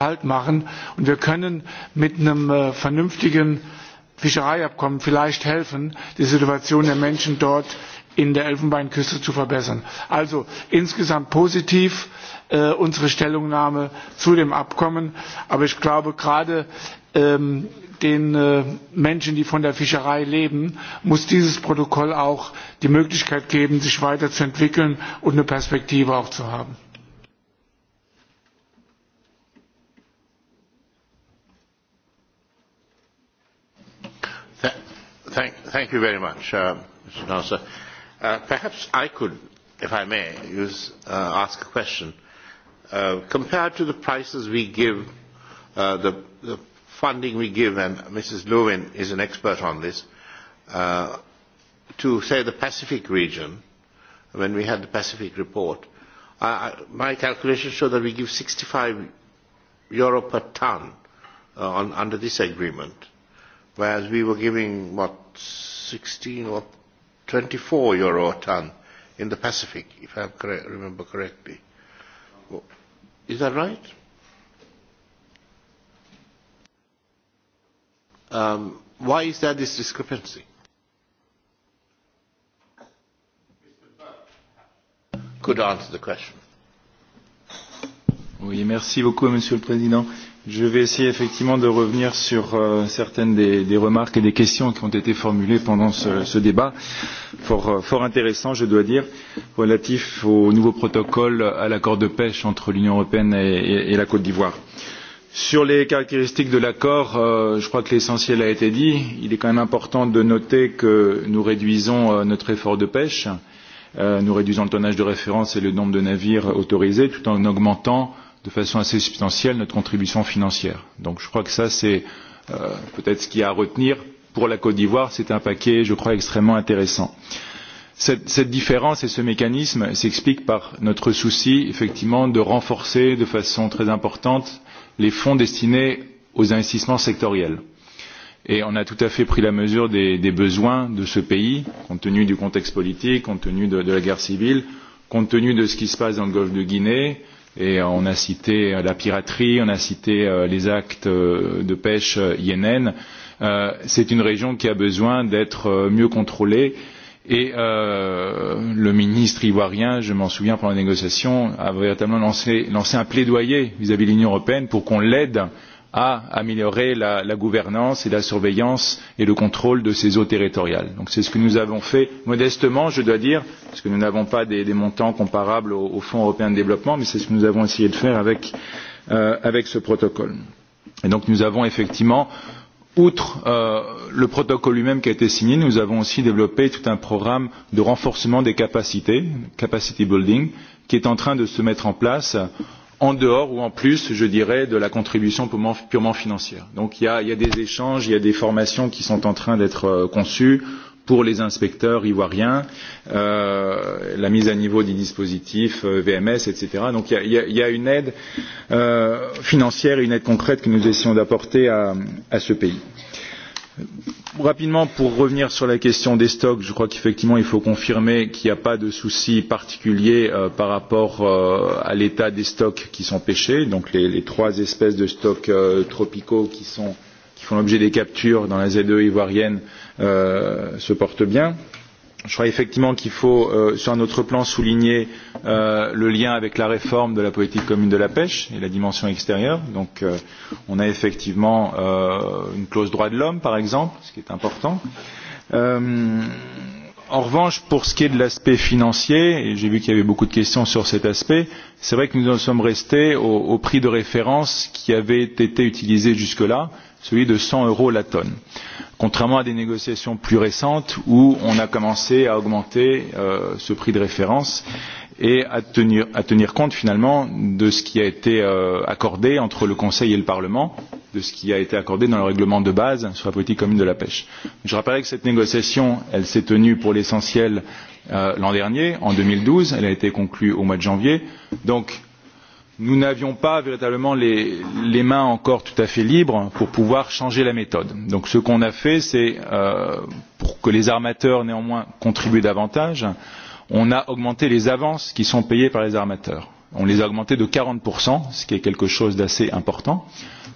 Halt machen und wir können mit einem äh, vernünftigen Fischereiabkommen vielleicht helfen, die Situation der Menschen dort in der Elfenbeinküste zu verbessern. Also insgesamt positiv äh, unsere Stellungnahme zu dem Abkommen, aber ich glaube gerade ähm, den äh, Menschen, die von der Fischerei leben, muss dieses Protokoll auch die Möglichkeit geben, sich weiterzuentwickeln und eine Perspektive auch zu haben. thank you very much uh, mr nasser. Uh, perhaps i could if i may uh, ask a question. compared to the prices we give the funding we give and mrs lewin is an expert on this to say the pacific region when we had the pacific report my calculations show that we give sixty five euro per ton under this agreement whereas we were giving what 16 or 24 euro a ton in the Pacific, if I correct, remember correctly. Well, is that right? Um, why is there this discrepancy? Could answer the question. Oui, merci beaucoup, Monsieur le Président. Euh, Je vais essayer effectivement de revenir sur euh, certaines des, des remarques et des questions qui ont été formulées pendant ce, ce débat, fort, euh, fort intéressant, je dois dire, relatif au nouveau protocole à l'accord de pêche entre l'Union européenne et, et, et la Côte d'Ivoire. Sur les caractéristiques de l'accord, euh, je crois que l'essentiel a été dit. Il est quand même important de noter que nous réduisons euh, notre effort de pêche, euh, nous réduisons le tonnage de référence et le nombre de navires autorisés, tout en augmentant euh, de façon assez substantielle notre contribution financière. Donc je crois que ça c'est euh, peut-être ce qu'il y a à retenir pour la Côte d'Ivoire. C'est un paquet, je crois, extrêmement intéressant. Cette, cette différence et ce mécanisme s'expliquent par notre souci, effectivement, de renforcer de façon très importante les fonds destinés aux investissements sectoriels. Et on a tout à fait pris la mesure des, des besoins de ce pays, compte tenu du contexte politique, compte tenu de, de la guerre civile, compte tenu de ce qui se passe dans le golfe de Guinée, et euh, on a cité euh, la piraterie, on a cité euh, les actes de pêche yénen. C'est une région qui a besoin d'être mieux contrôlée. Et euh, le ministre ivoirien, je m'en souviens pendant les négociations, a véritablement lancé, lancé un plaidoyer vis-à-vis de l'Union européenne pour qu'on l'aide euh, à améliorer la, la gouvernance et la surveillance et le contrôle de ces eaux territoriales. C'est ce que nous avons fait modestement, je dois dire, parce que nous n'avons pas des, des montants comparables au, au Fonds européen de développement, mais c'est ce que nous avons essayé de faire avec, euh, avec ce protocole. Et donc nous avons effectivement, outre euh, le protocole lui-même qui a été signé, nous avons aussi développé tout un programme de renforcement des capacités, capacity building, qui est en train de se mettre en place en dehors ou en plus, je dirais, de la contribution purement financière. Donc il y a, il y a des échanges, il y a des formations qui sont en train d'être euh, conçues pour les inspecteurs ivoiriens, euh, la mise à niveau des dispositifs euh, VMS, etc. Donc il y a, il y a une aide euh, financière et une aide concrète que nous essayons d'apporter à, à ce pays. Rapidement, pour revenir sur la question des stocks, je crois qu'effectivement, il faut confirmer qu'il n'y a pas de souci particulier euh, par rapport euh, à l'état des stocks qui sont pêchés, donc les, les trois espèces de stocks euh, tropicaux qui, sont, qui font l'objet des captures dans la Z2 ivoirienne euh, se portent bien. Euh, je crois effectivement qu'il faut euh, sur un autre plan souligner euh, le lien avec la réforme de la politique commune de la pêche et la dimension extérieure. Donc euh, on a effectivement euh, une clause droit de l'homme par exemple, ce qui est important. Euh, en revanche, pour ce qui est de l'aspect financier, et j'ai vu qu'il y avait beaucoup de questions sur cet aspect, c'est vrai que nous en sommes restés au, au prix de référence qui avait été utilisé jusque-là, celui de cent euros la tonne contrairement à des négociations plus récentes où on a commencé à augmenter euh, ce prix de référence et à tenir compte finalement de ce qui a été euh, accordé entre le conseil et le parlement de ce qui a été accordé dans le règlement de base sur la politique commune de la pêche. je rappellerai que cette négociation elle s'est tenue pour l'essentiel euh, l'an dernier en deux mille douze elle a été conclue au mois de janvier donc nous n'avions pas véritablement les, les mains encore tout à fait libres pour pouvoir changer la méthode. Donc ce qu'on a fait, c'est euh, pour que les armateurs néanmoins contribuent davantage, on a augmenté les avances qui sont payées par les armateurs. On les a augmentées de 40%, ce qui est quelque chose d'assez important,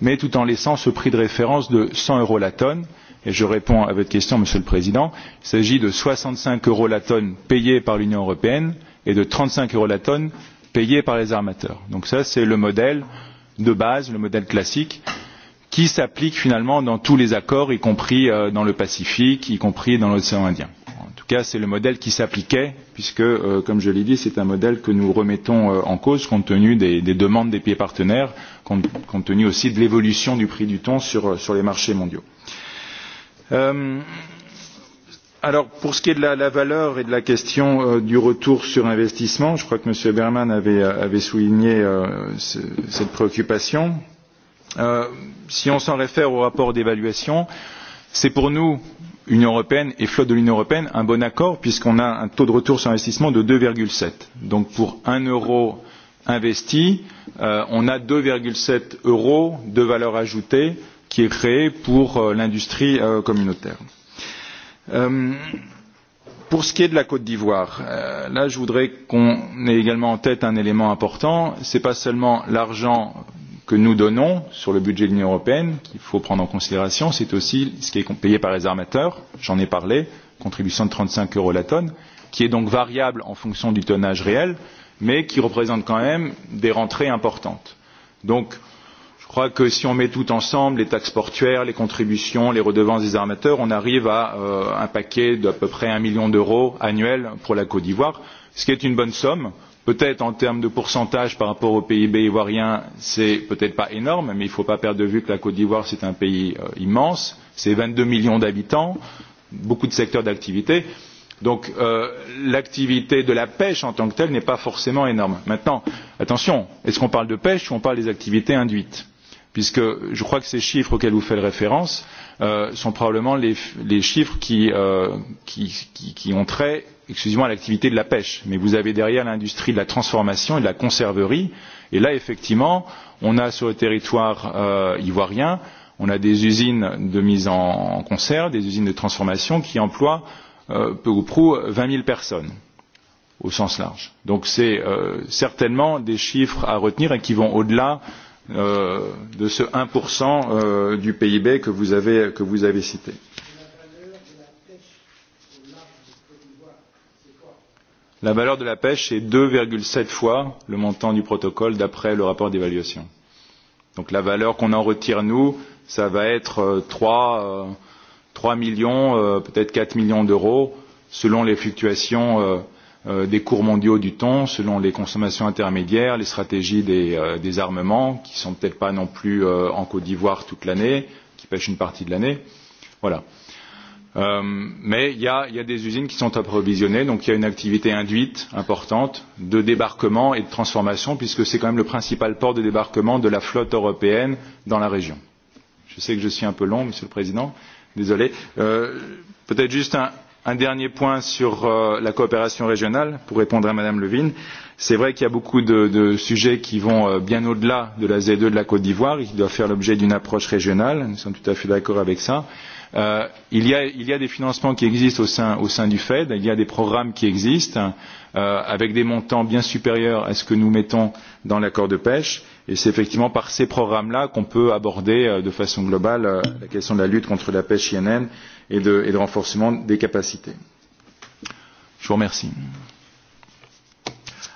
mais tout en laissant ce prix de référence de 100 euros la tonne. Et je réponds à votre question, Monsieur le Président. Il s'agit de 65 euros la tonne payée par l'Union européenne et de 35 euros la tonne payés par les armateurs. c'est le modèle de base le modèle classique qui s'applique finalement dans tous les accords y compris euh, dans le pacifique y compris dans l'océan indien. en tout cas c'est le modèle qui s'appliquait puisque euh, comme je l'ai dit c'est un modèle que nous remettons euh, en cause compte tenu des, des demandes des pays partenaires compte, compte tenu aussi de l'évolution du prix du thon sur, sur les marchés mondiaux. Euh, pour ce qui est de la valeur et de la question euh, du retour sur investissement je crois que m. berman avait euh, souligné euh, cette préoccupation si on s'en réfère au rapport d'évaluation c'est pour nous union européenne et flotte de l'union européenne un bon accord puisqu'on a un taux de retour sur investissement de deux sept donc pour un euro investi on a deux sept euros de valeur ajoutée qui est créée pour l'industrie communautaire. Euh, pour ce qui est de la côte d'ivoire euh, là je voudrais qu'on ait également en tête un élément important ce n'est pas seulement l'argent que nous donnons sur le budget de l'union européenne qu'il faut prendre en considération c'est aussi ce qui est payé par les armateurs j'en ai parlé contribution de trente cinq euros la tonne qui est donc variable en fonction du tonnage réel mais qui représente quand même des rentrées importantes. donc crois que si on met tout ensemble les taxes portuaires les contributions les redevances des armateurs on arrive à euh, un paquet d'à peu près un million d'euros annuels pour la côte d'ivoire ce qui est une bonne somme. peut être en termes de pourcentage par rapport au pib ivoirien c'est peut être pas énorme mais il ne faut pas perdre de vue que la côte d'ivoire est un pays euh, immense c'est vingt deux millions d'habitants beaucoup de secteurs d'activité. Donc euh, l'activité de la pêche en tant que telle n'est pas forcément énorme. Maintenant, attention, est-ce qu'on parle de pêche ou on parle des activités induites puisque je crois que ces chiffres auxquels vous faites référence euh, sont probablement les chiffres euh, qui ont trait excusez moi à l'activité de la pêche mais vous avez derrière l'industrie de la transformation et de la conserverie et là effectivement on a sur le territoire euh, ivoirien on a des usines de mise en conserve des usines de transformation qui emploient peu ou prou vingt zéro personnes au sens large. donc ce sont certainement des chiffres à retenir et qui vont au delà Euh, de ce un pour cent euh, du pib que vous avez, que vous avez cité. La valeur de la pêche est 2,7 fois le montant du protocole d'après le rapport d'évaluation. Donc la valeur qu'on en retire, nous, ça va être 3, euh, 3 millions, peut-être 4 millions d'euros, selon les fluctuations euh, Euh, des cours mondiaux du thon selon les consommations intermédiaires, les stratégies des, euh, des armements, qui ne sont peut-être pas non plus euh, en Côte d'Ivoire toute l'année, qui pêchent une partie de l'année. Voilà. Euh, mais il y a, y a des usines qui sont approvisionnées, donc il y a une activité induite importante de débarquement et de transformation, puisque c'est quand même le principal port de débarquement de la flotte européenne dans la région. Je sais que je suis un peu long, Monsieur le Président, désolé. Euh, peut-être juste un, un dernier point sur euh, la coopération régionale pour répondre à mme lvin c'est vrai qu'il y a beaucoup de, de sujets qui vont euh, bien au delà de la ze de la côte d'ivoire et qui doivent faire l'objet d'une approche régionale nous sommes tout à fait d'accord avec ça. Euh, il, y a, il y a des financements qui existent au sein, au sein du Fed, il y a des programmes qui existent, euh, avec des montants bien supérieurs à ce que nous mettons dans l'accord de pêche et c'est effectivement par ces programmes là qu'on peut aborder euh, de façon globale euh, la question de la lutte contre la pêche inn et de, et de renforcement des capacités. je vous remercie.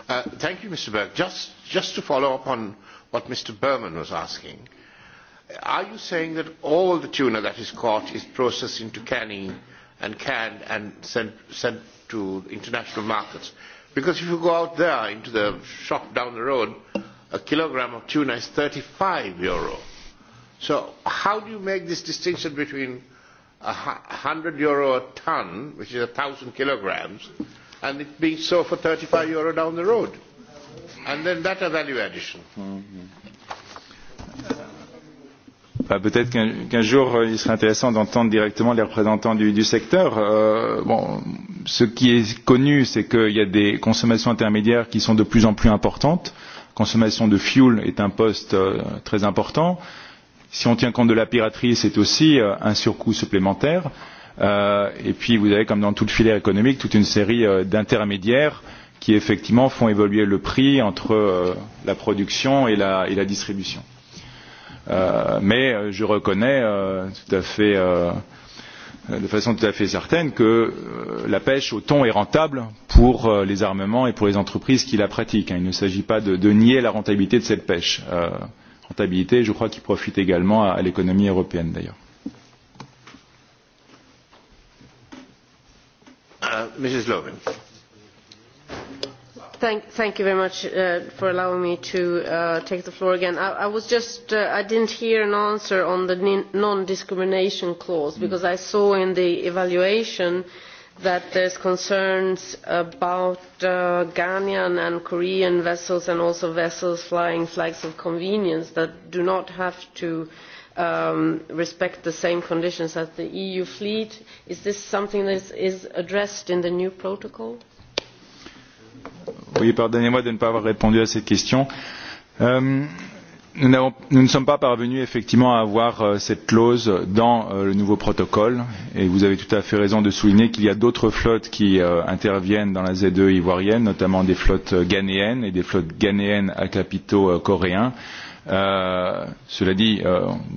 Uh, thank you, Mr. Berg. Just, just to follow up on what Mr. Berman was asking, are you saying that all the tuna that is caught is processed into canning and canned and sent, sent to international markets? Because if you go out there into the shop down the road, a kilogram of tuna is 35 euro. So how do you make this distinction between 100 euro a ton, which is 1,000 kilograms, and it being so for 35 euro down the road? And then that a value addition. Bah, peut-être qu'un, qu'un jour euh, il serait intéressant d'entendre directement les représentants du, du secteur. Euh, bon, ce qui est connu, c'est qu'il y a des consommations intermédiaires qui sont de plus en plus importantes consommation de fuel est un poste euh, très important. Si on tient compte de la piraterie, c'est aussi euh, un surcoût supplémentaire. Euh, et puis, vous avez, comme dans toute filière économique, toute une série euh, d'intermédiaires qui, effectivement, font évoluer le prix entre euh, la production et la, et la distribution. Euh, mais euh, je reconnais euh, tout à fait euh, Euh, de façon tout à fait certaine que euh, la pêche au thon est rentable pour euh, les armements et pour les entreprises qui la pratiquent. il ne s'agit pas de nier la rentabilité de cette pêche euh, rentabilité je crois qui profite également à l'économie européenne d'ailleurs. Uh, thank you very much uh, for allowing me to uh, take the floor again. i uh, did not hear an answer on the non discrimination clause because i saw in the evaluation that there are concerns about ghanaian and korean vessels and also vessels flying flags of convenience that do not have to um, respect the same conditions as the eu fleet. is this something that is addressed in the new protocol? pardonnez moi de ne pas avoir répondu à cette question. Euh, nous ne sommes pas parvenus effectivement à avoir euh, cette clause dans euh, le nouveau protocole et vous avez tout à fait raison de souligner qu'il y a d'autres flottes qui interviennent dans la zee ivoirienne notamment des flottes ghanéennes et des flottes ghanéennes à capitaux coréens. cela dit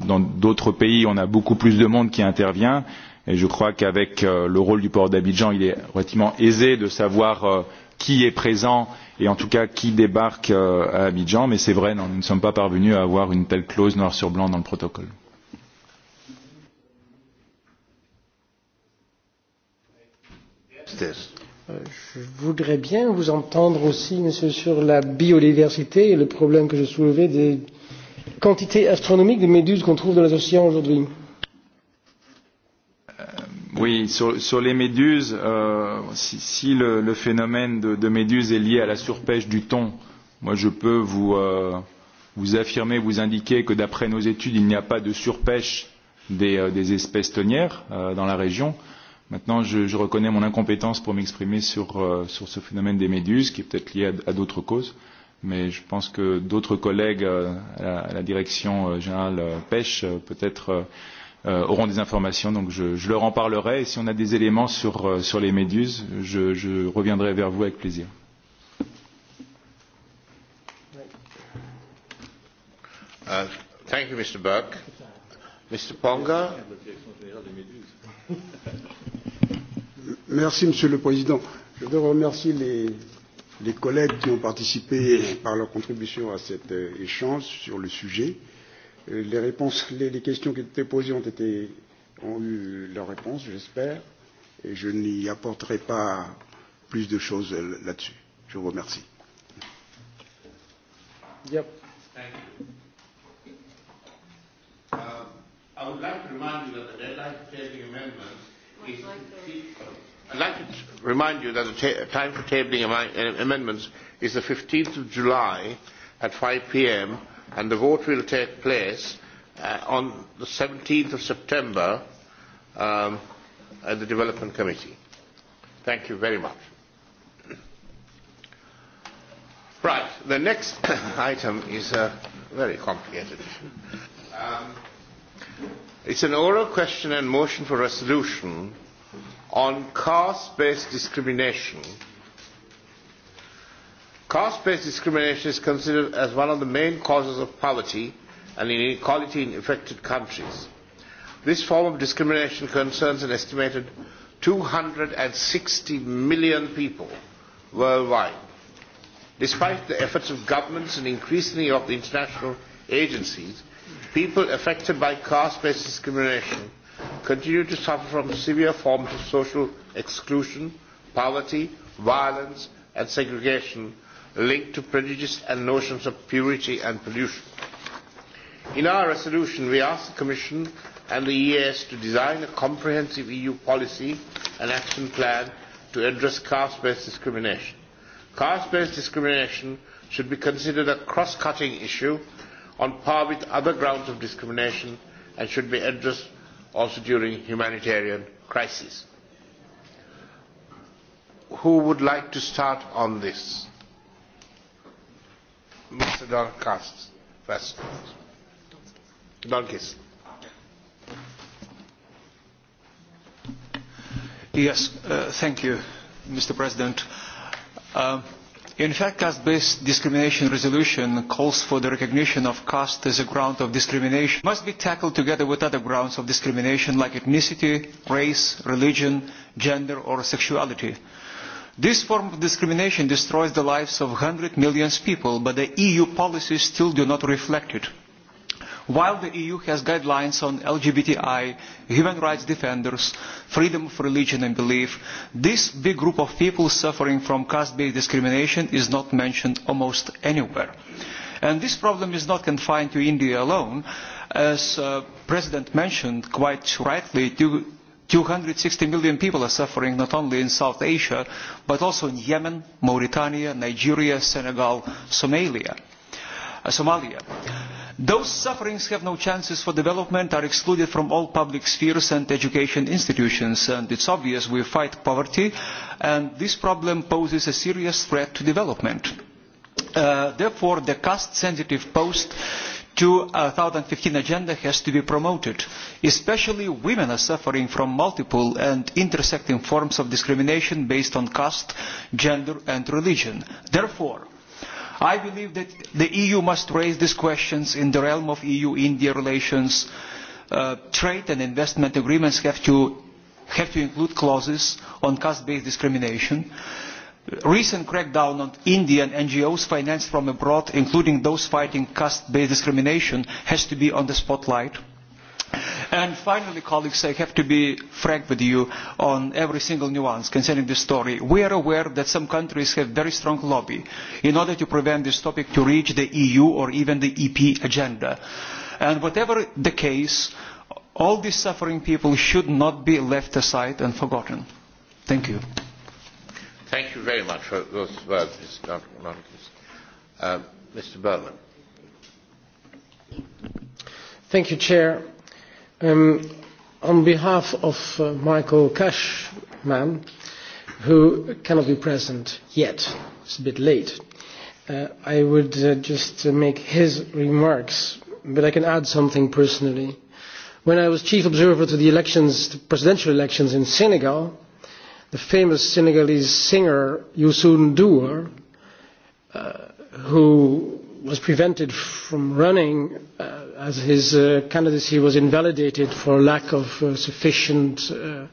dans d'autres pays on a beaucoup plus de monde qui intervient et je crois qu'avec le rôle du port d'abidjan il est relativement aisé de savoir qui est présent et en tout cas qui débarque euh, à Abidjan, mais c'est vrai, non, nous ne sommes pas parvenus à avoir une telle clause noir sur blanc dans le protocole. Euh, je voudrais bien vous entendre aussi, monsieur, sur la biodiversité et le problème que je soulevais des quantités astronomiques de méduses qu'on trouve dans les océans aujourd'hui. Oui, sur, sur les méduses, euh, si, si le, le phénomène de, de méduses est lié à la surpêche du thon, moi je peux vous, euh, vous affirmer, vous indiquer que d'après nos études, il n'y a pas de surpêche des, euh, des espèces tonnières euh, dans la région. Maintenant, je, je reconnais mon incompétence pour m'exprimer sur, euh, sur ce phénomène des méduses, qui est peut-être lié à, à d'autres causes, mais je pense que d'autres collègues euh, à, la, à la direction euh, générale euh, pêche, euh, peut-être. Euh, euh, auront des informations, donc je, je leur en parlerai. Et si on a des éléments sur, euh, sur les méduses, je, je reviendrai vers vous avec plaisir. Uh, thank you, Mr. Burke. Mr. Ponga. Merci, Monsieur le Président. Je veux remercier les, les collègues qui ont participé par leur contribution à cet euh, échange sur le sujet. Euh, Euh, les réponses, les, les questions qui étaient posées ont été ont eu leur réponse, j'espère, et je n'y apporterai pas plus de choses euh, là-dessus. Je vous remercie. Yep. Thank you. Uh, I would like to remind you that the deadline for tabling amendments is. I'd like to t- remind you that the ta- time for tabling am- amendments is the 15th of July at 5 p.m and the vote will take place uh, on seventeen september um, at the development committee. thank you very much. right, the next item is a very complicated um, it's an oral question and motion for resolution on caste-based discrimination caste based discrimination is considered as one of the main causes of poverty and inequality in affected countries. This form of discrimination concerns an estimated 260 million people worldwide. Despite the efforts of governments and increasingly of the international agencies, people affected by caste based discrimination continue to suffer from severe forms of social exclusion, poverty, violence, and segregation linked to prejudice and notions of purity and pollution. In our resolution, we ask the Commission and the EAS to design a comprehensive EU policy and action plan to address caste based discrimination. Caste based discrimination should be considered a cross cutting issue on par with other grounds of discrimination and should be addressed also during humanitarian crises. Who would like to start on this? mr. Dalkast first. Dalkis. Yes, uh, thank you, Mr. President. Uh, in fact, caste-based discrimination resolution calls for the recognition of caste as a ground of discrimination. It must be tackled together with other grounds of discrimination like ethnicity, race, religion, gender or sexuality. Uh, This form of discrimination destroys the lives of 100 million people, but the EU policies still do not reflect it. While the EU has guidelines on LGBTI, human rights defenders, freedom of religion and belief, this big group of people suffering from caste-based discrimination is not mentioned almost anywhere. And this problem is not confined to India alone. As uh, President mentioned quite rightly, due 260 million people are suffering not only in South Asia, but also in Yemen, Mauritania, Nigeria, Senegal, Somalia. Uh, Somalia. Those sufferings have no chances for development, are excluded from all public spheres and education institutions, and it's obvious we fight poverty, and this problem poses a serious threat to development. Uh, therefore, the caste-sensitive post 2015 agenda has to be promoted. Especially women are suffering from multiple and intersecting forms of discrimination based on caste, gender and religion. Therefore, I believe that the EU must raise these questions in the realm of EU-India relations. Uh, trade and investment agreements have to, have to include clauses on caste-based discrimination. Uh, recent crackdown on indian ngos financed from abroad including those fighting caste based discrimination has to be in the spotlight. and finally colleagues i have to be frank with you on every single nuance concerning this story. we are aware that some countries have a very strong lobby in order to prevent this topic from reaching the eu or even the ep agenda. and whatever the case all these suffering people should not be left aside and forgotten. thank you thank you very much for those words, Mr. Antonakis. Um, Mr. Berman. Thank you, Chair. Um, on behalf of uh, Michael Cashman, who cannot be present yet, it's a bit late, uh, I would uh, just uh, make his remarks, but I can add something personally. When I was chief observer to the elections, the presidential elections in Senegal, the famous Senegalese singer Youssou N'Dour, uh, who was prevented from running uh, as his uh, candidacy was invalidated for lack of uh, sufficient uh,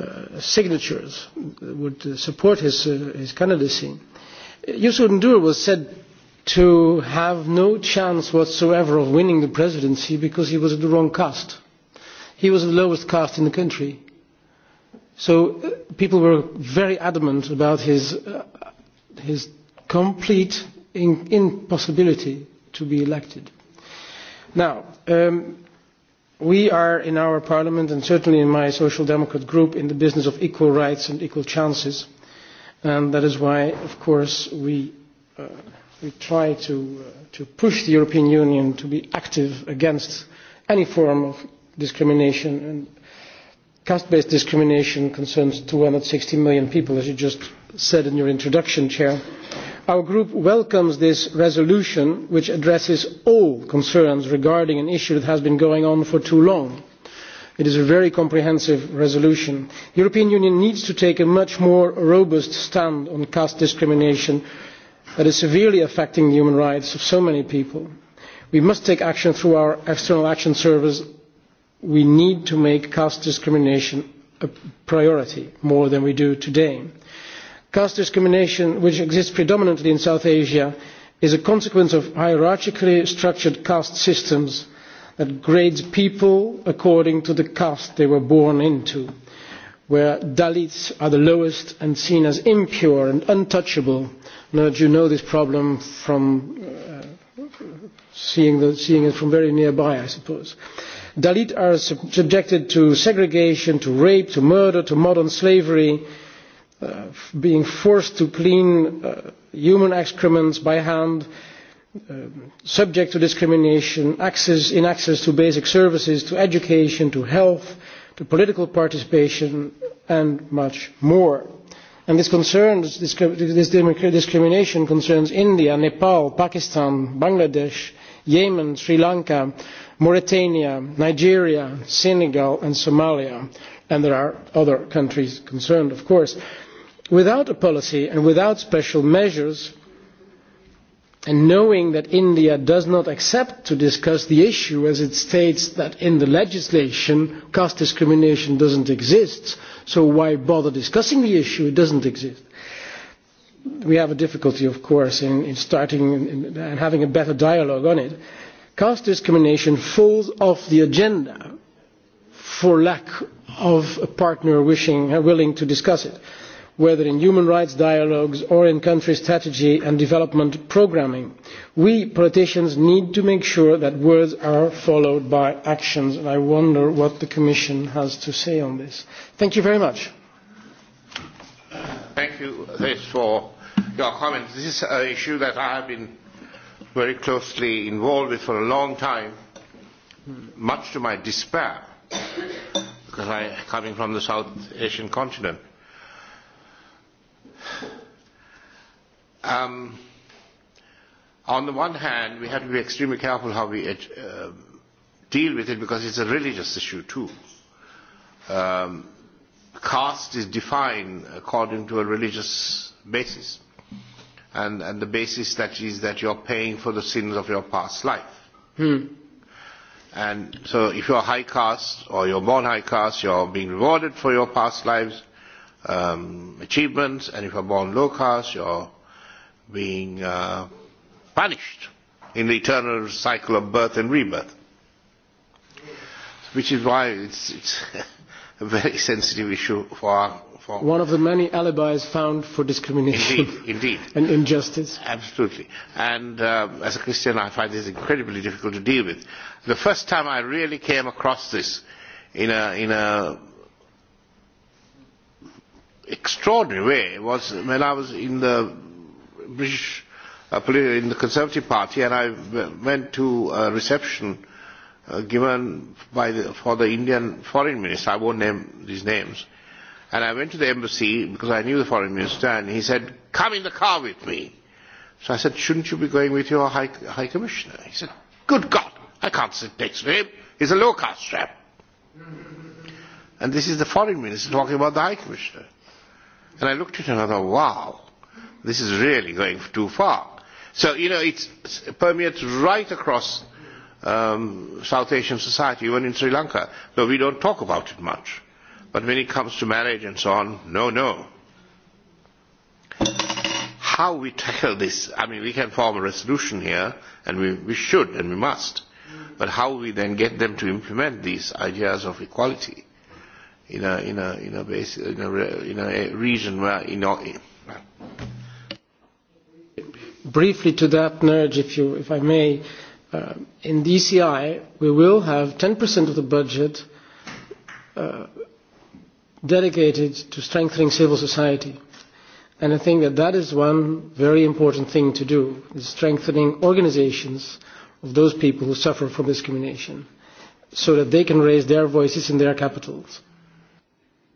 uh, signatures that would uh, support his, uh, his candidacy. Youssou N'Dour was said to have no chance whatsoever of winning the presidency because he was of the wrong caste. He was of the lowest caste in the country so uh, people were very adamant about his, uh, his complete in- impossibility to be elected. Now, um, we are in our parliament and certainly in my social democrat group in the business of equal rights and equal chances. And that is why, of course, we, uh, we try to, uh, to push the European Union to be active against any form of discrimination and caste based discrimination concerns 260 million people, as you just said in your introduction, Chair. Our group welcomes this resolution, which addresses all concerns regarding an issue that has been going on for too long. It is a very comprehensive resolution. The European Union needs to take a much more robust stand on caste discrimination that is severely affecting the human rights of so many people. We must take action through our External Action Service we need to make caste discrimination a priority more than we do today. Caste discrimination, which exists predominantly in South Asia, is a consequence of hierarchically structured caste systems that grades people according to the caste they were born into, where Dalits are the lowest and seen as impure and untouchable. Now that you know this problem from uh, seeing, the, seeing it from very nearby, I suppose. Uh, dalits are subjected to segregation to rape to murder to modern slavery uh, being forced to clean uh, human excrements by hand um, subject to discrimination access in access to basic services to education to health to political participation and much more and this concerns this discrimination concerns india nepal pakistan bangladesh yemen sri lanka mauritania, nigeria, senegal and somalia, and there are other countries concerned, of course. without a policy and without special measures, and knowing that india does not accept to discuss the issue as it states that in the legislation caste discrimination doesn't exist, so why bother discussing the issue? it doesn't exist. we have a difficulty, of course, in, in starting and having a better dialogue on it. Uh, caste discrimination falls off the agenda for lack of a partner wishing, uh, willing to discuss it, whether in human rights dialogues or in country strategy and development programming. We politicians need to make sure that words are followed by actions, and I wonder what the Commission has to say on this. Thank you very much. Thank you, Chris, uh, for your comments. This is an issue that I have been very closely involved with for a long time, much to my despair, because I coming from the South Asian continent. Um, on the one hand, we have to be extremely careful how we uh, deal with it because it's a religious issue too. Um, caste is defined according to a religious basis and, and the basis that is that you are paying for the sins of your past life. Hmm. And so if you are high caste or you are born high caste, you are being rewarded for your past lives, um, achievements, and if you are born low caste, you are being uh, punished in the eternal cycle of birth and rebirth. Which is why it's, it's a very sensitive issue for our one of the many alibis found for discrimination indeed, indeed. and injustice. Absolutely. And uh, as a Christian, I find this incredibly difficult to deal with. The first time I really came across this in a, in a extraordinary way was when I was in the British uh, in the Conservative Party, and I went to a reception. Uh, given by the, for the Indian foreign minister, I won't name these names, uh, and I went to the embassy because I knew the foreign minister, and he said, come in the car with me. So I said, shouldn't you be going with your high, high commissioner? He said, good God, I can't sit next to him. He's a low-caste chap. And this is the foreign minister talking about the high commissioner. And I looked at him and I thought, wow, this is really going too far. So, you know, it's, it permeates right across um, South Asian society, even in Sri Lanka, though we don't talk about it much but when it comes to marriage and so on, no, no. How we tackle this, I mean, we can form a resolution here, and we, we should and we must, but how we then get them to implement these ideas of equality in a, in a, in a, base, in a, in a region where. In a, in a... Briefly to that, Nerj, if, if I may, uh, in DCI, we will have 10% of the budget. Uh, dedicated to strengthening civil society. And I think that that is one very important thing to do, is strengthening organizations of those people who suffer from discrimination so that they can raise their voices in their capitals.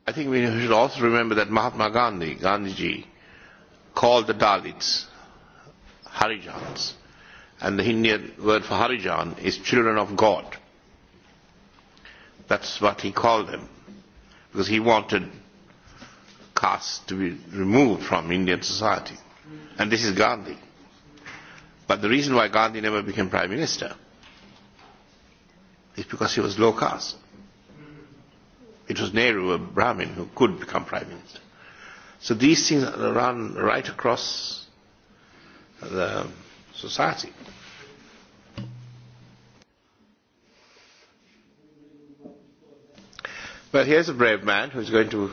I think we should also remember that Mahatma Gandhi, Gandhiji, called the Dalits Harijans. And the Hindi word for Harijan is children of God. That's what he called them because he wanted caste to be removed from Indian society. And this is Gandhi. But the reason why Gandhi never became Prime Minister is because he was low caste. It was Nehru, a Brahmin, who could become Prime Minister. So these things run right across the society. Well, here's a brave man who's going to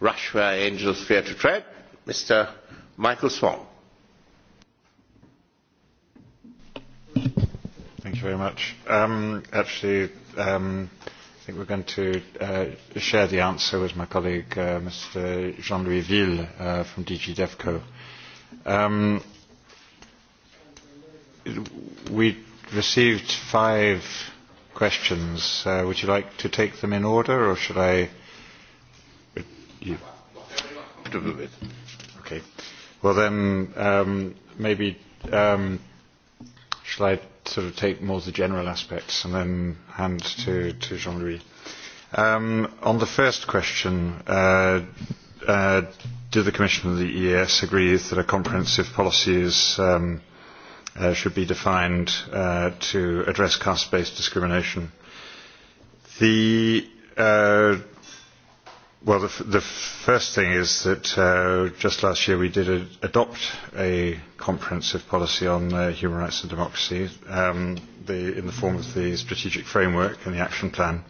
rush where angels fear to tread, Mr. Michael Swan. Thank you very much. Um, actually, um, I think we're going to uh, share the answer with my colleague, uh, Mr. Jean-Louis Ville uh, from DG DEFCO. Um, we received five questions. Uh, would you like to take them in order, or should I? Yeah. Okay. Well, then um, maybe um, shall I sort of take more of the general aspects and then hand to, to Jean-Louis. Um, on the first question, uh, uh, do the Commission of the EES agree that a comprehensive policy is? Um, Uh, should be defined uh, to address caste-based discrimination. The, uh, well, the, f the first thing is that uh, just last year we did a adopt a comprehensive policy on uh, human rights and democracy um, the, in the form of the strategic framework and the action plan.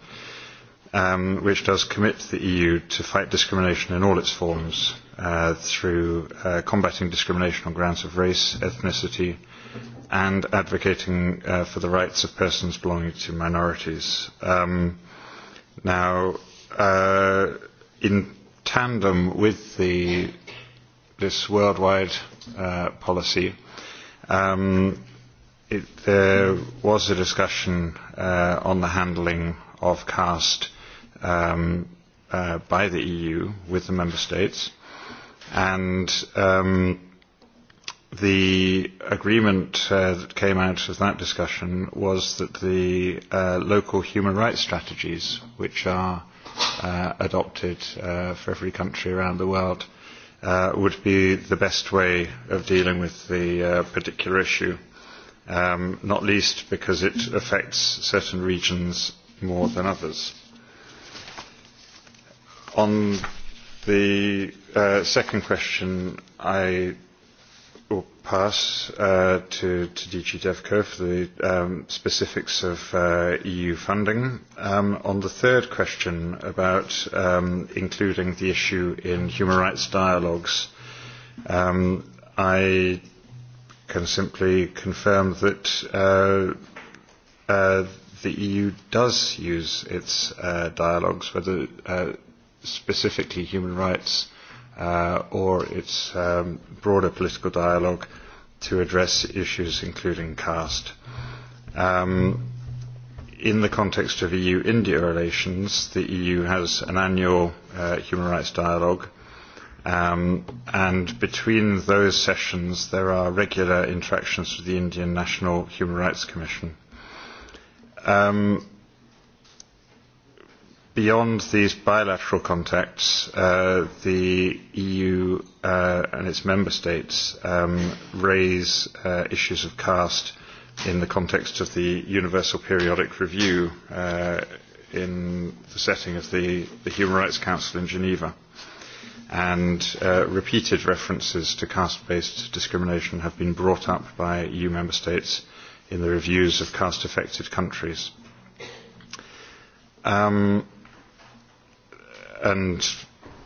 Um, which does commit the EU to fight discrimination in all its forms uh, through uh, combating discrimination on grounds of race, ethnicity, and advocating uh, for the rights of persons belonging to minorities. Um, now, uh, in tandem with the, this worldwide uh, policy, um, it, there was a discussion uh, on the handling of caste um, uh, by the EU with the member states, and um, the agreement uh, that came out of that discussion was that the uh, local human rights strategies, which are uh, adopted uh, for every country around the world, uh, would be the best way of dealing with the uh, particular issue, um, not least because it affects certain regions more than others. On the uh, second question, I will pass uh, to, to DG DevCo for the um, specifics of uh, EU funding. Um, on the third question about um, including the issue in human rights dialogues, um, I can simply confirm that uh, uh, the EU does use its uh, dialogues, whether uh, specifically human rights uh, uh, or its um, broader political dialogue to address issues including caste. Um, in the context of EU India relations, the EU has an annual uh, human rights dialogue, um, and between those sessions, there are regular interactions with the Indian National Human Rights Commission. Um, beyond these bilateral contacts, uh, the EU uh, and its member states um, raise uh, issues of caste in the context of the Universal Periodic Review uh, in the setting of the, the Human Rights Council in Geneva. And uh, repeated references to caste based discrimination have been brought up by EU member states in the reviews of caste affected countries. Um, and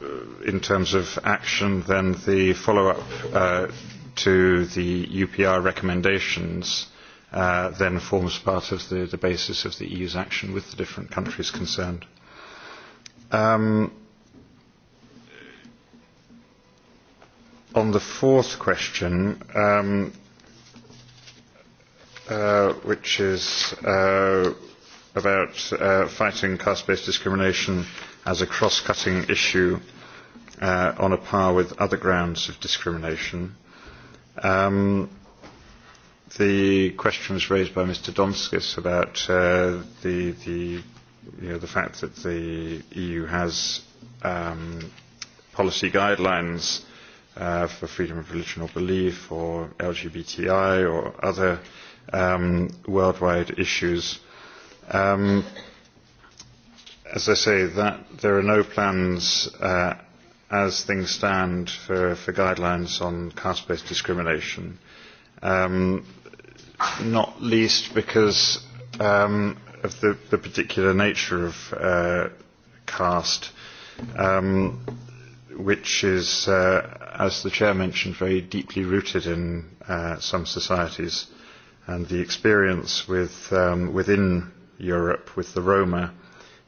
uh, in terms of action, then the follow up uh, to the UPR recommendations uh, then forms part of the, the basis of the EU's action with the different countries concerned. Um, on the fourth question, um, uh, which is uh, about uh, fighting caste based discrimination as a cross-cutting issue uh, on a par with other grounds of discrimination. Um, the questions raised by Mr. Donskis about uh, the, the, you know, the fact that the EU has um, policy guidelines uh, for freedom of religion or belief or LGBTI or other um, worldwide issues. Um, as I say, that there are no plans uh, as things stand for, for guidelines on caste-based discrimination, um, not least because um, of the, the particular nature of uh, caste, um, which is, uh, as the Chair mentioned, very deeply rooted in uh, some societies. And the experience with, um, within Europe with the Roma uh,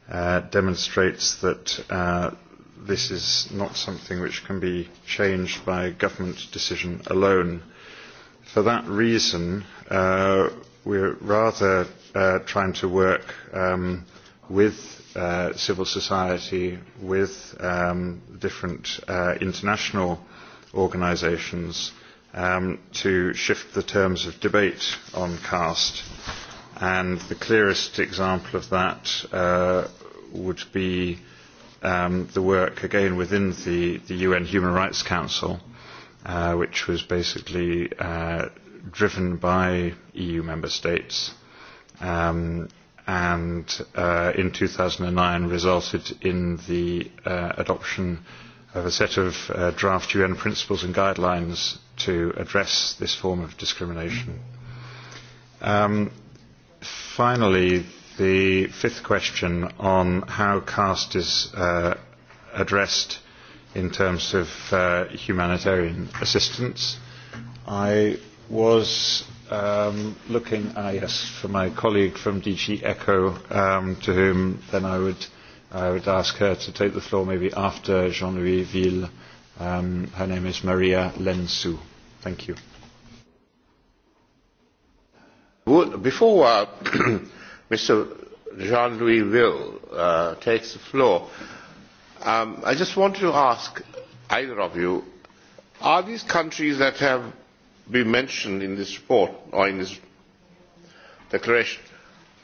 Uh, demonstrates that uh, this is not something which can be changed by government decision alone. For that reason, uh, we're rather uh, trying to work um, with uh, civil society, with um, different uh, international organisations, um, to shift the terms of debate on caste and the clearest example of that uh, would be um, the work again within the, the UN Human Rights Council, uh, which was basically uh, driven by EU member states um, and uh, in 2009 resulted in the uh, adoption of a set of uh, draft UN principles and guidelines to address this form of discrimination. Um, finally, the fifth question on how caste is uh, addressed in terms of uh, humanitarian assistance. I was um, looking, ah, yes, for my colleague from DG ECHO, um, to whom then I would, I would ask her to take the floor maybe after Jean-Louis Ville. Um, her name is Maria Lensou. Thank you before uh, mr jean louis ville uh, takes the floor um, i just want to ask either of you are these countries that have been mentioned in this report or in this declaration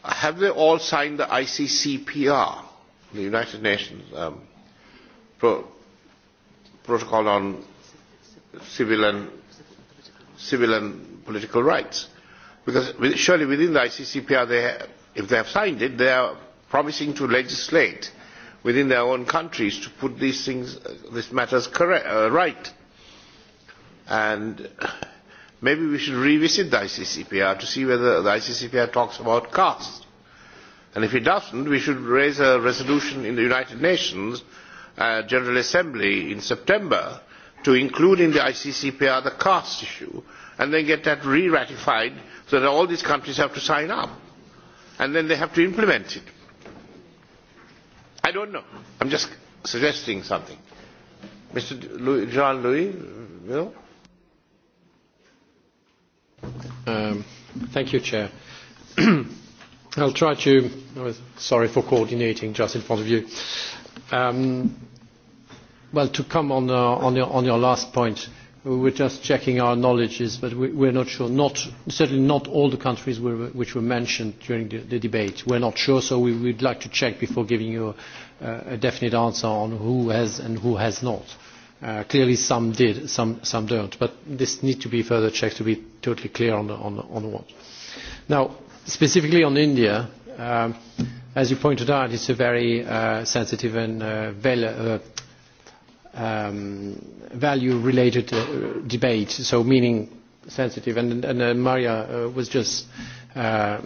have they all signed the ICCPR, the United Nations um, Pro- Protocol on Civil and, Civil and Political Rights? because surely within the iccpr they have, if they have signed it they are promising to legislate within their own countries to put these things this matters correct, uh, right and maybe we should revisit the iccpr to see whether the iccpr talks about caste and if it doesn't we should raise a resolution in the united nations uh, general assembly in september to include in the iccpr the caste issue and then get that re-ratified so that all these countries have to sign up and then they have to implement it. I don't know. I'm just suggesting something. Mr. Jean Louis, you know? Um, thank you, Chair. I'll try to. I was sorry for coordinating just in front of you. Um, well, to come on, uh, on, your, on your last point, uh, we were just checking our knowledge, but we are not sure. Not, certainly not all the countries were, which were mentioned during the, the debate. We are not sure, so we would like to check before giving you a, uh, a definite answer on who has and who has not. Uh, clearly some did, some, some don't, but this needs to be further checked to be totally clear on, the, on, the, on what. Now, specifically on India, um, as you pointed out, it's a very uh, sensitive and uh, vel- uh, um, value related uh, debate, so meaning sensitive. And, and uh, Maria uh, was just uh,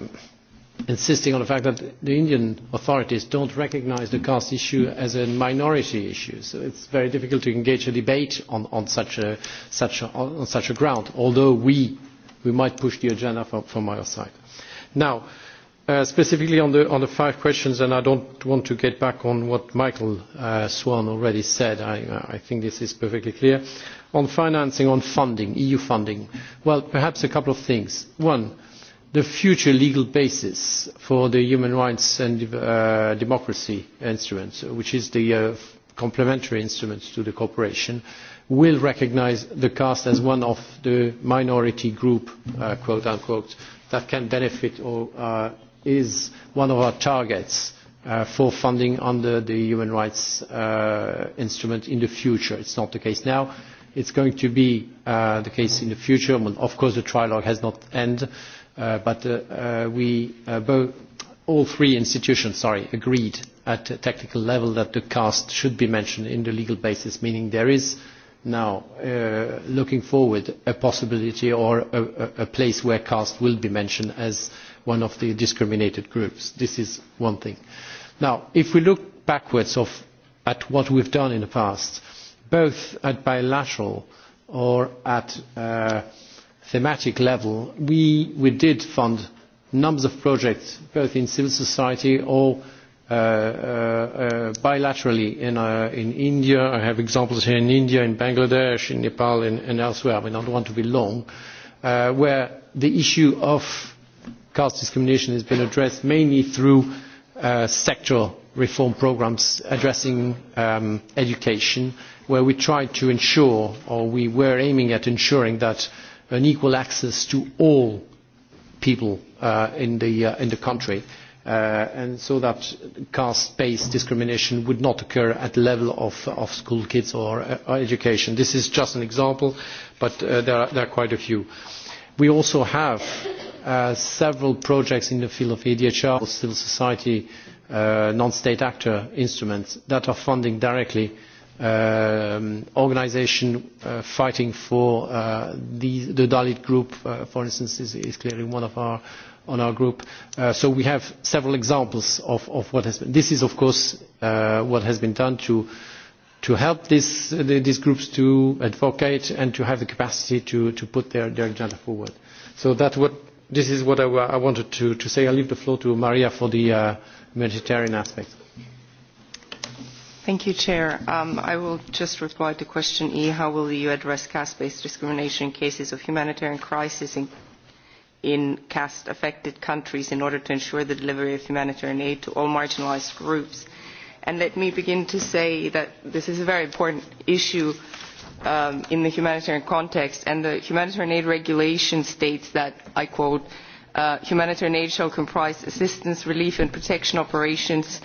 insisting on the fact that the Indian authorities don't recognize the caste issue as a minority issue. So it's very difficult to engage a debate on, on, such, a, such, a, on such a ground, although we, we might push the agenda from, from our side. Now, uh, Uh, specifically on the five questions and i do not want to get back on what michael uh, swan already said uh, i think this is perfectly clear on financing on funding eu funding perhaps a couple of things one the future legal basis for the human rights and democracy instrument which is the complementary instrument to the cooperation will recognise the caste as one of the minority groups that can benefit or is one of our targets uh, for funding under the human rights uh, instrument in the future. It's not the case now. It's going to be uh, the case in the future. Well, of course, the trilogue has not ended, uh, but uh, uh, we uh, both, all three institutions, sorry, agreed at a technical level that the cast should be mentioned in the legal basis, meaning there is now, uh, looking forward, a possibility or a, a place where cast will be mentioned as one of the discriminated groups. This is one thing. Now, if we look backwards of, at what we've done in the past, both at bilateral or at uh, thematic level, we, we did fund numbers of projects, both in civil society or uh, uh, uh, bilaterally in, uh, in India. I have examples here in India, in Bangladesh, in Nepal, and elsewhere. We don't want to be long. Uh, where the issue of caste discrimination has been addressed mainly through uh, sectoral reform programmes addressing um, education, where we tried to ensure, or we were aiming at ensuring, that an equal access to all people uh, in, the, uh, in the country, uh, and so that caste-based discrimination would not occur at the level of, of school kids or uh, education. This is just an example, but uh, there, are, there are quite a few. We also have Uh, several projects in the field of edhr civil society uh, non state actor instruments that are funding directly um, organisations uh, fighting for the dalit group for instance is clearly one of our on our group so we have several examples of what has been this is of course what has been done to to help this these groups to advocate and to have the capacity to to put their their agenda forward so that what this is what I, I wanted to, to say. I leave the floor to Maria for the uh, Mediterranean aspect. Thank you, Chair. Um, I will just reply to question E. How will you address caste-based discrimination in cases of humanitarian crisis in, in caste-affected countries in order to ensure the delivery of humanitarian aid to all marginalized groups? And let me begin to say that this is a very important issue um, in the humanitarian context, and the humanitarian aid regulation states that, I quote, uh, humanitarian aid shall comprise assistance, relief and protection operations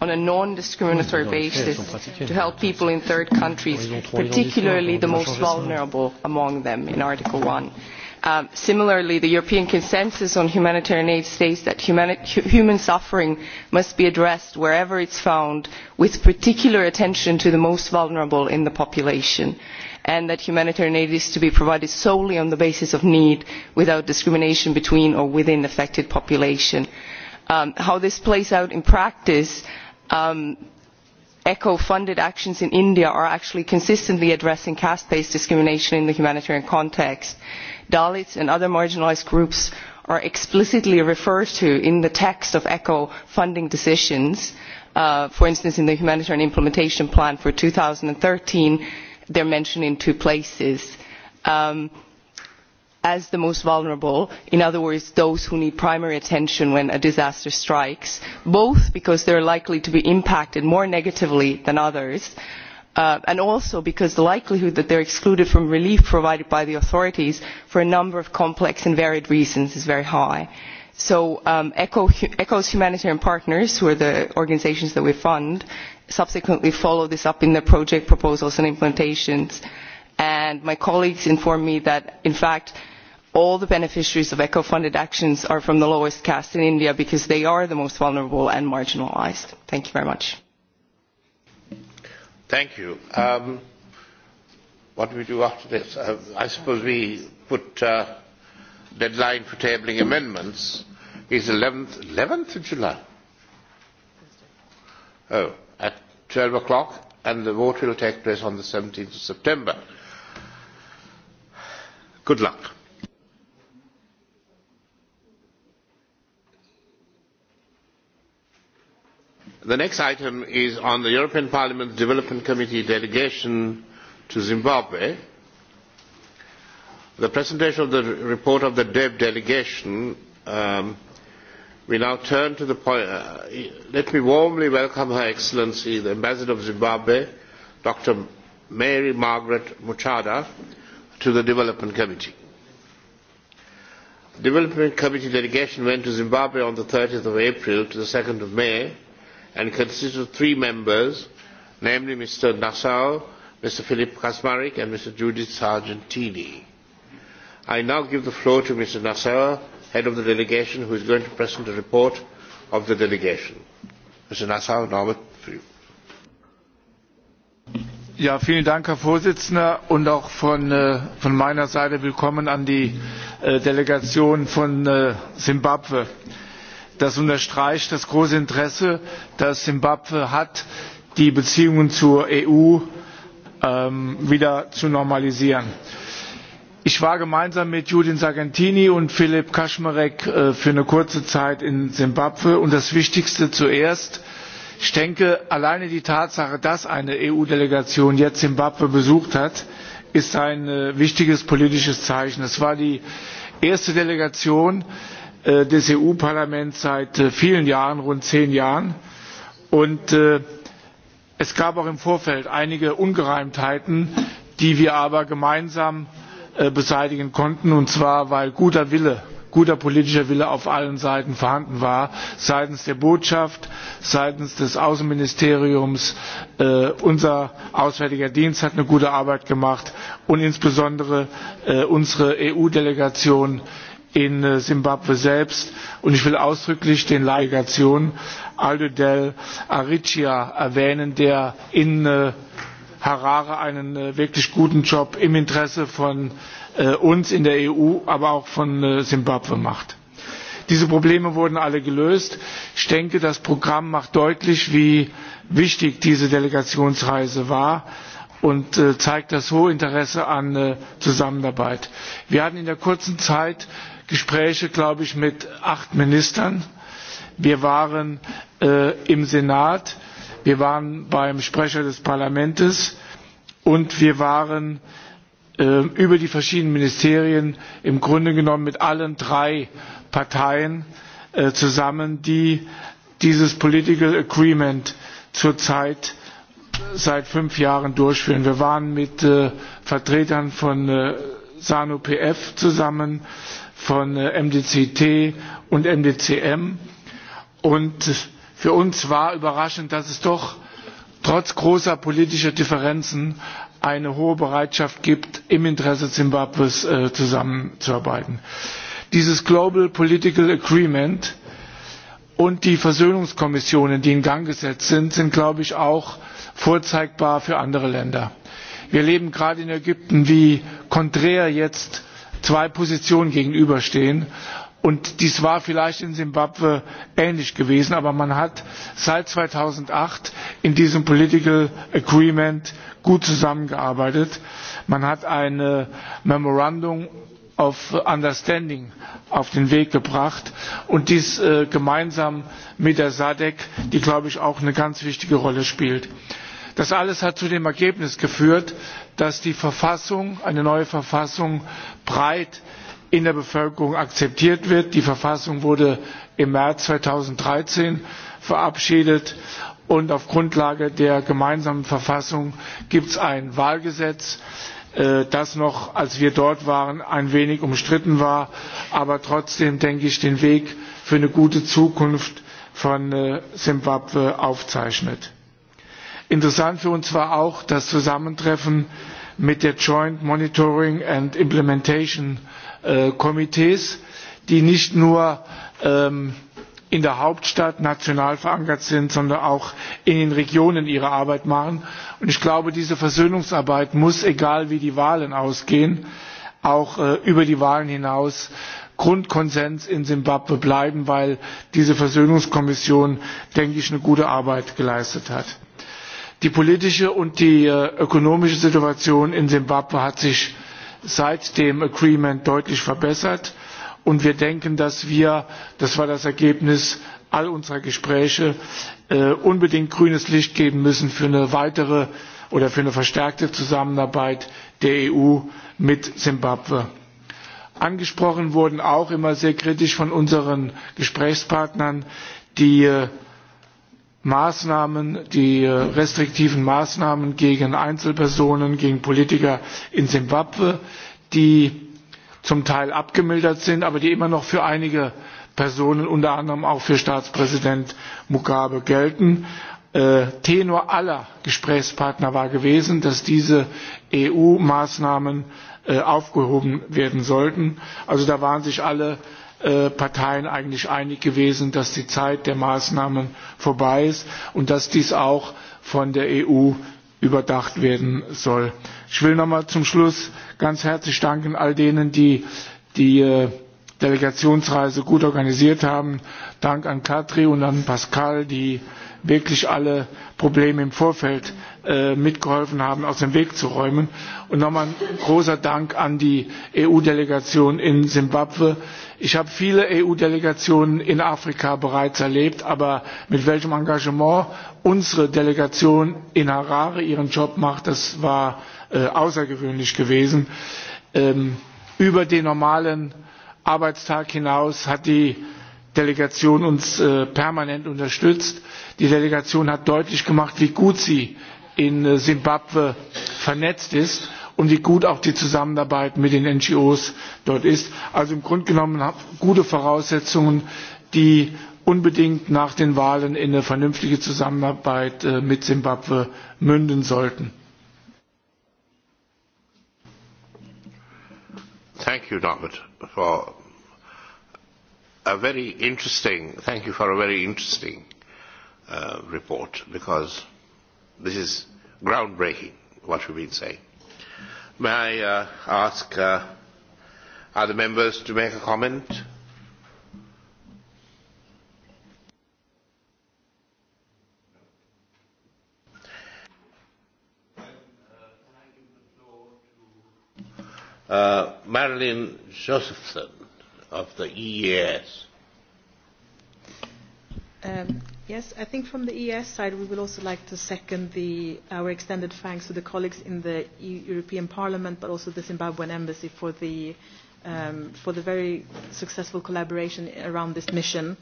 on a non-discriminatory basis to help people in third countries, particularly the most vulnerable among them, in Article 1. Um, similarly the european consensus on humanitarian aid states that human suffering must be addressed wherever it is found with particular attention to the most vulnerable in the population and that humanitarian aid is to be provided solely on the basis of need without discrimination between or within affected populations. Um, how this plays out in practice um, echo funded actions in india are actually consistently addressing caste based discrimination in the humanitarian context dalits and other marginalised groups are explicitly referred to in the text of echo funding decisions uh, for instance in the humanitarian implementation plan for two thousand and thirteen they are mentioned in two places um, as the most vulnerable in other words those who need primary attention when a disaster strikes both because they are likely to be impacted more negatively than others Uh, and also because the likelihood that they are excluded from relief provided by the authorities for a number of complex and varied reasons is very high. so um, echo's humanitarian partners who are the organisations that we fund subsequently follow this up in their project proposals and implementations and my colleagues inform me that in fact all the beneficiaries of echo funded actions are from the lowest caste in india because they are the most vulnerable and marginalised. thank you very much. Um, what do we do after this? Uh, i suppose we put a uh, deadline for tabling amendments. it's 11th, 11th of july. oh, at 12 o'clock and the vote will take place on the 17th of september. good luck. the next item is on the european parliament development committee delegation to zimbabwe. the presentation of the report of the deb delegation um, we now turn to the point uh, let me warmly welcome her excellency the ambassador of zimbabwe dr mary margaret muchada to the development committee. the development committee delegation went to zimbabwe on the thirtieth of april to the second of may and consists of three members namely mr nassau mr philippe kaczmarek and mr judith sargentini. i now give the floor to mr nassau head of the delegation who is going to present the report of the delegation. mr nassau, now for you. Ja, vielen Dank, Herr Vorsitzender, und auch von, äh, von meiner Seite willkommen an die äh, Delegation von äh, Simbabwe. Äh, das unterstreicht das große interesse das simbabwe hat die beziehungen zur eu ähm, wieder zu normalisieren. ich war gemeinsam mit judith sargentini und philippe kaczmarek äh, für eine kurze zeit in simbabwe und das wichtigste zuerst ich denke alleine die tatsache dass eine eu delegation jetzt simbabwe besucht hat ist ein äh, wichtiges politisches zeichen. es war die erste delegation Äh, des eu parlaments seit äh, vielen jahren rund zehn jahren und äh, es gab auch im vorfeld einige ungereimtheiten die wir aber gemeinsam beseitigen konnten und zwar weil guter wille guter politischer wille auf allen seiten vorhanden war seitens der botschaft seitens des außenministeriums unser auswärtiger dienst hat eine gute arbeit gemacht und insbesondere unsere eu delegation in äh, simbabwe selbst und ich will ausdrücklich den laigation aludel arigia erwähnen der in äh, harare einen äh, wirklich guten job im interesse von uns in der eu aber auch von simbabwe macht. diese probleme wurden alle gelöst. ich denke das programm macht deutlich wie wichtig diese delegationsreise war und zeigt das hohe interesse an zusammenarbeit. wir hatten in der kurzen zeit Gespräche, glaube ich, mit acht Ministern. Wir waren äh, im Senat, wir waren beim Sprecher des Parlaments und wir waren äh, über die verschiedenen Ministerien im Grunde genommen mit allen drei Parteien äh, zusammen, die dieses Political Agreement zurzeit äh, seit fünf Jahren durchführen. Wir waren mit äh, Vertretern von äh, SANU-PF zusammen, äh, von äh, MDCT und MDCM. Und für uns war überraschend, dass es doch trotz großer politischer Differenzen eine hohe Bereitschaft gibt, im Interesse Zimbabwes äh, zusammenzuarbeiten. Dieses Global Political Agreement und die Versöhnungskommissionen, die in Gang gesetzt sind, sind, glaube ich, auch vorzeigbar für andere Länder. Wir leben gerade in Ägypten, wie konträr jetzt zwei Positionen gegenüberstehen. Und dies war vielleicht in Simbabwe ähnlich gewesen, aber man hat seit 2008 in diesem Political Agreement gut zusammengearbeitet. Man hat ein Memorandum of Understanding auf den Weg gebracht und dies äh, gemeinsam mit der SADC, die glaube ich auch eine ganz wichtige Rolle spielt. Das alles hat zu dem Ergebnis geführt, dass die Verfassung, eine neue Verfassung breit in der Bevölkerung akzeptiert wird. Die Verfassung wurde im März 2013 verabschiedet und auf Grundlage der gemeinsamen Verfassung gibt es ein Wahlgesetz, äh, das noch, als wir dort waren, ein wenig umstritten war, aber trotzdem, denke ich, den Weg für eine gute Zukunft von äh, Simbabwe aufzeichnet. Interessant für uns war auch das Zusammentreffen mit der Joint Monitoring and Implementation äh, Committees, die nicht nur ähm, in der Hauptstadt national verankert sind, sondern auch in den Regionen ihre Arbeit machen. Und ich glaube, diese Versöhnungsarbeit muss, egal wie die Wahlen ausgehen, auch äh, über die Wahlen hinaus Grundkonsens in Simbabwe bleiben, weil diese Versöhnungskommission, denke ich, eine gute Arbeit geleistet hat. Die politische und die äh, ökonomische Situation in Simbabwe hat sich seit dem Agreement deutlich verbessert. Und wir denken, dass wir, das war das Ergebnis all unserer Gespräche, äh, unbedingt grünes Licht geben müssen für eine weitere oder für eine verstärkte Zusammenarbeit der EU mit Simbabwe. Angesprochen wurden auch immer sehr kritisch von unseren Gesprächspartnern die äh, Maßnahmen, die äh, restriktiven Maßnahmen gegen Einzelpersonen, gegen Politiker in Simbabwe, die zum Teil abgemildert sind, aber die immer noch für einige Personen, unter anderem auch für Staatspräsident Mugabe gelten. Äh, Tenor aller Gesprächspartner war gewesen, dass diese EU-Maßnahmen äh, aufgehoben werden sollten. Also da waren sich alle Äh, Parteien eigentlich einig gewesen, dass die Zeit der Maßnahmen vorbei ist und dass dies auch von der EU überdacht werden soll. Ich will nochmal zum Schluss ganz herzlich danken all denen, die die äh, Delegationsreise gut organisiert haben. Dank an Katri und an Pascal, die wirklich alle Probleme im Vorfeld Äh, mitgeholfen haben, aus dem Weg zu räumen. Und nochmal ein großer Dank an die EU-Delegation in Simbabwe. Ich habe viele EU-Delegationen in Afrika bereits erlebt, aber mit welchem Engagement unsere Delegation in Harare ihren Job macht, das war äh, außergewöhnlich gewesen. Ähm, über den normalen Arbeitstag hinaus hat die Delegation uns äh, permanent unterstützt. Die Delegation hat deutlich gemacht, wie gut sie in äh, simbabwe vernetzt ist und wie gut auch die zusammenarbeit mit den ngos dort ist. also im grunde genommen gute voraussetzungen die unbedingt nach den wahlen in eine vernünftige zusammenarbeit äh, mit simbabwe münden sollten. Thank you, Norbert, for a very interesting, thank you for a very interesting uh, report because This is groundbreaking, what we've been saying. May I uh, ask uh, other members to make a comment? Uh, Marilyn Josephson of the EES. Um, Yes, I think from the ES side, we would also like to second the, our extended thanks to the colleagues in the e European Parliament, but also the Zimbabwean Embassy for the, um, for the very successful collaboration around this mission.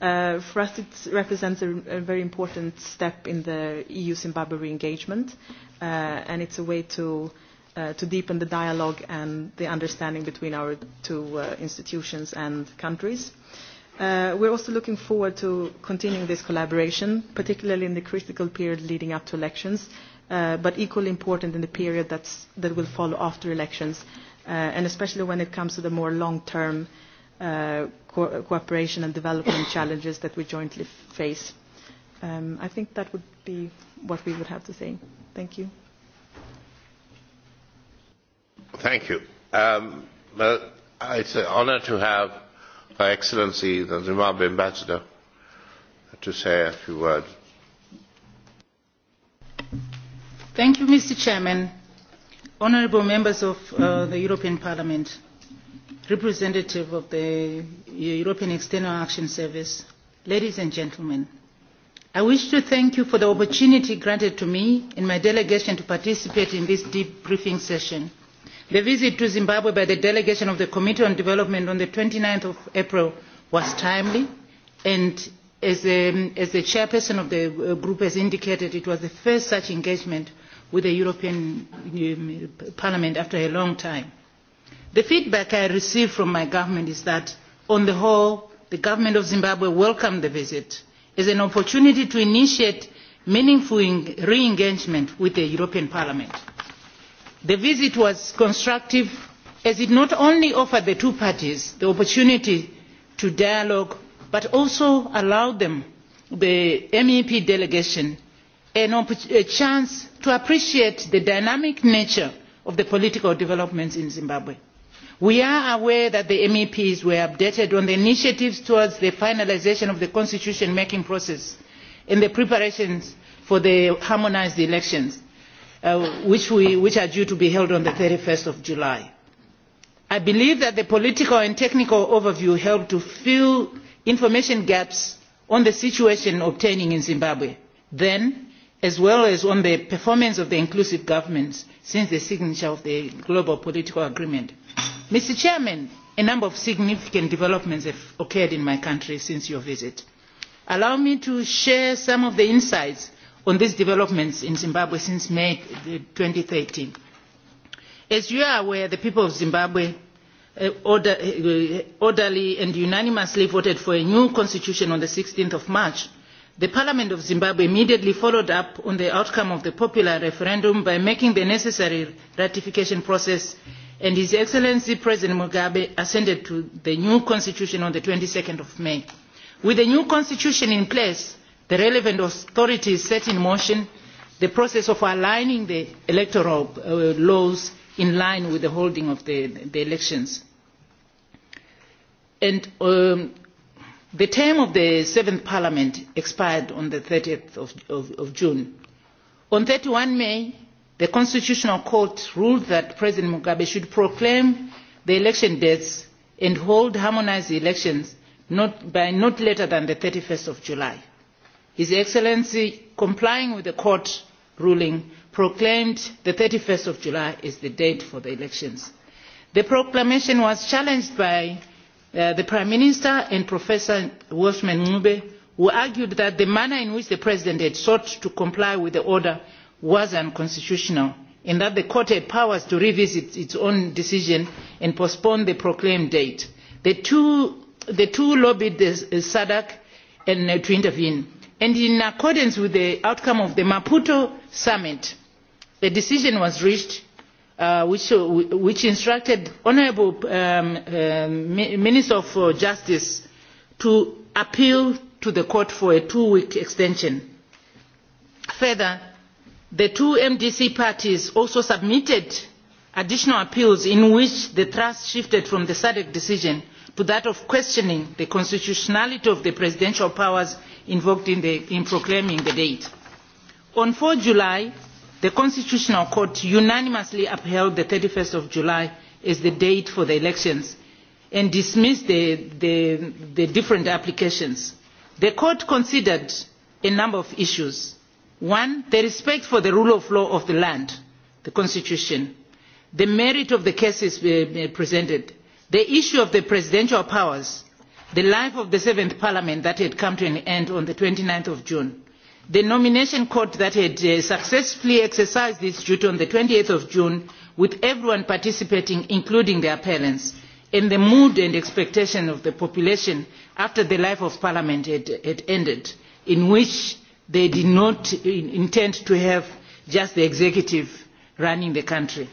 Uh, for us, it represents a, a very important step in the EU-Zimbabwe re-engagement, uh, and it's a way to, uh, to deepen the dialogue and the understanding between our two uh, institutions and countries. Uh, Uh, we're also looking forward to continuing this collaboration, particularly in the critical period leading up to elections, uh, but equally important in the period that's, that will follow after elections, uh, and especially when it comes to the more long-term uh, co cooperation and development challenges that we jointly face. Um, I think that would be what we would have to say. Thank you. Thank you. Um, uh, it's an honor to have her excellency the zimbabwe ambassador to say a few words. thank you, mr. chairman. honorable members of uh, the european parliament, representative of the european external action service, ladies and gentlemen, i wish to thank you for the opportunity granted to me and my delegation to participate in this deep briefing session the visit to zimbabwe by the delegation of the committee on development on twenty nine april was timely and as um, the chairperson of the uh, group has indicated it was the first such engagement with the european um, parliament after a long time. the feedback i received from my government is that on the whole the government of zimbabwe welcomed the visit as an opportunity to initiate meaningful re engagement with the european parliament the visit was constructive as it not only offered the two parties the opportunity to dialogue but also allowed them, the MEP delegation, an op- a chance to appreciate the dynamic nature of the political developments in Zimbabwe. We are aware that the MEPs were updated on the initiatives towards the finalization of the constitution making process and the preparations for the harmonized elections. Uh, which, we, which are due to be held on 31 July. I believe that the political and technical overview helped to fill information gaps on the situation obtaining in Zimbabwe then, as well as on the performance of the inclusive governments since the signature of the global political agreement. Mr Chairman, a number of significant developments have occurred in my country since your visit. Allow me to share some of the insights on these developments in zimbabwe since may. two thousand and thirteen as you are aware the people of zimbabwe uh, uh, orderly and unanimously voted for a new constitution on sixteen march. the parliament of zimbabwe immediately followed up on the outcome of the popular referendum by making the necessary ratification process and his excellency president mugabe assented to the new constitution on twenty two may. with the new constitution in place the relevant authorities set in motion the process of aligning the electoral uh, laws in line with the holding of the, the elections. And um, the term of the seventh parliament expired on the 30th of, of, of June. On 31 May, the Constitutional Court ruled that President Mugabe should proclaim the election dates and hold harmonized elections not, by not later than the 31st of July his excellency complying with the court ruling proclaimed thirty one july as the date for the elections. the proclamation was challenged by uh, the prime minister and professor wolfman mube who argued that the manner in which the president had sought to comply with the order was unconstitutional and that the court had powers to revisit its own decision and postpone the proclaimed date. the two, the two lobbied the sadc and, uh, to intervene and in accordance with the outcome of the maputo summit a decision was reached uh, uh, which instructed the honourable um, um, minister of uh, justice to appeal to the court for a two week extension. further the two mdc parties also submitted additional appeals in which the thrust shifted from the sadc decision to that of questioning the constitutionality of the presidential powers invoked in, the, in proclaiming the date. On 4 July, the Constitutional Court unanimously upheld the 31st of July as the date for the elections and dismissed the, the, the different applications. The Court considered a number of issues. One, the respect for the rule of law of the land, the Constitution, the merit of the cases uh, presented, the issue of the presidential powers, the life of the seventh parliament that had come to an end on twenty nine june the nomination court that had uh, successfully exercised its duty on twenty june with everyone participating including the appellants and the mood and expectation of the population after the life of parliament had, had ended in which they did not in, intend to have just the executive running the country.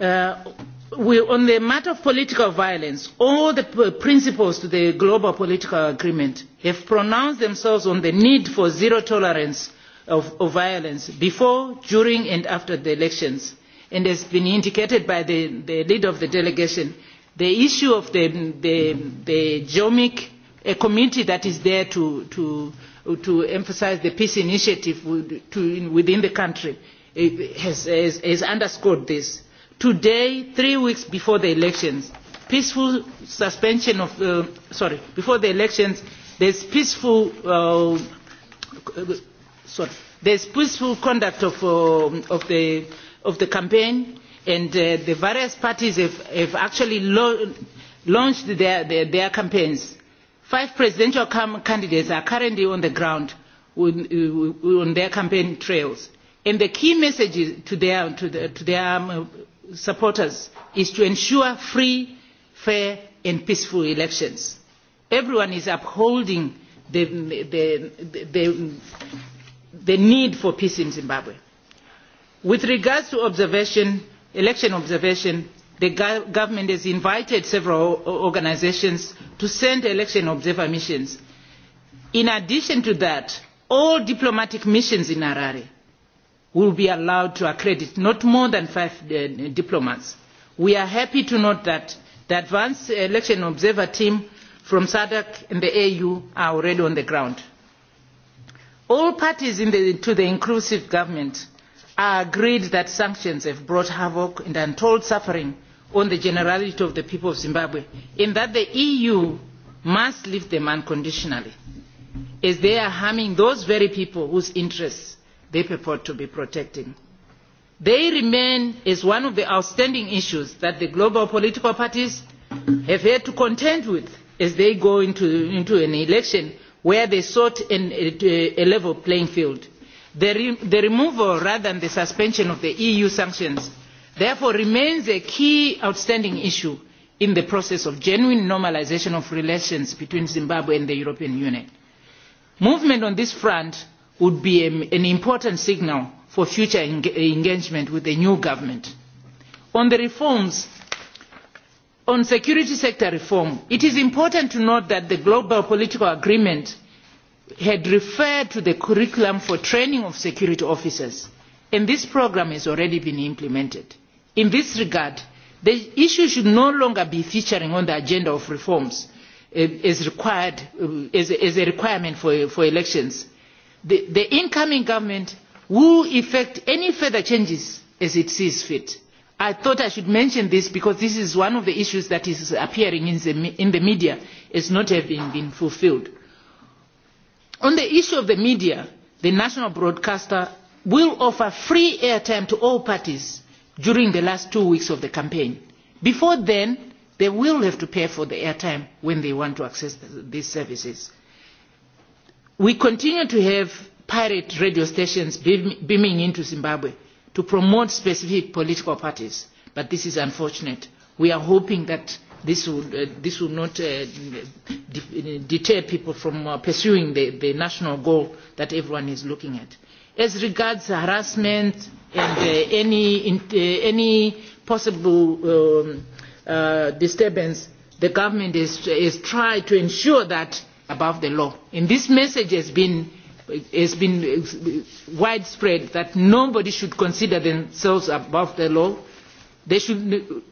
Uh, on the matter of political violence all the principles to the global political agreement have pronounced themselves on the need for zero tolerance of, of violence before during and after the elections and as been indicated by the, the leader of the delegation the issue of the the the Jomic, a committee that is there to to to emphasize the peace initiative within the country it has, has, has underscored this today three weeks before the elections peaceful suspension of uh, sorry before the elections there's peaceful uh, sorry there's peaceful conduct of uh, of the of the campaign and uh, the various parties have, have actually lo- launched their, their their campaigns five presidential cam- candidates are currently on the ground on, on their campaign trails and the key message to their to, the, to their um, supporters is to ensure free, fair and peaceful elections. Everyone is upholding the, the, the, the, the need for peace in Zimbabwe. With regards to observation, election observation, the government has invited several organizations to send election observer missions. In addition to that, all diplomatic missions in Harare will be allowed to accredit not more than five uh, diplomats. We are happy to note that the advanced election observer team from SADC and the AU are already on the ground. All parties in the, to the inclusive government are agreed that sanctions have brought havoc and untold suffering on the generality of the people of Zimbabwe, in that the EU must leave them unconditionally, as they are harming those very people whose interests they purport to be protecting. They remain as one of the outstanding issues that the global political parties have had to contend with as they go into, into an election where they sought an, a, a level playing field. The, re, the removal rather than the suspension of the EU sanctions therefore remains a key outstanding issue in the process of genuine normalisation of relations between Zimbabwe and the European Union. Movement on this front would be an important signal for future engagement with the new government. On the reforms, on security sector reform, it is important to note that the global political agreement had referred to the curriculum for training of security officers, and this program has already been implemented. In this regard, the issue should no longer be featuring on the agenda of reforms eh, as, required, eh, as a requirement for elections the incoming government will effect any further changes as it sees fit. I thought I should mention this because this is one of the issues that is appearing in the, in the media as not having been fulfilled. On the issue of the media, the national broadcaster will offer free airtime to all parties during the last two weeks of the campaign. Before then, they will have to pay for the airtime when they want to access these services we continue to have pirate radio stations beaming into zimbabwe to promote specific political parties but this is unfortunate we are hoping that this will, uh, this will not uh, deter people from uh, pursuing the, the national goal that everyone is looking at. As regards harassment and uh, any, in, uh, any possible um, uh, disturbance, the government has tried to ensure that above the law. And this message has been, has been uh, widespread that nobody should consider themselves above the law. They should,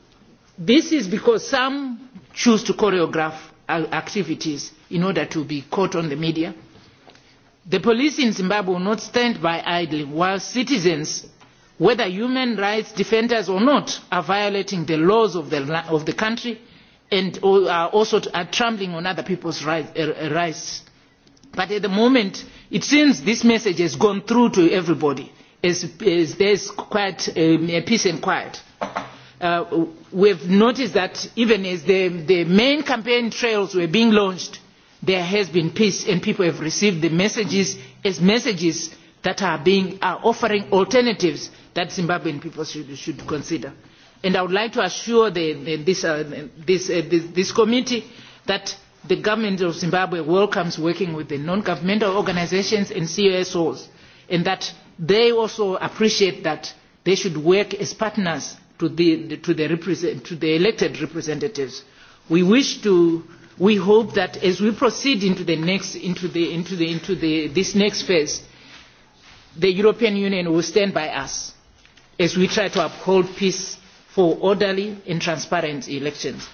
this is because some choose to choreograph activities in order to be caught on the media. The police in Zimbabwe will not stand by idly while citizens, whether human rights defenders or not, are violating the laws of the, of the country and uh, are also are trampling on other people's uh, rights. But at the moment, it seems this message has gone through to everybody, as, as there's quite um, a peace and quiet. Uh, we've noticed that even as the, the main campaign trails were being launched, there has been peace and people have received the messages as messages that are, being, are offering alternatives that Zimbabwean people should, should consider and i would like to assure uh, uh, this committee that the government of zimbabwe welcomes working with the non governmental organisations and csos and that they also appreciate that they should work as partners to the elected representatives. we wish to we hope that as we proceed into the next into the into the into the this next phase the european union will stand by us as we try to uphold peace for orderly and transparent elections.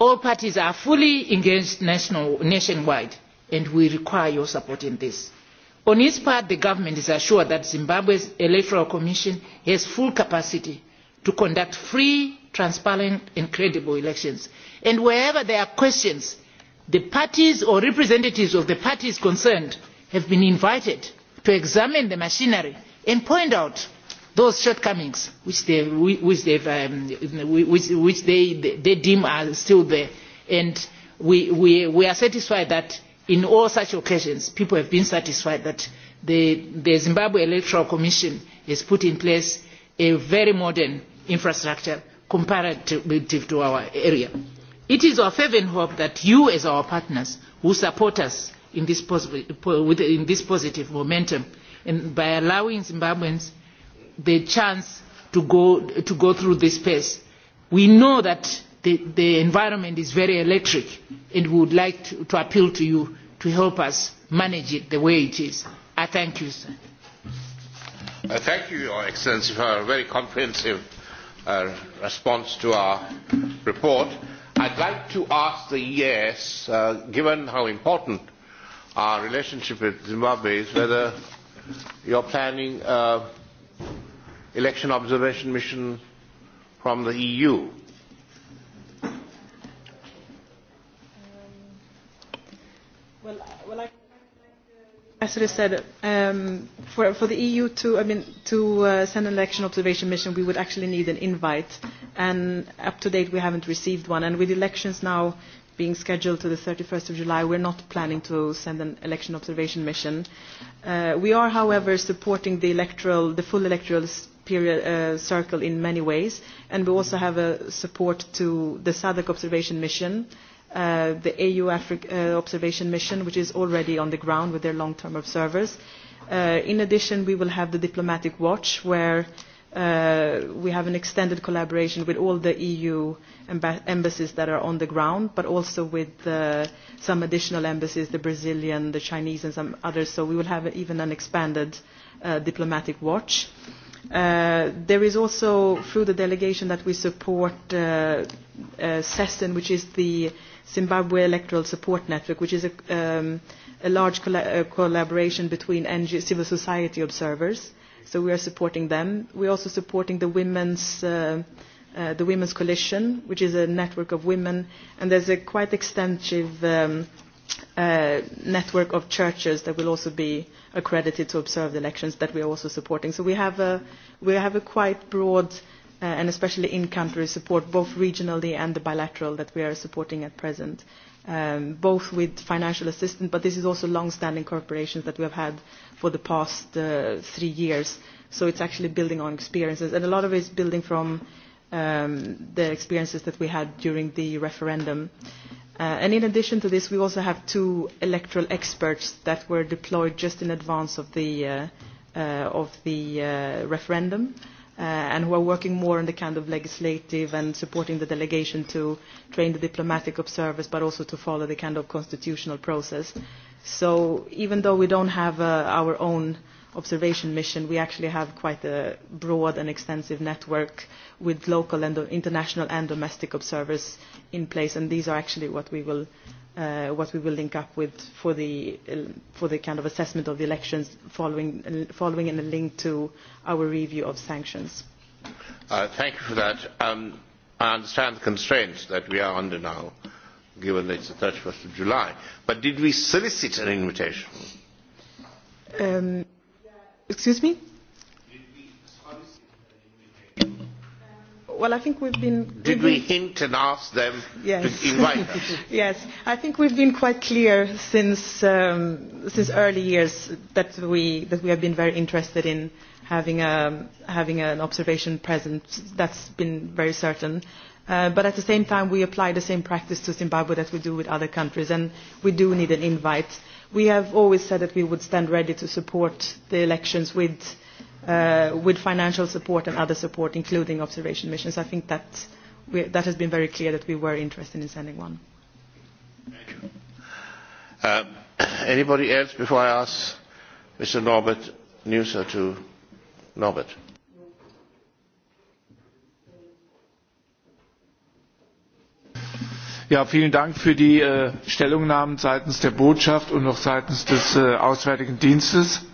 all parties are fully engaged nationwide and we require your support in this. on its part the government is assured that zimbabwe's electoral commission has full capacity to conduct free transparent and credible elections and wherever there are questions the parties or representatives of the parties concerned have been invited to examine the machinery and point out those shortcomings which they, which they, um, which, which they, they deem are still there. And we, we, we are satisfied that in all such occasions, people have been satisfied that the, the Zimbabwe Electoral Commission has put in place a very modern infrastructure comparative to our area. It is our fervent hope that you, as our partners, will support us in this, posi- in this positive momentum and by allowing Zimbabweans the chance to go, to go through this space. We know that the, the environment is very electric and we would like to, to appeal to you to help us manage it the way it is. I thank you, sir. Uh, thank you, Your Excellency, for a very comprehensive uh, response to our report. I'd like to ask the yes, uh, given how important our relationship with Zimbabwe is, whether you're planning uh, election observation mission from the EU. As um, I said, um, for, for the EU to, I mean, to uh, send an election observation mission, we would actually need an invite. And up to date, we haven't received one. And with elections now being scheduled to the 31st of July, we're not planning to send an election observation mission. Uh, we are, however, supporting the, electoral, the full electoral period, uh, circle in many ways. And we also have a support to the SADC observation mission, uh, the AU Africa uh, observation mission, which is already on the ground with their long-term observers. Uh, in addition, we will have the diplomatic watch, where uh, we have an extended collaboration with all the EU emb embassies that are on the ground, but also with uh, some additional embassies, the Brazilian, the Chinese, and some others. So we will have even an expanded uh, diplomatic watch. Uh, Uh, there is also, through the delegation, that we support SESTEN, uh, uh, which is the Zimbabwe Electoral Support Network, which is a, um, a large coll uh, collaboration between NGO civil society observers. So we are supporting them. We're also supporting the Women's, uh, uh, the women's Coalition, which is a network of women. And there's a quite extensive um, uh, network of churches that will also be accredited to observe the elections that we are also supporting. So we have a, we have a quite broad uh, and especially in-country support, both regionally and the bilateral that we are supporting at present, um, both with financial assistance, but this is also long-standing corporations that we have had for the past uh, three years. So it's actually building on experiences. And a lot of it is building from um, the experiences that we had during the referendum. Uh, Uh, and in addition to this we also have two electoral experts that were deployed just in advance of the uh, uh, of the uh, referendum uh, and who are working more on the kind of legislative and supporting the delegation to train the diplomatic observers but also to follow the kind of constitutional process so even though we don't have uh, our own uh, observation mission, we actually have quite a broad and extensive network with local and international and domestic observers in place, and these are actually what we will, uh, what we will link up with for the, uh, for the kind of assessment of the elections following, uh, following in a link to our review of sanctions. Uh, thank you for that. Um, I understand the constraints that we are under now, given that it's the 31st of July. But did we solicit an invitation? Um, excuse me well, I think we've been. Did we hint and ask them yes. to invite us? yes, I think we've been quite clear since, um, since early years that we, that we have been very interested in having, a, um, having an observation present. That's been very certain. Uh, but at the same time, we apply the same practice to Zimbabwe that we do with other countries, and we do need an invite. Uh, we have always said that we would stand ready to support the elections with, uh, with financial support and other support, including observation missions. I think that, we, that has been very clear that we were interested in sending one. Um, anybody else before I ask Mr. Norbert Newser to Norbert? Ja, vielen dank für die äh, stellungnahmen seitens der botschaft und auch seitens des äh, auswärtigen dienstes.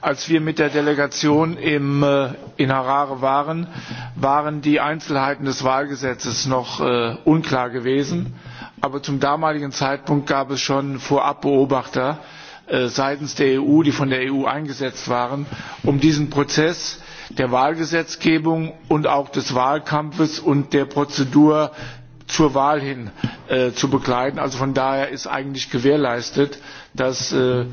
als wir mit der delegation äh, in harare waren waren die einzelheiten des wahlgesetzes noch unklar gewesen aber zum damaligen zeitpunkt gab es schon vorab beobachter seitens der eu die von der eu eingesetzt waren um diesen prozess der wahlgesetzgebung und auch des wahlkampfes und der prozedur zur Wahl hin äh, zu begleiten. Also von daher ist eigentlich gewährleistet, dass äh,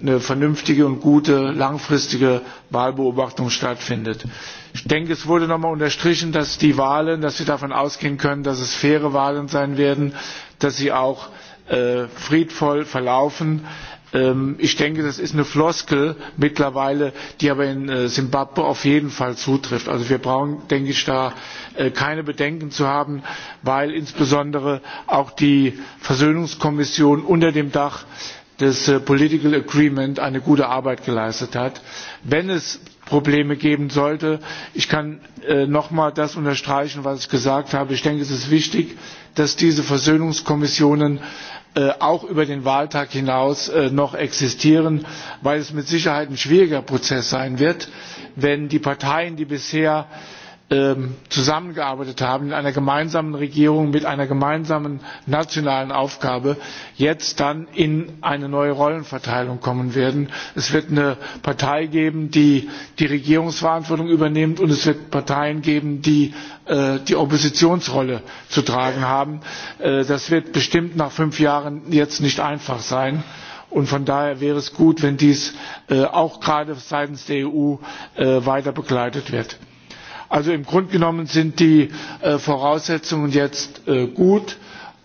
eine vernünftige und gute langfristige Wahlbeobachtung stattfindet. Ich denke, es wurde nochmal unterstrichen, dass die Wahlen, dass wir davon ausgehen können, dass es faire Wahlen sein werden, dass sie auch äh, friedvoll verlaufen. Ähm, ich denke, das ist eine Floskel mittlerweile, die aber in äh, Simbabwe auf jeden Fall zutrifft. Also wir brauchen, denke ich, da äh, keine Bedenken zu haben, weil insbesondere auch die Versöhnungskommission unter dem Dach des äh, Political Agreement eine gute Arbeit geleistet hat. Wenn es Probleme geben sollte. Ich kann äh, noch mal das unterstreichen, was ich gesagt habe. Ich denke, es ist wichtig, dass diese Versöhnungskommissionen äh, auch über den Wahltag hinaus äh, noch existieren, weil es mit Sicherheit ein schwieriger Prozess sein wird, wenn die Parteien, die bisher äh, Ähm, zusammengearbeitet haben in einer gemeinsamen Regierung mit einer gemeinsamen nationalen Aufgabe, jetzt dann in eine neue Rollenverteilung kommen werden. Es wird eine Partei geben, die die Regierungsverantwortung übernimmt, und es wird Parteien geben, die äh, die Oppositionsrolle zu tragen haben. Äh, das wird bestimmt nach fünf Jahren jetzt nicht einfach sein. Und von daher wäre es gut, wenn dies äh, auch gerade seitens der EU äh, weiter begleitet wird. Also im Grunde genommen sind die äh, Voraussetzungen jetzt äh, gut.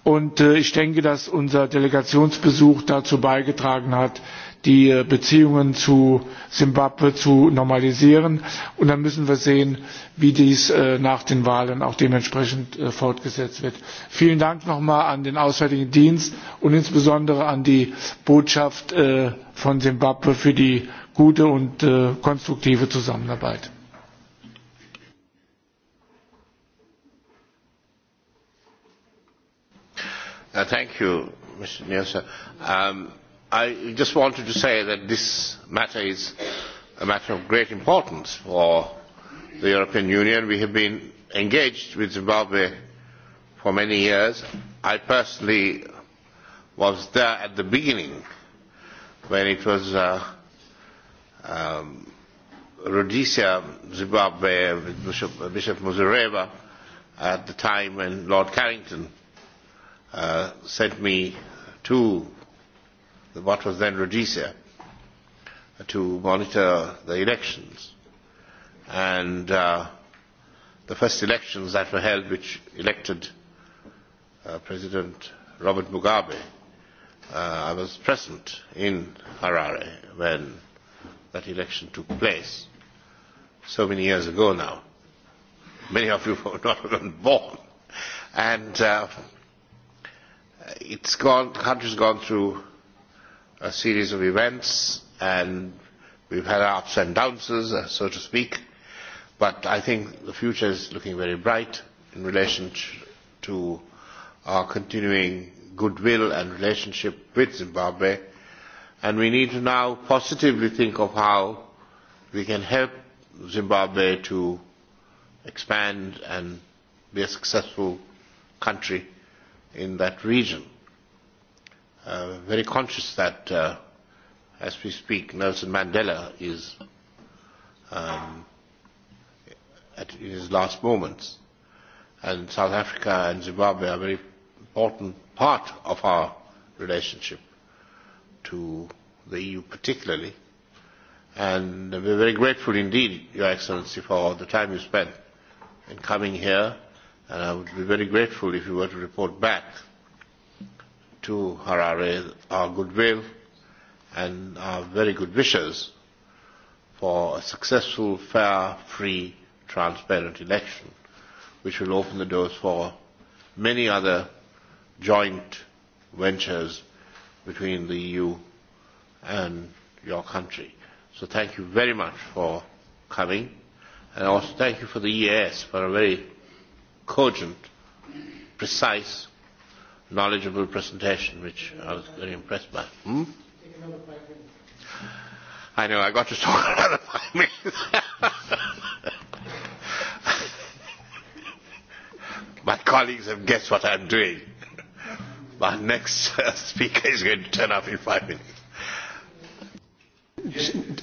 Und äh, ich denke, dass unser Delegationsbesuch dazu beigetragen hat, die äh, Beziehungen zu Simbabwe zu normalisieren. Und dann müssen wir sehen, wie dies äh, nach den Wahlen auch dementsprechend äh, fortgesetzt wird. Vielen Dank nochmal an den Auswärtigen Dienst und insbesondere an die Botschaft äh, von Simbabwe für die gute und äh, konstruktive Zusammenarbeit. Uh, mr nilsson um, i just wanted to say that this matter is a matter of great importance for the european union. we have been engaged with zimbabwe for many years. i personally was there at the beginning when it was uh, um, rhodesia zimbabwe with bishop muzorewa at the time and lord carrington uh, sent me to what was then Rhodesia uh, to monitor the elections. And uh, the first elections that were held, which elected uh, President Robert Mugabe, uh, I was present in Harare when that election took place so many years ago now. Many of you were not even born. And uh, Uh, the country has gone through a series of events and we have had our ups and downs uh, so to speak but i think the future is looking very bright in relation to our continuing goodwill and relationship with zimbabwe and we need to now positively think of how we can help zimbabwe to expand and be a successful country in that region. Uh, very conscious that, uh, as we speak, Nelson Mandela is um, at his last moments. And South Africa and Zimbabwe are a very important part of our relationship to the EU particularly. And we're very grateful indeed, Your Excellency, for the time you spent in coming here and I would be very grateful if you were to report back to Harare our goodwill and our very good wishes for a successful, fair, free, transparent election, which will open the doors for many other joint ventures between the EU and your country. So thank you very much for coming. And also thank you for the EAS, for a very cogent, precise, knowledgeable presentation, which I was very impressed by. Hmm? I know, I got to talk another five minutes. My colleagues have guessed what I'm doing. My next uh, speaker is going to turn up in five minutes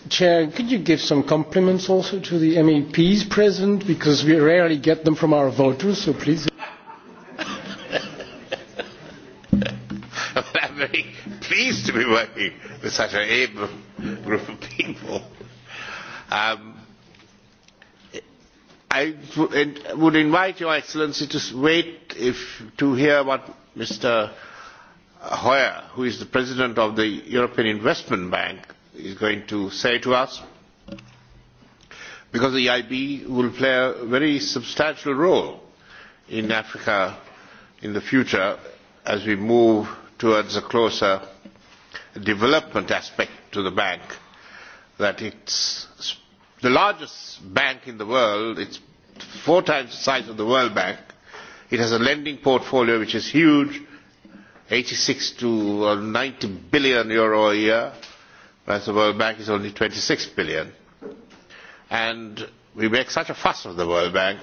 chair, could you give some compliments also to the meps present, because we rarely get them from our voters, so please. i'm very pleased to be working with such an able group of people. Um, I would invite Your Excellency to wait if, to hear what Mr. Hoyer, who is the President of the European Investment Bank, is going to say to us because the eib will play a very substantial role in africa in the future as we move towards a closer development aspect to the bank that it's the largest bank in the world it's four times the size of the world bank it has a lending portfolio which is huge 86 to 90 billion euro a year whereas the world bank is only eur twenty six billion and we make such a fuss of the world bank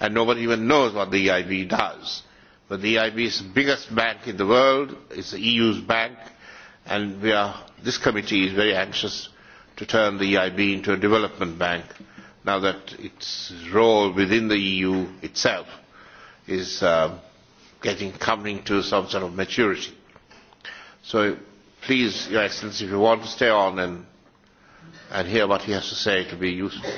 and nobody even knows what the eib does but the eib is the biggest bank in the world it is the eu's bank and we are this committee is very anxious to turn the eib into a development bank now that its role within the eu itself is uh, getting coming to some sort of maturity so please your excellency if you want to stay on and, and hear what he has to say it will be useful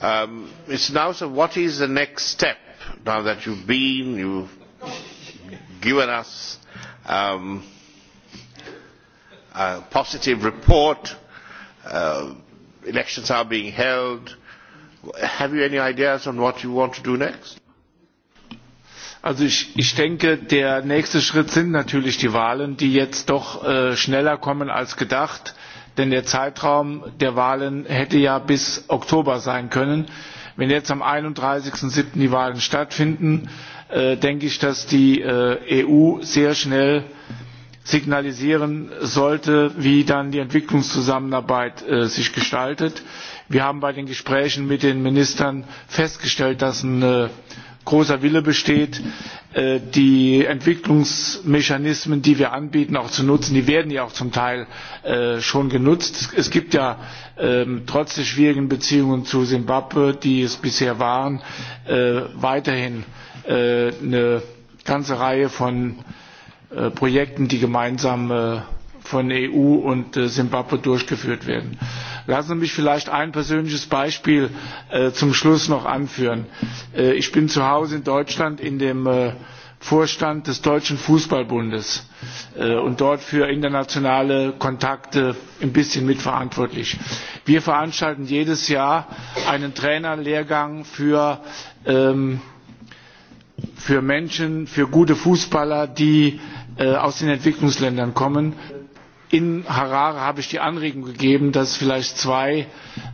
um, mr nauser what is the next step now that you've been you've given us um, a positive report uh, elections are being held have you any ideas on what you want to do next ich denke der nächste schritt sind natürlich die wahlen die jetzt doch äh, schneller kommen als gedacht denn der zeitraum der wahlen hätte ja bis oktober sein können. wenn jetzt am. einunddreißig sieben die wahlen stattfinden äh, denke ich dass die äh, eu sehr schnell signalisieren sollte wie dann die entwicklungszusammenarbeit sich gestaltet. wir haben bei den gesprächen mit den ministern festgestellt dass ein großer wille besteht äh, die entwicklungsmechanismen die wir anbieten auch zu nutzen. die werden ja auch zum teil äh, schon genutzt. es gibt ja ähm, trotz der schwierigen beziehungen zu simbabwe die es bisher waren äh, weiterhin eine ganze reihe von projekten die gemeinsam von der eu und simbabwe durchgeführt werden. Lassen Sie mich vielleicht ein persönliches Beispiel äh, zum Schluss noch anführen. Äh, ich bin zu Hause in Deutschland in dem äh, Vorstand des Deutschen Fußballbundes äh, und dort für internationale Kontakte ein bisschen mitverantwortlich. Wir veranstalten jedes Jahr einen Trainerlehrgang für, ähm, für Menschen, für gute Fußballer, die äh, aus den Entwicklungsländern kommen. In Harare habe ich die Anregung gegeben, dass vielleicht zwei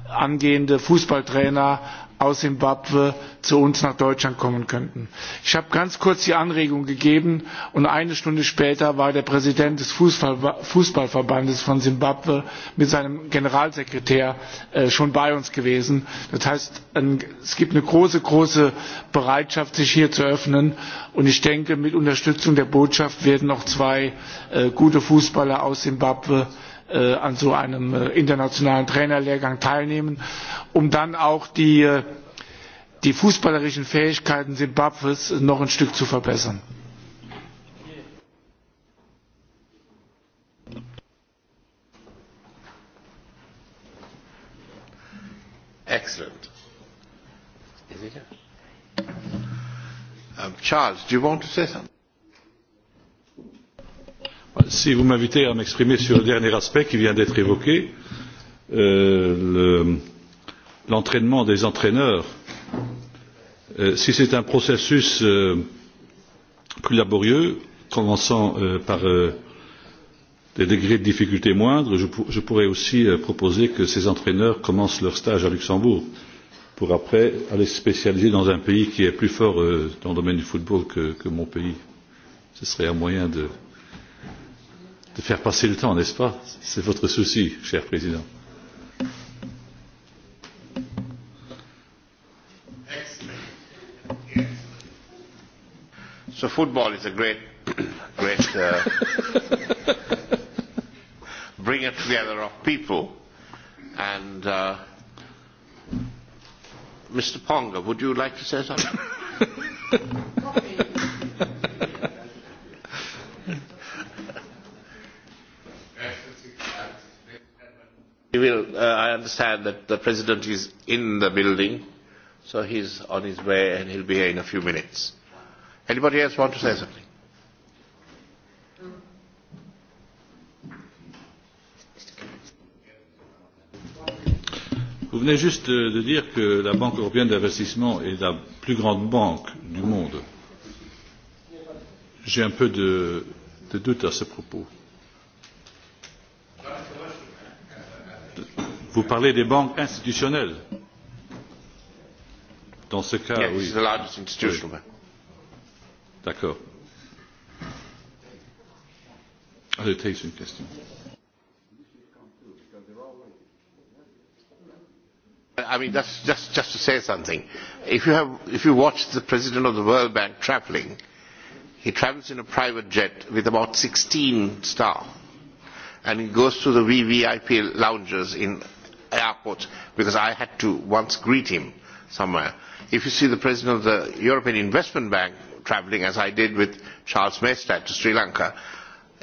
angehende Fußballtrainer aus Simbabwe zu uns nach Deutschland kommen könnten. Ich habe ganz kurz die Anregung gegeben und eine Stunde später war der Präsident des Fußball, Fußballverbandes von Simbabwe mit seinem Generalsekretär äh, schon bei uns gewesen. Das heißt, ein, es gibt eine große, große Bereitschaft, sich hier zu öffnen und ich denke, mit Unterstützung der Botschaft werden noch zwei äh, gute Fußballer aus Simbabwe äh, an so einem äh, internationalen Trainerlehrgang teilnehmen, um dann auch die, äh, die fußballerischen Fähigkeiten Simbabwes noch ein Stück zu verbessern. Excellent. Um, Charles, do you want to say something? si vous m'invitez à m'exprimer sur le dernier aspect qui vient d'être évoqué euh, l'entraînement des entraîneurs euh, si c'est un processus euh, plus laborieux commençant par des degrés de difficulté moindres je pourrais aussi proposer que ces entraîneurs commencent leur stage à luxembourg pour après aller se spécialiser dans un pays qui est plus fort dans le domaine du football que mon pays. ce serait un moyen de faire passer le temps, n'est-ce pas C'est votre souci, cher président. So football is a great, great uh, bringer together of people. And uh, Mr. Ponga, would you like to say something? Uh, i understand that the president is in the building so he is on his way and he will be here in a few minutes. anybody else want to say something? Vous venez juste de dire que la Banque européenne d'investissement est la plus grande banque du monde. J'ai un peu de, de doute à ce propos. vous parlez des banques institutionnelles dans ce cas oui. d'accord allez ah, take une question I mean, that's just, just to say something. If you, have, if you watch the president of the World Bank traveling, he travels in a private jet with about 16 staff, and he goes to the VVIP lounges in airport because I had to once greet him somewhere. If you see the president of the European Investment Bank travelling, as I did with Charles Maestad to Sri Lanka,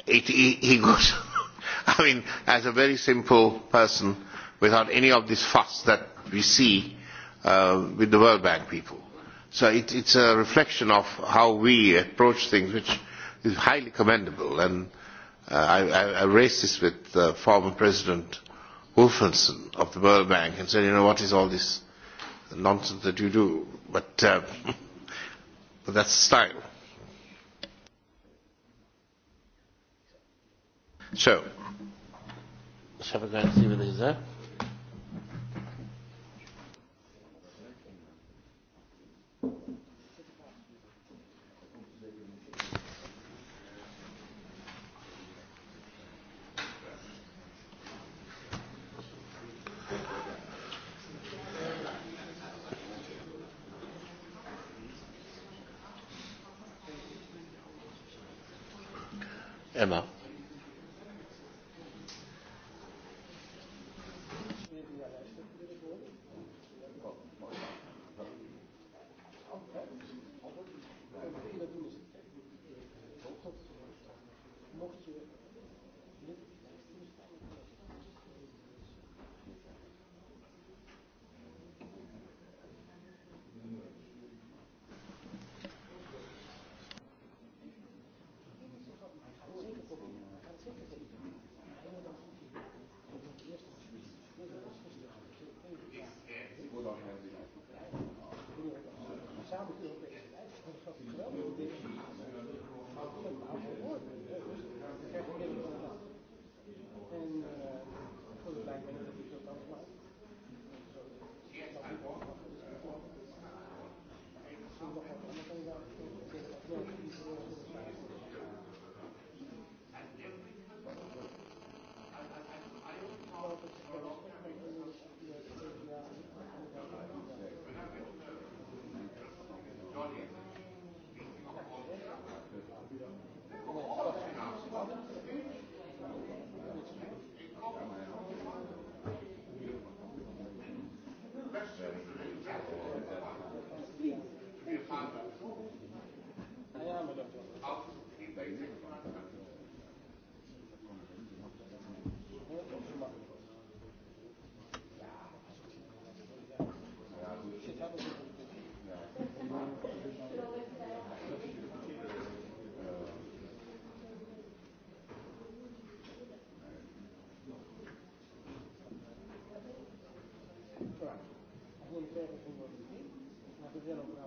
it, he, he goes, I mean, as a very simple person without any of this fuss that we see uh, with the World Bank people. So it, it's a reflection of how we approach things, which is highly commendable. And uh, I, I, I raised this with the former president. Wolfensohn of the World Bank and said, you know, what is all this nonsense that you do? But, uh, but that's the style. So, shall we go and see what is there? delo.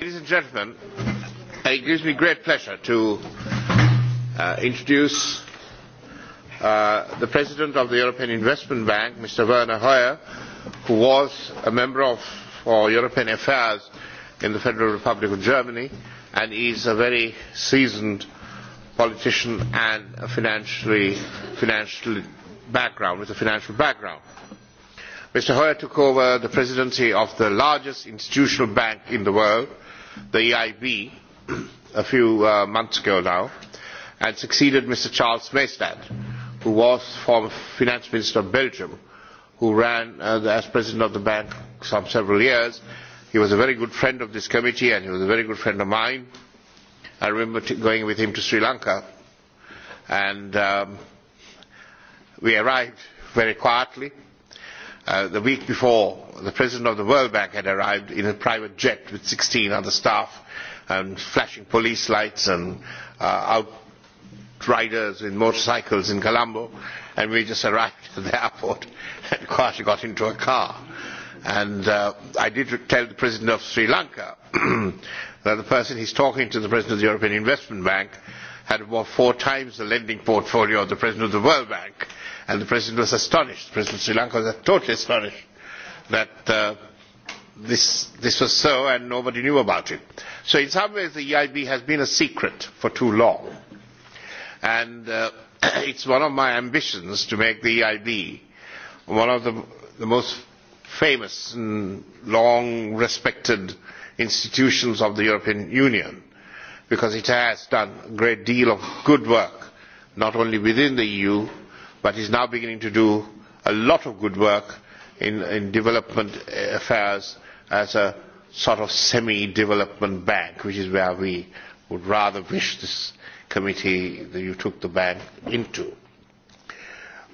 ladies and gentlemen, it gives me great pleasure to uh, introduce uh, the president of the European Investment Bank, Mr. Werner Hoyer, who was a member of for European Affairs in the Federal Republic of Germany, and is a very seasoned politician and a financially, financial background with a financial background. Mr. Hoyer took over the presidency of the largest institutional bank in the world, the eib a few uh, months ago now and succeeded mr charles maystadt who was former finance minister of belgium who ran uh, as president of the bank some several years he was a very good friend of this committee and he was a very good friend of mine i remember t- going with him to sri lanka and um, we arrived very quietly Uh, the week before the president of the world bank had arrived in a private jet with sixteen other staff and flashing police lights and uh, riders in motorcycles in colombo and we just arrived at the airport and Kwasi got into a car. And uh, I did tell the president of Sri Lanka that the person he's talking to, the president of the European Investment Bank, had about four times the lending portfolio of the president of the World Bank and the president was astonished president of sri lanka was totally astonished that uh, this was so and nobody knew about it. so in some ways the eib has been a secret for too long and it uh, is one of my ambitions to make the eib one of the most famous and long respected institutions of the european union because it has done a great deal of good work not only within the eu but is now beginning to do a lot of good work in, in development affairs as a sort of semi development bank, which is where we would rather wish this committee that you took the bank into.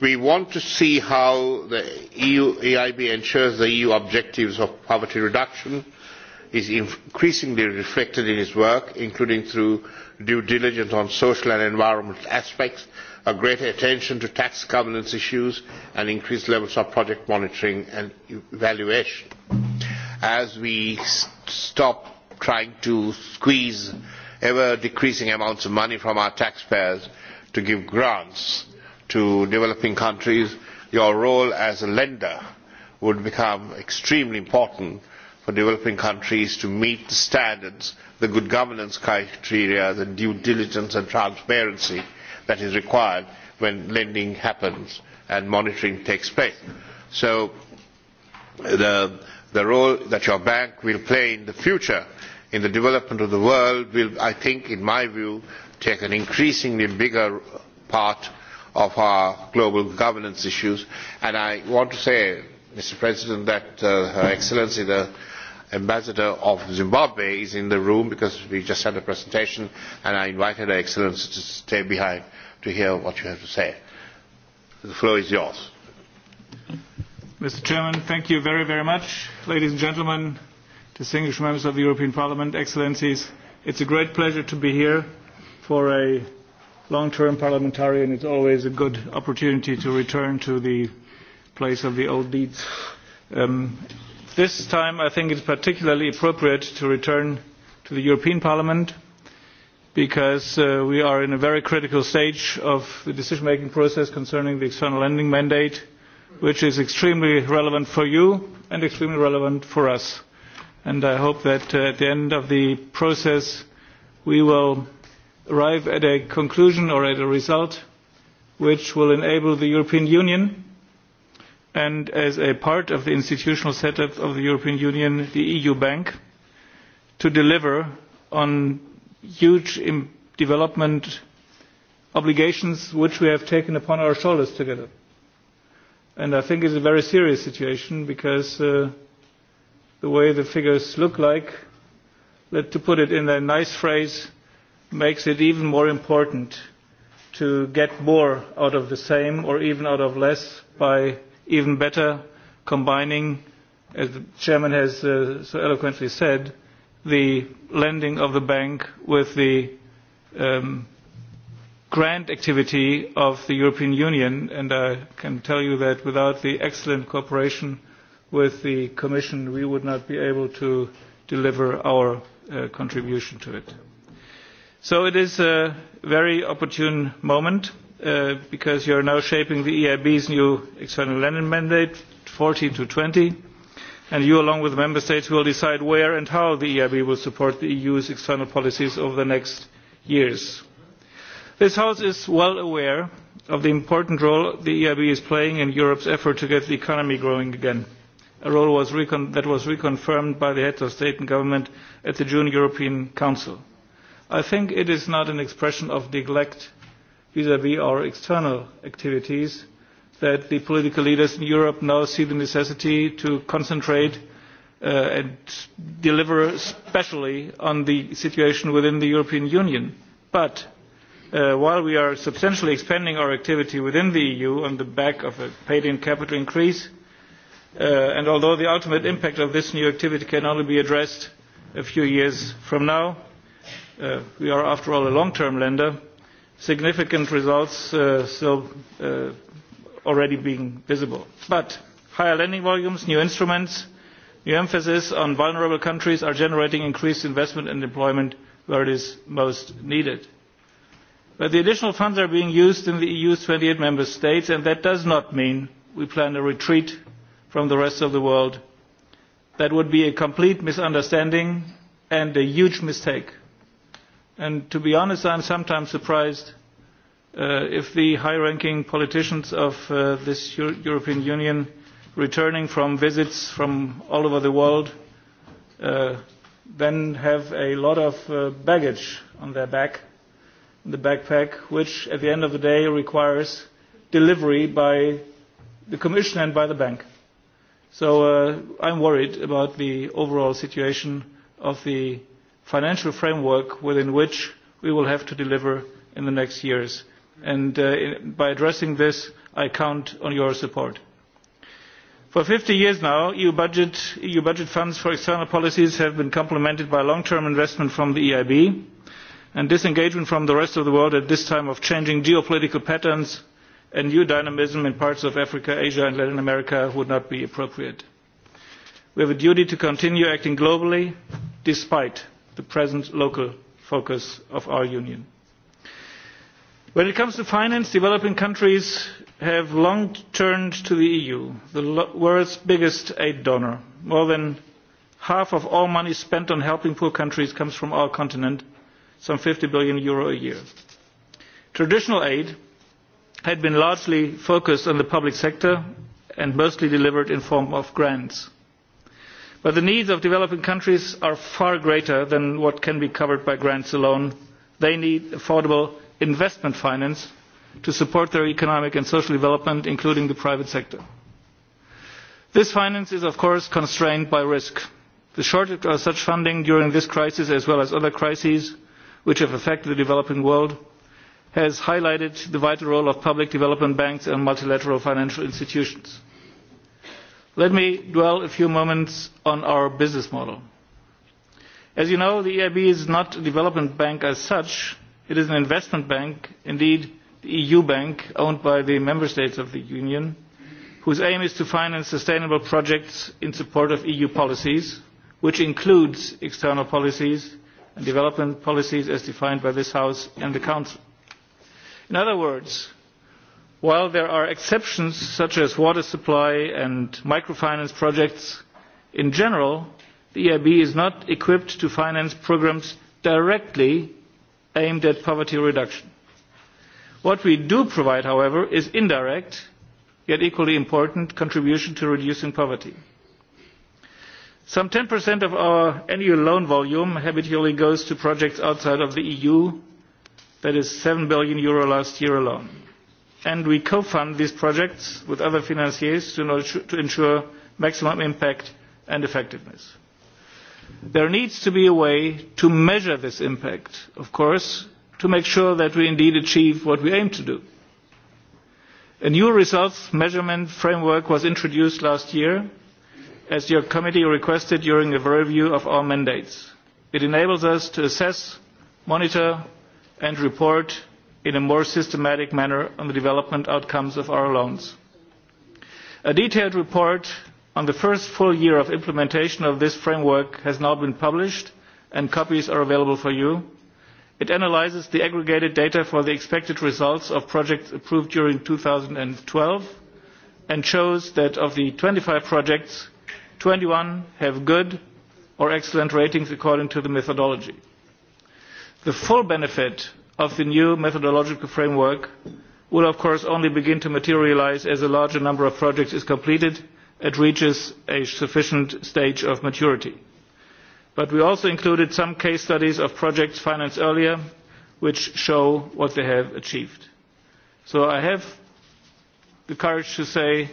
We want to see how the EU, EIB ensures the EU objectives of poverty reduction is increasingly reflected in his work including through due diligence on social and environmental aspects a greater attention to tax governance issues and increased levels of project monitoring and evaluation. As we stop trying to squeeze ever decreasing amounts of money from our taxpayers to give grants to developing countries, your role as a lender would become extremely important for developing countries to meet the standards the good governance criteria the due diligence and transparency that is required when lending happens and monitoring takes place so the the role that your bank will play in the future in the development of the world will i think in my view take an increasingly bigger part of our global governance issues and i want to say mr president that uh, her excellency the uh, ambassador of zimbabwe is in the room because we just had a presentation and i invited her excellency to stay behind to hear what you have to say. the floor is yours. mr. chairman, thank you very, very much. ladies and gentlemen, distinguished members of the european parliament, excellencies, it's a great pleasure to be here for a long-term parliamentarian. it's always a good opportunity to return to the place of the old deeds. Um, this time i think it is particularly appropriate to return to the european parliament because uh, we are at a very critical stage of the decision making process concerning the external lending mandate which is extremely relevant for you and extremely relevant for us. i hope that uh, at the end of the process we will arrive at a conclusion or at a result which will enable the european union and as a part of the institutional set up of the european union the eu bank to deliver on huge development obligations which we have taken upon our shoulders together. i think it is a very serious situation because uh, the way the figures look to put it in a nice phrase makes it even more important to get more out of the same or even out of less by even better combining as the chairman has uh, so eloquently said the lending of the bank with the um, grant activity of the European Union and I can tell you that without the excellent cooperation with the Commission we would not be able to deliver our uh, contribution to it. So it is a very opportune moment. Uh, because you are now shaping the eib's new external lending mandate fourteen to twenty and you along with the member states will decide where and how the eib will support the eu's external policies over the next years. this house is well aware of the important role the eib is playing in europe's effort to get the economy growing again a role that was reconfirmed by the heads of state and government at the june european council. i think it is not an expression of neglect vis a vis our external activities that the political leaders in Europe now see the necessity to concentrate uh, and deliver especially on the situation within the European Union. But uh, while we are substantially expanding our activity within the EU on the back of a paid in capital increase, uh, and although the ultimate impact of this new activity can only be addressed a few years from now, uh, we are, after all, a long term lender significant results uh, still uh, already being visible. But higher lending volumes, new instruments, new emphasis on vulnerable countries are generating increased investment and employment where it is most needed. But the additional funds are being used in the EU's 28 member states, and that does not mean we plan a retreat from the rest of the world. That would be a complete misunderstanding and a huge mistake. And to be honest, I'm sometimes surprised uh, if the high ranking politicians of uh, this Euro- European Union, returning from visits from all over the world, uh, then have a lot of uh, baggage on their back, the backpack, which at the end of the day requires delivery by the Commission and by the bank. So uh, I'm worried about the overall situation of the financial framework within which we will have to deliver in the next years. And uh, by addressing this, I count on your support. For 50 years now, EU budget, EU budget funds for external policies have been complemented by long-term investment from the EIB. And disengagement from the rest of the world at this time of changing geopolitical patterns and new dynamism in parts of Africa, Asia and Latin America would not be appropriate. We have a duty to continue acting globally despite the present local focus of our union. When it comes to finance, developing countries have long turned to the EU, the world's biggest aid donor. More than half of all money spent on helping poor countries comes from our continent, some 50 billion euro a year. Traditional aid had been largely focused on the public sector and mostly delivered in form of grants but the needs of developing countries are far greater than what can be covered by grants alone. they need affordable investment finance to support their economic and social development including the private sector. this finance is of course constrained by risk. the shortage of such funding during this crisis as well as other crises which have affected the developing world has highlighted the vital role of public development banks and multilateral financial institutions. Let me dwell a few moments on our business model. As you know, the EIB is not a development bank as such. It is an investment bank, indeed the EU bank, owned by the member states of the Union, whose aim is to finance sustainable projects in support of EU policies, which includes external policies and development policies as defined by this House and the Council. In other words, while there are exceptions such as water supply and microfinance projects in general the eib is not equipped to finance programmes directly aimed at poverty reduction. what we do provide however is indirect yet equally important contribution to reducing poverty. some ten of our annual loan volume habitually goes to projects outside of the eu that is eur seven billion last year alone and we co fund these projects with other financiers to ensure maximum impact and effectiveness. there needs to be a way to measure this impact of course to make sure that we indeed achieve what we aim to do. a new results measurement framework was introduced last year as your committee requested during a review of our mandates. it enables us to assess monitor and report in a more systematic manner on the development outcomes of our loans. A detailed report on the first full year of implementation of this framework has now been published and copies are available for you. It analyzes the aggregated data for the expected results of projects approved during 2012 and shows that of the 25 projects, 21 have good or excellent ratings according to the methodology. The full benefit of the new methodological framework will of course only begin to materialise as a larger number of projects is completed and reaches a sufficient stage of maturity. But we also included some case studies of projects financed earlier which show what they have achieved. So I have the courage to say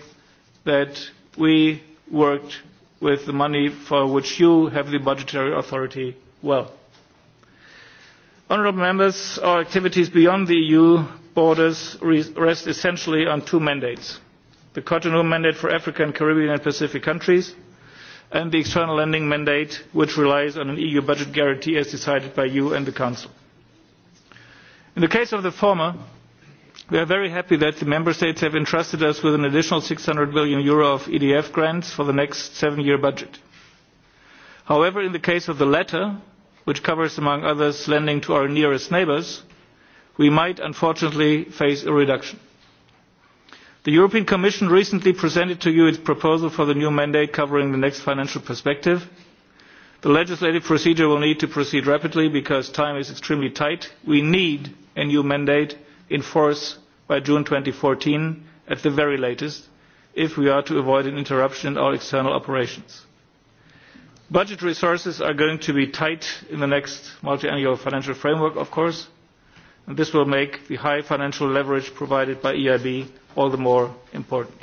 that we worked with the money for which you have the budgetary authority well honourable members our activities beyond the eu borders rest essentially on two mandates the cotonou mandate for african caribbean and pacific countries and the external lending mandate which relies on an eu budget guarantee as decided by you and the council. in the case of the former we are very happy that the member states have entrusted us with an additional eur six hundred million of edf grants for the next seven year budget. however in the case of the latter which covers among others lending to our nearest neighbours we might unfortunately face a reduction. the european commission recently presented to you its proposal for the new mandate covering the next financial perspective. the legislative procedure will need to proceed rapidly because time is extremely tight. we need a new mandate in force by june two thousand and fourteen at the very latest if we are to avoid an interruption in our external operations budget resources are going to be tight in the next multiannual financial framework of course and this will make the high financial leverage provided by the eib all the more important.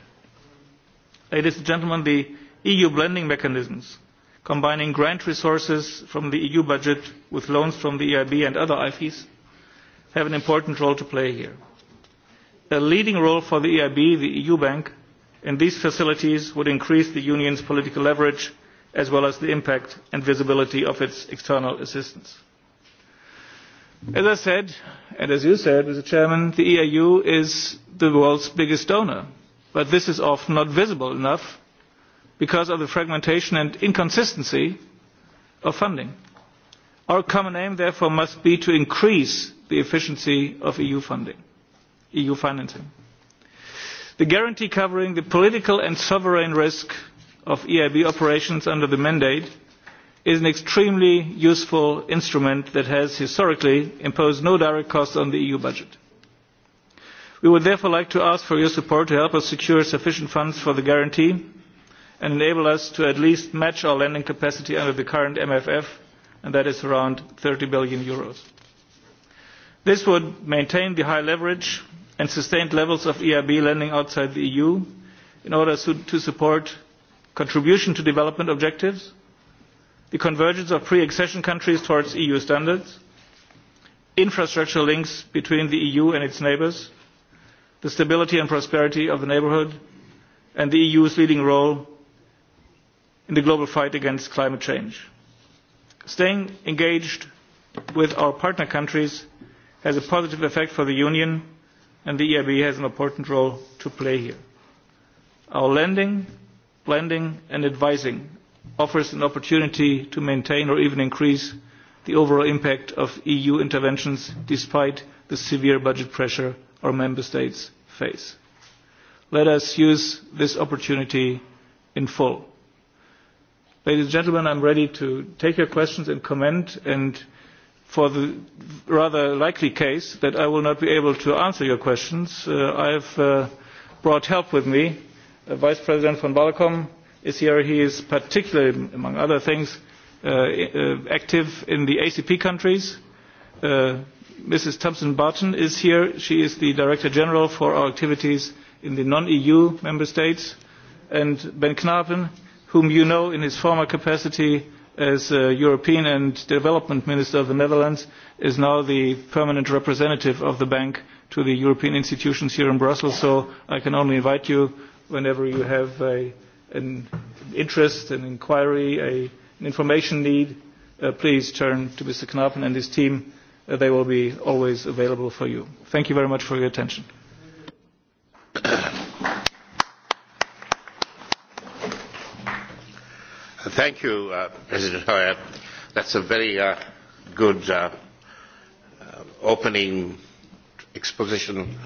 ladies and gentlemen the eu blending mechanisms combining grant resources from the eu budget with loans from the eib and other ifis have an important role to play here. a leading role for the eib the eu bank in these facilities would increase the union's political leverage as well as the impact and visibility of its external assistance. As I said, and as you said, Mr. Chairman, the EAU is the world's biggest donor, but this is often not visible enough because of the fragmentation and inconsistency of funding. Our common aim, therefore, must be to increase the efficiency of EU funding, EU financing. The guarantee covering the political and sovereign risk of eib operations under the mandate is an extremely useful instrument that has historically imposed no direct costs on the eu budget. we would therefore like to ask for your support to help us secure sufficient funds for the guarantee and enable us to at least match our lending capacity under the current mff and that is around eur 30 billion. Euros. this would maintain the high leverage and sustained levels of eib lending outside the eu in order to support contribution to development objectives, the convergence of pre-accession countries towards EU standards, infrastructure links between the EU and its neighbors, the stability and prosperity of the neighborhood, and the EU's leading role in the global fight against climate change. Staying engaged with our partner countries has a positive effect for the Union, and the EIB has an important role to play here. Our lending blending and advising offers an opportunity to maintain or even increase the overall impact of EU interventions despite the severe budget pressure our member states face. Let us use this opportunity in full. Ladies and gentlemen, I'm ready to take your questions and comment and for the rather likely case that I will not be able to answer your questions, uh, I've uh, brought help with me vice president van balkom is here. he is particularly, among other things, uh, uh active in the acp countries. Uh, mrs. thompson barton is here. she is the director general for our activities in the non-eu member states. and ben knapen, whom you know in his former capacity as uh, european and development minister of the netherlands, is now the permanent representative of the bank to the european institutions here in brussels. so i can only invite you whenever you have a, an interest, an inquiry, a, an information need, uh, please turn to Mr. Knappen and his team. Uh, they will be always available for you. Thank you very much for your attention. Thank you, uh, President Hoyer. That's a very uh, good uh, uh, opening exposition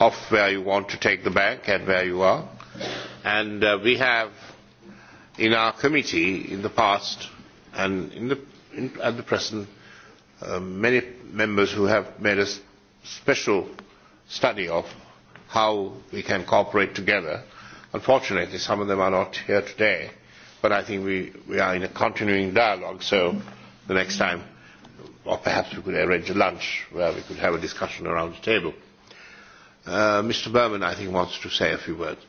of where you want to take the bank and where you are and uh, we have in our committee in the past and in the, in, at the present uh, many members who have made a special study of how we can cooperate together. Unfortunately, some of them are not here today, but I think we, we are in a continuing dialogue, so the next time, or perhaps we could arrange a lunch where we could have a discussion around the table. Uh, Mr. Berman, I think, wants to say a few words.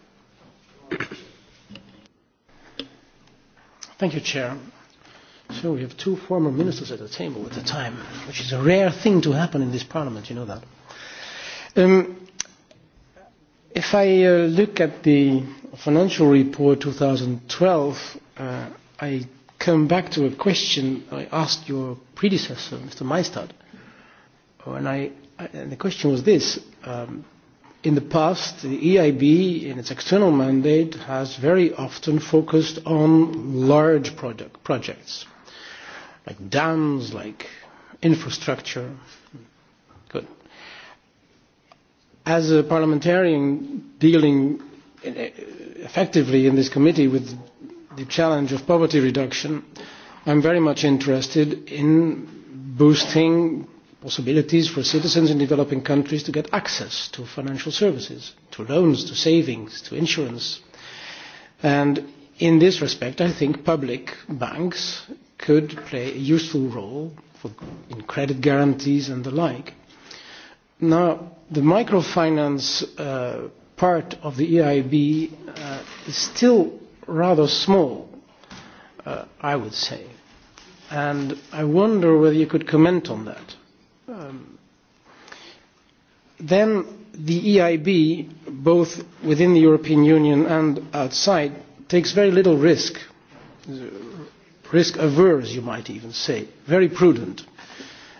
Thank you, Chair. So we have two former ministers at the table at the time, which is a rare thing to happen in this parliament, you know that. Um, if I uh, look at the financial report 2012, uh, I come back to a question I asked your predecessor, Mr. Meistad. And, I, and the question was this. Um, In the past, the EIB, in its external mandate, has very often focused on large project, projects, like dams, like infrastructure. Good. As a parliamentarian dealing eh, eh, effectively in this committee with the challenge of poverty reduction, I'm very much interested in boosting possibilities for citizens in developing countries to get access to financial services, to loans, to savings, to insurance. And in this respect, I think public banks could play a useful role for, in credit guarantees and the like. Now, the microfinance uh, part of the EIB uh, is still rather small, uh, I would say. And I wonder whether you could comment on that. Um, then the eib both within the european union and outside takes very little risk risk averse you might even say very prudent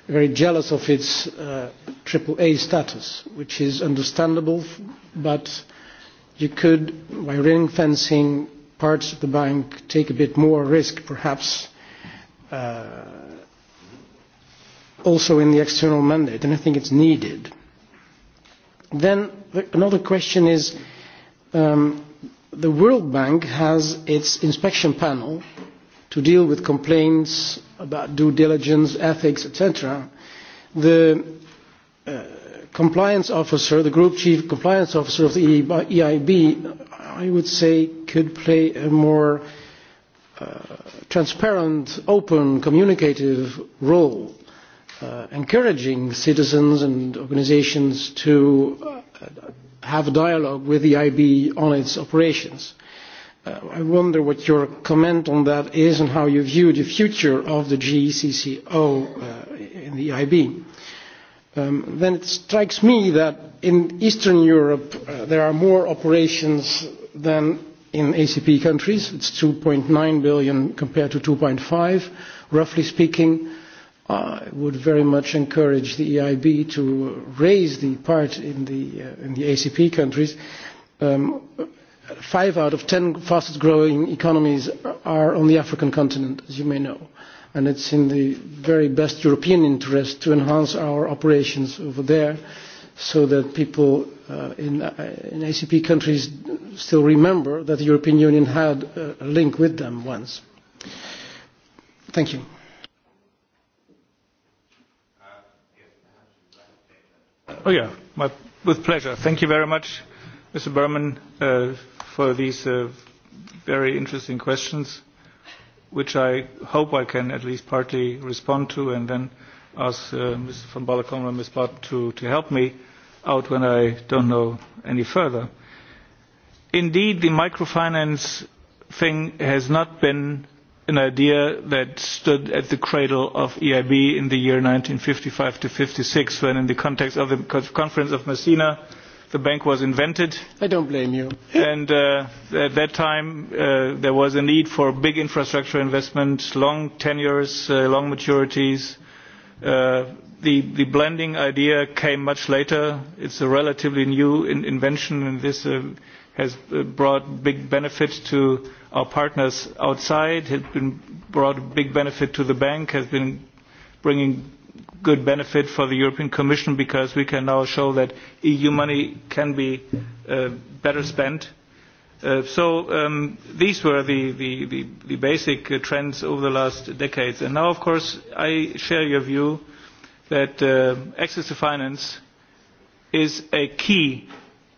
very jealous of its uh, triple a status which is understandable but you could by ring fencing parts of the bank take a bit more risk perhaps uh, also in the external mandate, and I think it's needed. Then the, another question is, um, the World Bank has its inspection panel to deal with complaints about due diligence, ethics, etc. The uh, compliance officer, the group chief compliance officer of the EIB, I would say could play a more uh, transparent, open, communicative role uh, encouraging citizens and organizations to uh, have a dialogue with the IB on its operations. Uh, I wonder what your comment on that is and how you view the future of the GECCO uh, in the IB. Um, then it strikes me that in Eastern Europe uh, there are more operations than in ACP countries. It's 2.9 billion compared to 2.5, roughly speaking. I would very much encourage the EIB to raise the part in the, uh, in the ACP countries. Um, five out of ten fastest growing economies are on the African continent, as you may know. And it's in the very best European interest to enhance our operations over there so that people uh, in, uh, in ACP countries still remember that the European Union had a link with them once. Thank you. Oh, with pleasure. thank you very much mr berman uh, for these uh, very interesting questions which i hope i can at least partly respond to and then ask uh, ms von balacon and ms bardt to help me out when i do not know any further. indeed the microfinance thing has not been an idea that stood at the cradle of eib in the year 1955 to 56 when in the context of the conference of messina the bank was invented. i don't blame you. and uh, at that time uh, there was a need for big infrastructure investment, long tenures, uh, long maturities. Uh, the, the blending idea came much later. it's a relatively new in invention and this uh, has uh, brought big benefits to our partners outside has been brought a big benefit to the bank, has been bringing good benefit for the European Commission because we can now show that EU money can be uh, better spent. Uh, so um, these were the, the, the, the basic uh, trends over the last decades. And now, of course, I share your view that uh, access to finance is a key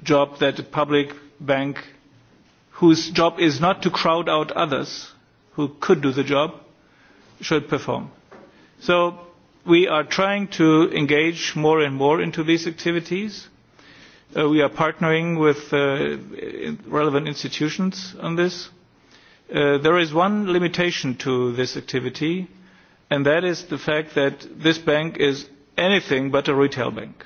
job that a public bank whose job is not to crowd out others who could do the job should perform. So we are trying to engage more and more into these activities. Uh, we are partnering with uh, relevant institutions on this. Uh, there is one limitation to this activity, and that is the fact that this bank is anything but a retail bank.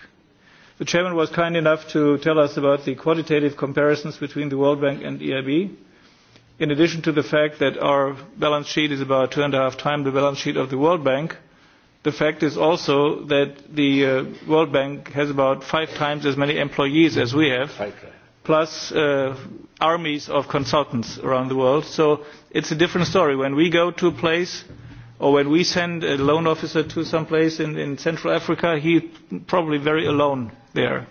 The chairman was kind enough to tell us about the qualitative comparisons between the World Bank and EIB. In addition to the fact that our balance sheet is about two and a half times the balance sheet of the World Bank, the fact is also that the uh, World Bank has about five times as many employees as we have, plus uh, armies of consultants around the world. So it's a different story. When we go to a place, uh, or when we send a loan officer to some place in, in Central Africa, he's probably very alone there.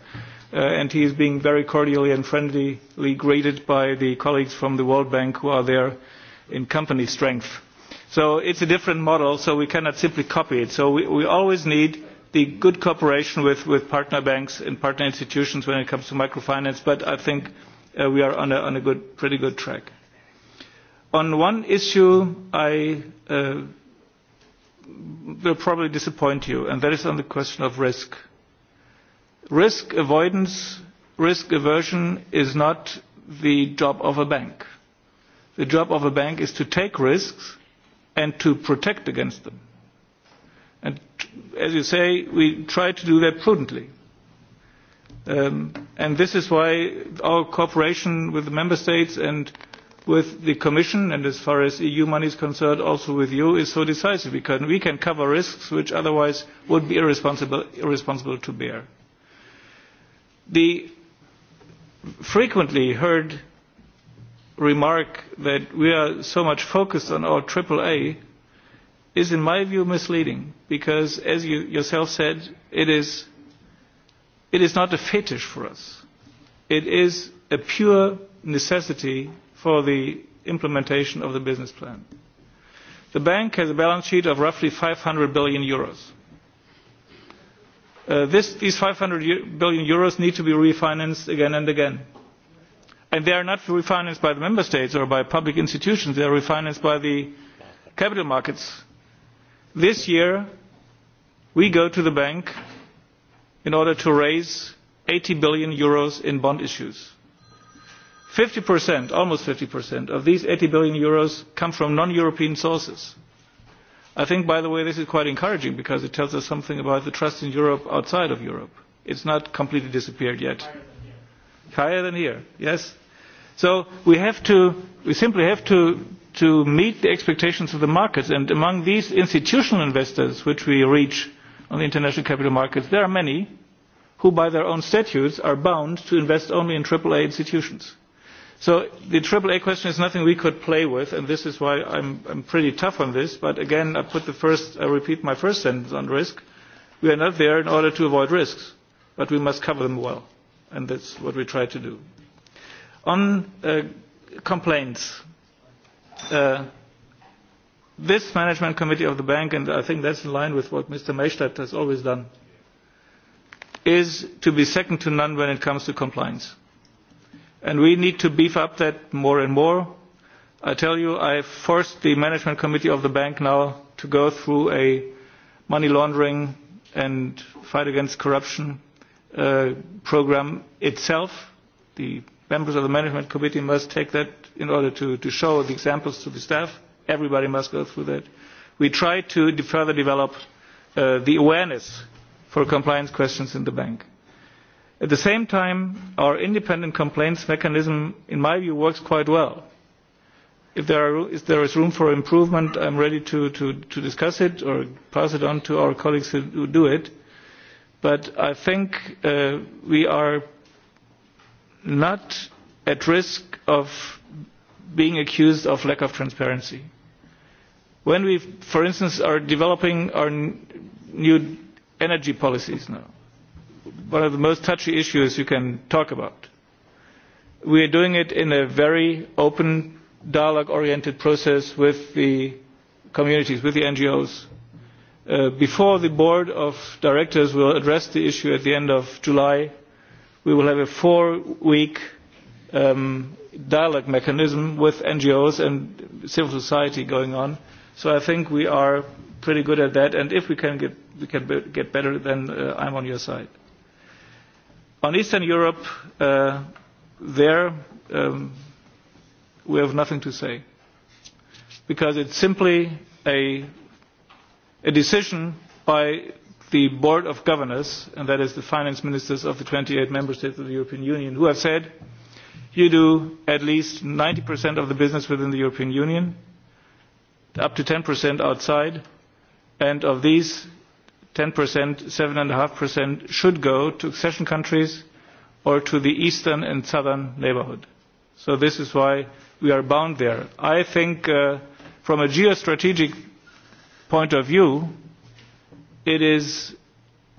Uh, and he is being very cordially and friendlyly greeted by the colleagues from the World Bank who are there in company strength. So it's a different model, so we cannot simply copy it. So we, we always need the good cooperation with, with partner banks and partner institutions when it comes to microfinance, but I think uh, we are on a, on a good, pretty good track. On one issue, I uh, will probably disappoint you, and that is on the question of risk. Risk avoidance, risk aversion is not the job of a bank. The job of a bank is to take risks and to protect against them. And as you say, we try to do that prudently. Um, and this is why our cooperation with the member states and with the Commission and as far as EU money is concerned, also with you, is so decisive because we can cover risks which otherwise would be irresponsible, irresponsible to bear. The frequently heard remark that we are so much focused on our AAA is, in my view, misleading because, as you yourself said, it is, it is not a fetish for us. It is a pure necessity for the implementation of the business plan. The bank has a balance sheet of roughly 500 billion euros. Uh, this, these 500 billion euros need to be refinanced again and again. And they are not refinanced by the member states or by public institutions, they are refinanced by the capital markets. This year, we go to the bank in order to raise 80 billion euros in bond issues fifty percent almost fifty percent of these eighty billion euros come from non european sources. i think by the way this is quite encouraging because it tells us something about the trust in europe outside of europe. it has not completely disappeared yet. higher than here, higher than here yes. So we, have to, we simply have to, to meet the expectations of the markets. And among these institutional investors, which we reach on the international capital markets, there are many who, by their own statutes, are bound to invest only in AAA institutions so the aaa question is nothing we could play with and this is why i am pretty tough on this but again i repeat my first sentence on risk we are not there in order to avoid risks but we must cover them well and that is what we try to do. on uh, complaints uh, this management committee of the bank and i think that is in line with what mr maystadt has always done is to be second to none when it comes to compliance and we need to beef up that more and more. I tell you, I forced the management committee of the bank now to go through a money laundering and fight against corruption uh, program itself. The members of the management committee must take that in order to, to show the examples to the staff. Everybody must go through that. We try to further develop uh, the awareness for compliance questions in the bank at the same time our independent complaints mechanism in my view works quite well if there, are, if there is room for improvement i'm ready to, to, to discuss it or pass it on to our colleagues who, who do it but i think uh, we are not at risk of being accused of lack of transparency when we for instance are developing our n- new energy policies now one of the most touchy issues you can talk about. We are doing it in a very open, dialogue-oriented process with the communities, with the NGOs. Uh, before the board of directors will address the issue at the end of July, we will have a four-week um, dialogue mechanism with NGOs and civil society going on. So I think we are pretty good at that, and if we can get, we can be, get better, then uh, I'm on your side. On Eastern Europe, uh, there um, we have nothing to say because it's simply a, a decision by the Board of Governors, and that is the finance ministers of the 28 member states of the European Union, who have said you do at least 90% of the business within the European Union, up to 10% outside, and of these, 10%-7.5% should go to accession countries or to the eastern and southern neighborhood. This is why we are bound there. I think uh, from a geostrategic point of view, it is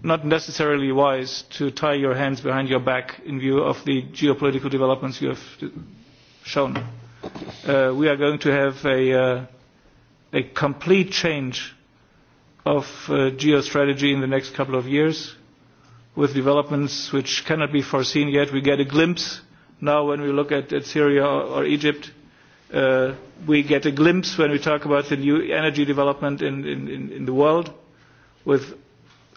not necessarily wise to tie your hands behind your back in view of the geopolitical developments you have shown. Uh, we are going to have a uh, complete change of uh, geostrategy in the next couple of years with developments which cannot be foreseen yet. We get a glimpse now when we look at, at Syria or, or Egypt. Uh, we get a glimpse when we talk about the new energy development in, in, in, in the world with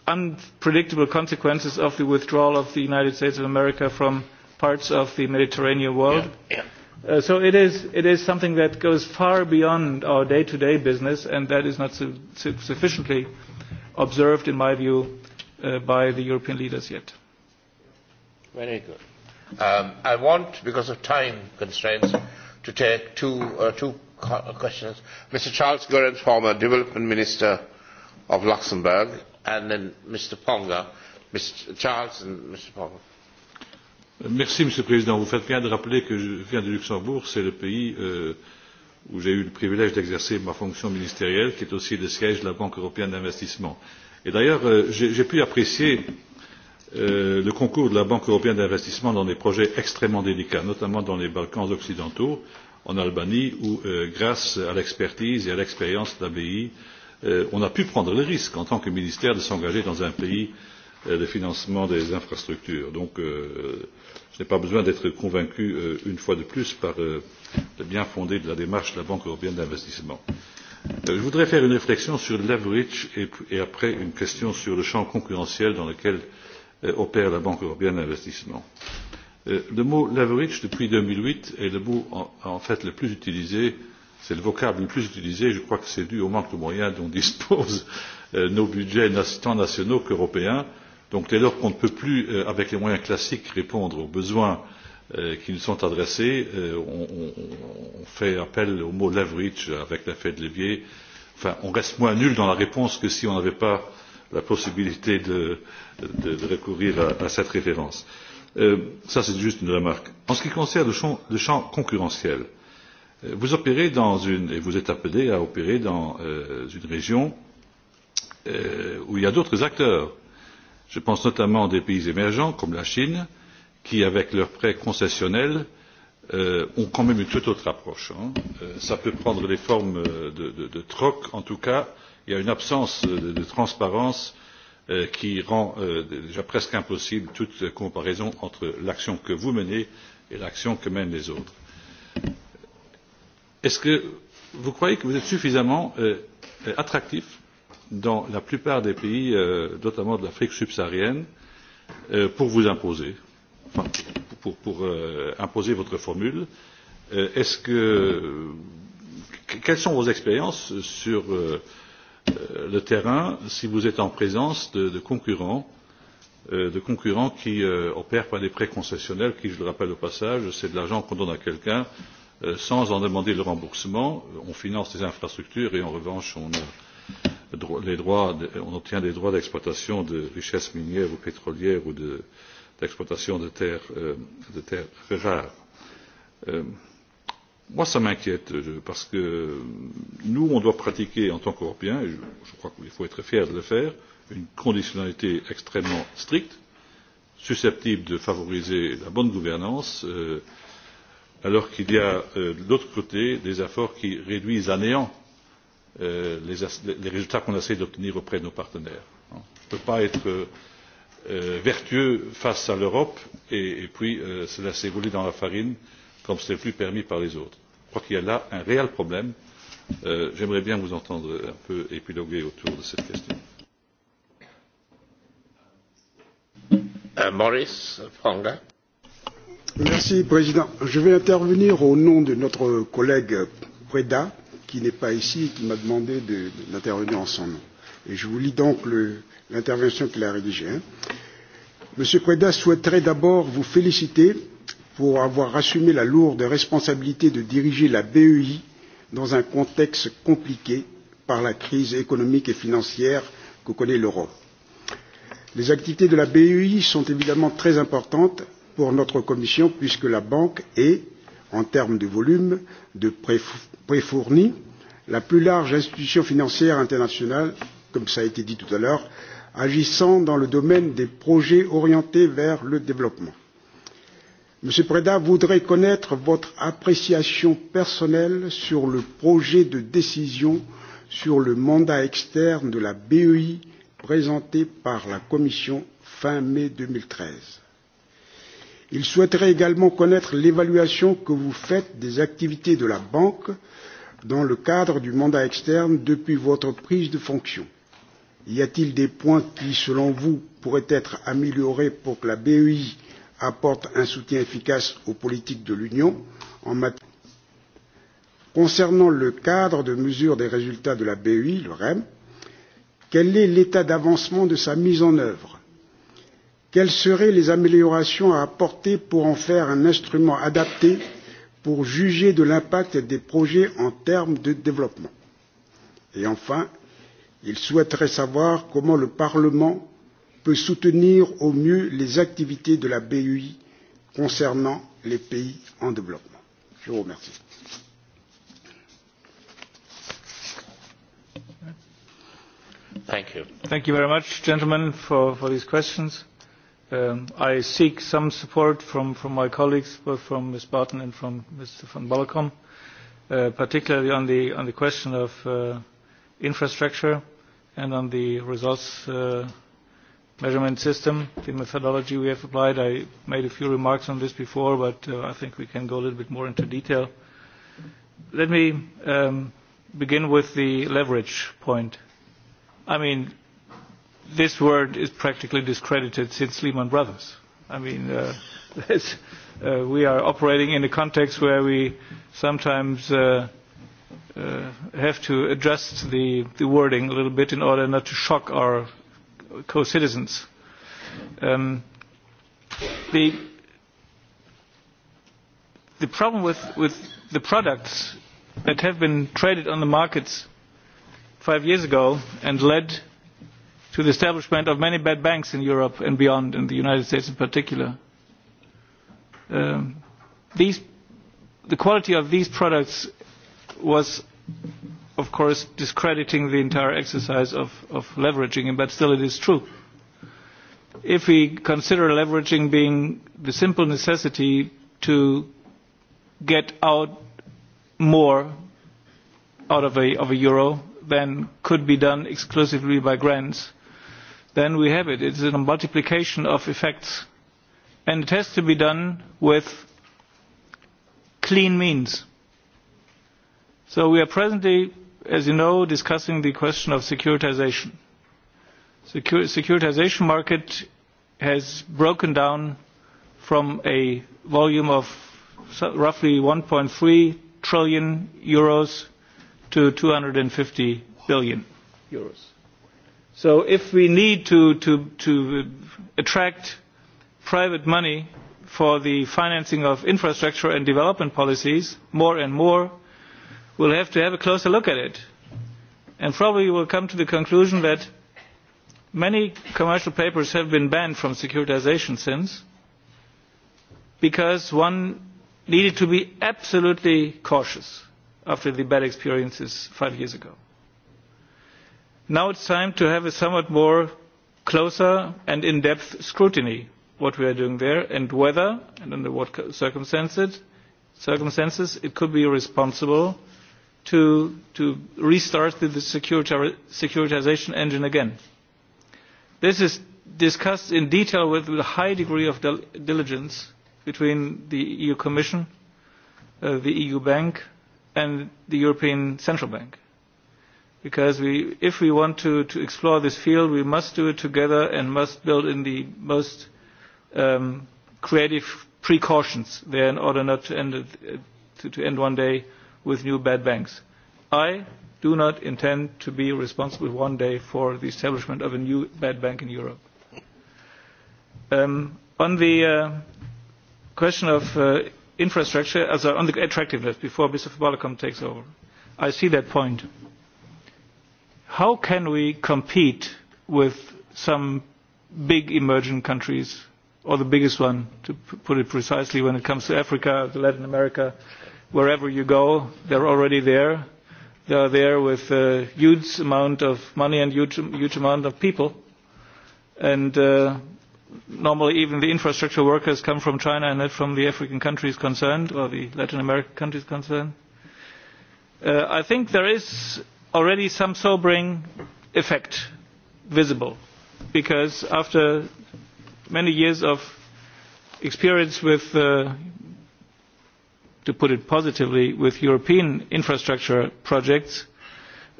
unpredictable consequences of the withdrawal of the United States of America from parts of the Mediterranean world. Yeah, yeah. Uh, so it is, it is something that goes far beyond our day to day business and that is not su- su- sufficiently observed, in my view, uh, by the European leaders yet. Very good. Um, I want, because of time constraints, to take two, uh, two co- uh, questions. Mr. Charles Gurent, former Development Minister of Luxembourg, and then Mr. Ponga. Mr. Charles and Mr. Ponga monsieur le président vous faites bien de rappeler que je viens du luxembourg c'est le pays euh, où j'ai eu le privilège d'exercer ma fonction ministérielle qui est aussi le siège de la banque européenne d'investissement. d'ailleurs euh, j'ai pu apprécier euh, le concours de la banque européenne d'investissement dans des projets extrêmement délicats notamment dans les balkans occidentaux en albanie où grâce à l'expertise et à l'expérience de la bei on a pu prendre le risque en tant que ministère de s'engager dans un pays le euh, financement des infrastructures. donc euh, je n'ai pas besoin d'être convaincu euh, une fois de plus par le bien fondé de la démarche de la banque européenne d'investissement. je voudrais faire une réflexion sur le leverage et après une question sur le champ concurrentiel dans lequel opère la banque européenne d'investissement. le mot leverage depuis deux mille huit est le mot en fait le plus utilisé c'est le vocable le plus utilisé je crois que c'est dû au manque de moyens dont disposent nos budgets tant nationaux qu'européens dès lors qu'on ne peut plus euh, avec les moyens classiques répondre aux besoins euh, qui nous sont adressés euh, on fait appel au mot leverage avec l'effet de levier enfin on reste moins nul dans la réponse que si on n'avait pas la possibilité de recourir à cette référence. cela c'est juste une remarque. en ce qui concerne le champ concurrentiel vous opérez dans une et vous êtes appelé à opérer dans une région où il y a d'autres acteurs je pense notamment à des pays émergents comme la chine qui avec leurs prêts concessionnels euh, ont quand même une toute autre approche. cela euh, peut prendre des formes euh, de troc en tout cas il y a une absence de transparence qui rend déjà presque impossible toute comparaison entre l'action que vous menez et l'action que mènent les autres. est ce que vous croyez que vous êtes suffisamment attractif dans la plupart des pays euh, notamment d'afrique subsaharienne euh, pour vous imposer pour euh, imposer votre formule. quelles sont vos expériences sur le terrain si vous êtes en présence de concurrents de concurrents qui opèrent par des prêts concessionnels qui je le rappelle au passage c'est de l'argent qu'on donne à quelqu'un sans en demander le remboursement on finance des infrastructures et en revanche on on obtient des droits d'exploitation de richesses minières ou pétrolières ou d'exploitation de terres euh, rares. Euh, moi cela m'inquiète parce que nous on doit pratiquer en tant qu'européens et je crois qu'il faut être fier de le faire une conditionnalité extrêmement stricte susceptible de favoriser la bonne gouvernance euh, alors qu'il y a de l'autre côté des efforts qui réduisent à néant Euh, les résultats qu'on essaie d'obtenir auprès de nos partenaires. on ne peut pas être euh, euh, vertueux face à l'europe et puis se laisser rouler dans la farine comme ce n'est plus permis par les autres. je crois qu'il y a là un réel problème. j'aimerais bien vous entendre un peu épiloguer autour de cette question. monsieur le président je vais intervenir au nom de notre collègue preda qui n'est pas ici et qui m'a demandé d'intervenir de, en son nom. Et je vous lis donc l'intervention qu'il a rédigée. Hein. Monsieur Preda souhaiterait d'abord vous féliciter pour avoir assumé la lourde responsabilité de diriger la BEI dans un contexte compliqué par la crise économique et financière que connaît l'Europe. Les activités de la BEI sont évidemment très importantes pour notre Commission puisque la banque est, en termes de volume de prêts prêt fournis, la plus large institution financière internationale, comme ça a été dit tout à l'heure, agissant dans le domaine des projets orientés vers le développement. Monsieur Preda voudrait connaître votre appréciation personnelle sur le projet de décision sur le mandat externe de la BEI présenté par la Commission fin mai 2013. Il souhaiterait également connaître l'évaluation que vous faites des activités de la banque dans le cadre du mandat externe depuis votre prise de fonction. Y a-t-il des points qui, selon vous, pourraient être améliorés pour que la BEI apporte un soutien efficace aux politiques de l'Union en matière Concernant le cadre de mesure des résultats de la BEI, le REM, quel est l'état d'avancement de sa mise en œuvre quelles seraient les améliorations à apporter pour en faire un instrument adapté pour juger de l'impact des projets en termes de développement Et enfin, il souhaiterait savoir comment le Parlement peut soutenir au mieux les activités de la BUI concernant les pays en développement. Je vous remercie. Thank you. Thank you very much, gentlemen, for, for these questions. Um, i seek some support from my colleagues both from ms barton and from mr van balkom uh, particularly on the question of uh, infrastructure and on the results uh, measurement system the methodology we have applied. i made a few remarks on this before but i think we can go a little bit more into detail. let me um, begin with the leverage point. i mean this word is practically discredited since Lehman Brothers. I mean, uh, uh, we are operating in a context where we sometimes uh, uh, have to adjust the, the wording a little bit in order not to shock our co citizens. Um, the, the problem with, with the products that have been traded on the markets five years ago and led to the establishment of many bad banks in europe and beyond in the united states in particular. Um, these, the quality of these products was, of course, discrediting the entire exercise of, of leveraging, but still it is true. If we consider leveraging being the simple necessity to get out more out of a, of a euro than could be done exclusively by grants, uh, then we have it. It is a multiplication of effects. And it has to be done with clean means. So we are presently, as you know, discussing the question of securitization. Secur securitization market has broken down from a volume of roughly 1.3 trillion euros to 250 billion euros. So if we need to, to, to attract private money for the financing of infrastructure and development policies more and more, we'll have to have a closer look at it. And probably we'll come to the conclusion that many commercial papers have been banned from securitization since because one needed to be absolutely cautious after the bad experiences five years ago now it is time to have a somewhat more closer and in depth scrutiny of what we are doing there and whether and under what circumstances, circumstances it could be responsible to, to restart the, the securitization engine again. This is discussed in detail with, with a high degree of diligence between the EU Commission, uh, the EU Bank, and the European Central Bank because we, if we want to, to explore this field, we must do it together and must build in the most um, creative precautions there in order not to end, it, to, to end one day with new bad banks. I do not intend to be responsible one day for the establishment of a new bad bank in Europe. Um, on the uh, question of uh, infrastructure, uh, sorry, on the attractiveness, before Mr. Fabalacom takes over, I see that point how can we compete with some big emerging countries, or the biggest one, to put it precisely, when it comes to Africa, Latin America, wherever you go, they're already there. They are there with a huge amount of money and huge, huge amount of people. And uh, normally, even the infrastructure workers come from China and not from the African countries concerned or the Latin American countries concerned. Uh, I think there is already some sobering effect visible because after many years of experience with uh, to put it positively with european infrastructure projects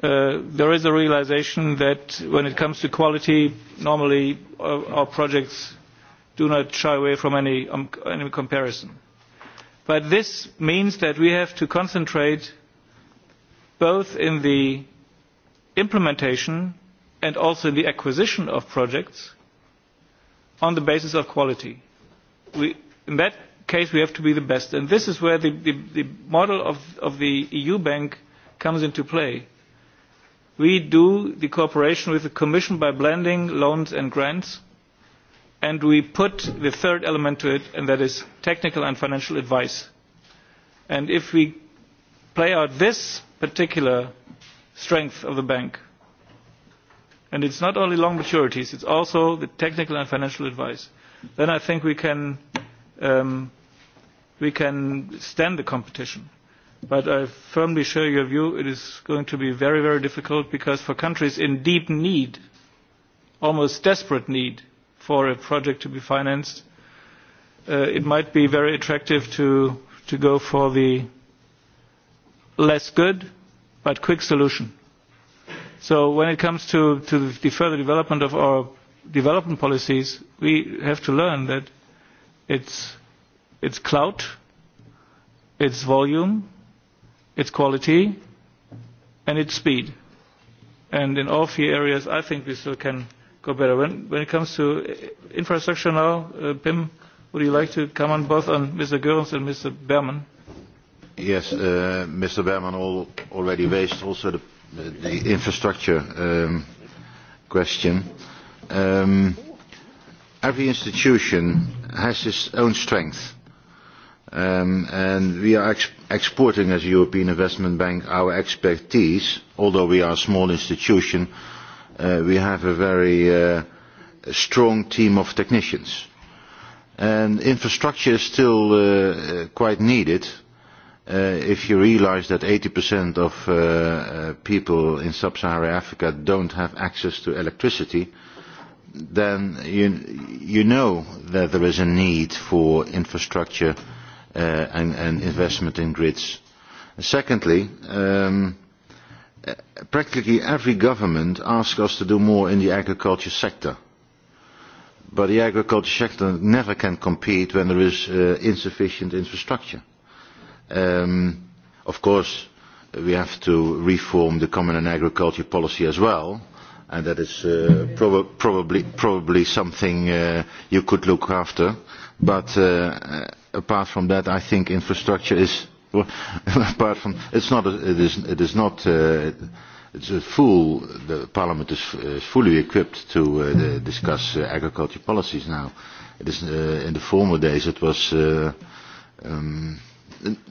uh, there is a realization that when it comes to quality normally our, uh, our projects do not shy away from any, um, any comparison but this means that we have to concentrate both in the implementation and also in the acquisition of projects on the basis of quality. We, in that case, we have to be the best. And this is where the, the, the model of, of the EU bank comes into play. We do the cooperation with the Commission by blending loans and grants, and we put the third element to it, and that is technical and financial advice. And if we play out this particular strength of the bank and it is not only long maturities it is also the technical and financial advice then I think we can um, we can stand the competition but I firmly share your view it is going to be very very difficult because for countries in deep need almost desperate need for a project to be financed uh, it might be very attractive to to go for the less good but quick solution. So when it comes to, to the further development of our development policies, we have to learn that it's, it's clout, it's volume, it's quality, and it's speed. And in all three areas, I think we still can go better. When, when it comes to uh, infrastructure now, uh, Pim, would you like to comment both on Mr. Goerens and Mr. Berman? Uh, mr berman already raised the infrastructure um, question. Um, every institution has its own strengths um, and we are exporting as a european investment bank our expertise. although we are a small institution uh, we have a very uh, strong team of technicians and infrastructure is still quite needed uh, if you realize that 80% of uh, uh, people in sub-Saharan Africa don't have access to electricity, then you, you know that there is a need for infrastructure uh, and, and investment in grids. Secondly, um, practically every government asks us to do more in the agriculture sector. But the agriculture sector never can compete when there is uh, insufficient infrastructure. Uh, um, of course we have to reform the common and agriculture policy as well and that is uh, prob probably, probably something uh, you could look after but uh, uh apart from that I think infrastructure is well, apart from it's not a, it, is, it is not uh, it's a full the parliament is, f is fully equipped to uh, the, discuss uh, agriculture policies now it is, uh, in the former days it was uh, um,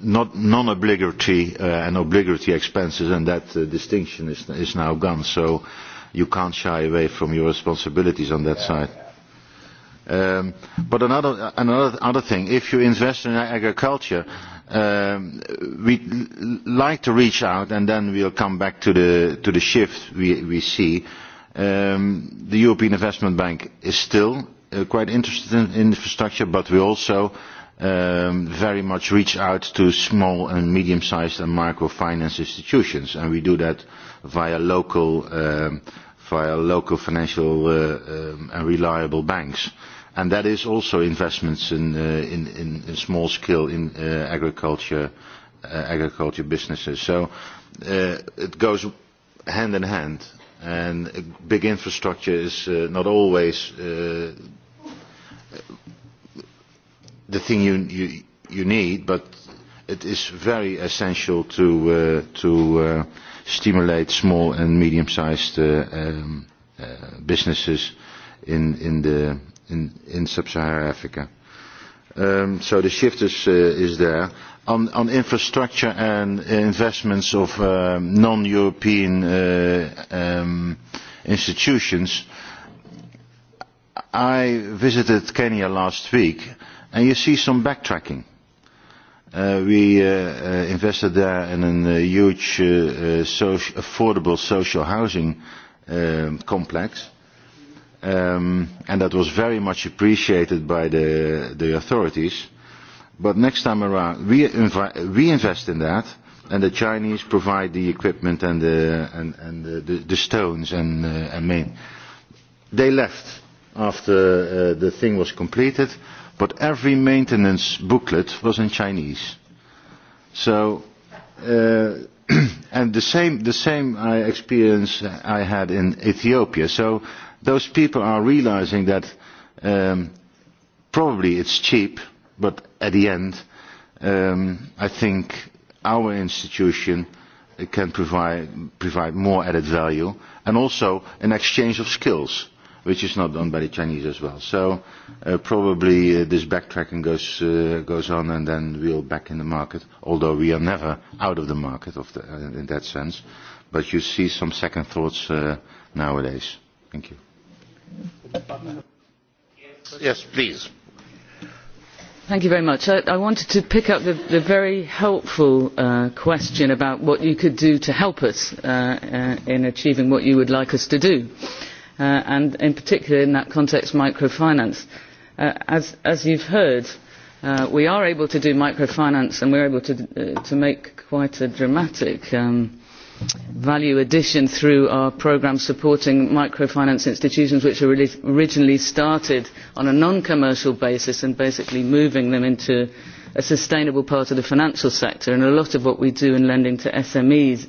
not non obligatory uh, and obligatory expenses and that uh, distinction is now gone so you can't shy away from your responsibilities on that yeah, side. Yeah. Um, but another, another other thing, if you invest in agriculture, um, we like to reach out and then we'll come back to the, to the shift we, we see. Um, the European Investment Bank is still uh, quite interested in infrastructure, but we also uh, Um, very much reach out to small and medium sized and microfinance institutions and we do that via local, uh, via local financial uh, uh, and reliable banks. And that is also investments in, uh, in, in small scale in uh, agriculture, uh, agriculture businesses. So uh, it goes hand in hand. And big infrastructure is uh, not always uh, the thing you, you, you need, but it is very essential to, uh, to uh, stimulate small and medium-sized uh, um, uh, businesses in, in, the, in, in sub-Saharan Africa. Um, so the shift is, uh, is there. On, on infrastructure and investments of um, non-European uh, um, institutions, I visited Kenya last week and you see some backtracking. Uh, we uh, uh invested there in a uh, huge uh, uh, soci affordable social housing um, complex, um, and that was very much appreciated by the, the authorities. But next time around, we, we invest in that, and the Chinese provide the equipment and the, and, and the, the, the stones and, uh, and main. They left after uh, the thing was completed but every maintenance booklet was in Chinese. So, uh, and the same, the same I uh, experience I had in Ethiopia. So, those people are realizing that um, probably it's cheap, but at the end, um, I think our institution uh, can provide, provide more added value and also an exchange of skills which is not done by the Chinese as well. So uh, probably uh, this backtracking goes, uh, goes on and then we're back in the market, although we are never out of the market of the, uh, in that sense. But you see some second thoughts uh, nowadays. Thank you. Yes, please. Thank you very much. I, I wanted to pick up the, the very helpful uh, question about what you could do to help us uh, uh, in achieving what you would like us to do. Uh, Uh, and in particular in that context microfinance. Uh, as you have heard uh, we are able to do microfinance and we are able to make quite a dramatic um, value addition through our programme supporting microfinance institutions which were originally started on a non commercial basis and basically moving them into a sustainable part of the financial sector and a lot of what we do in lending to smes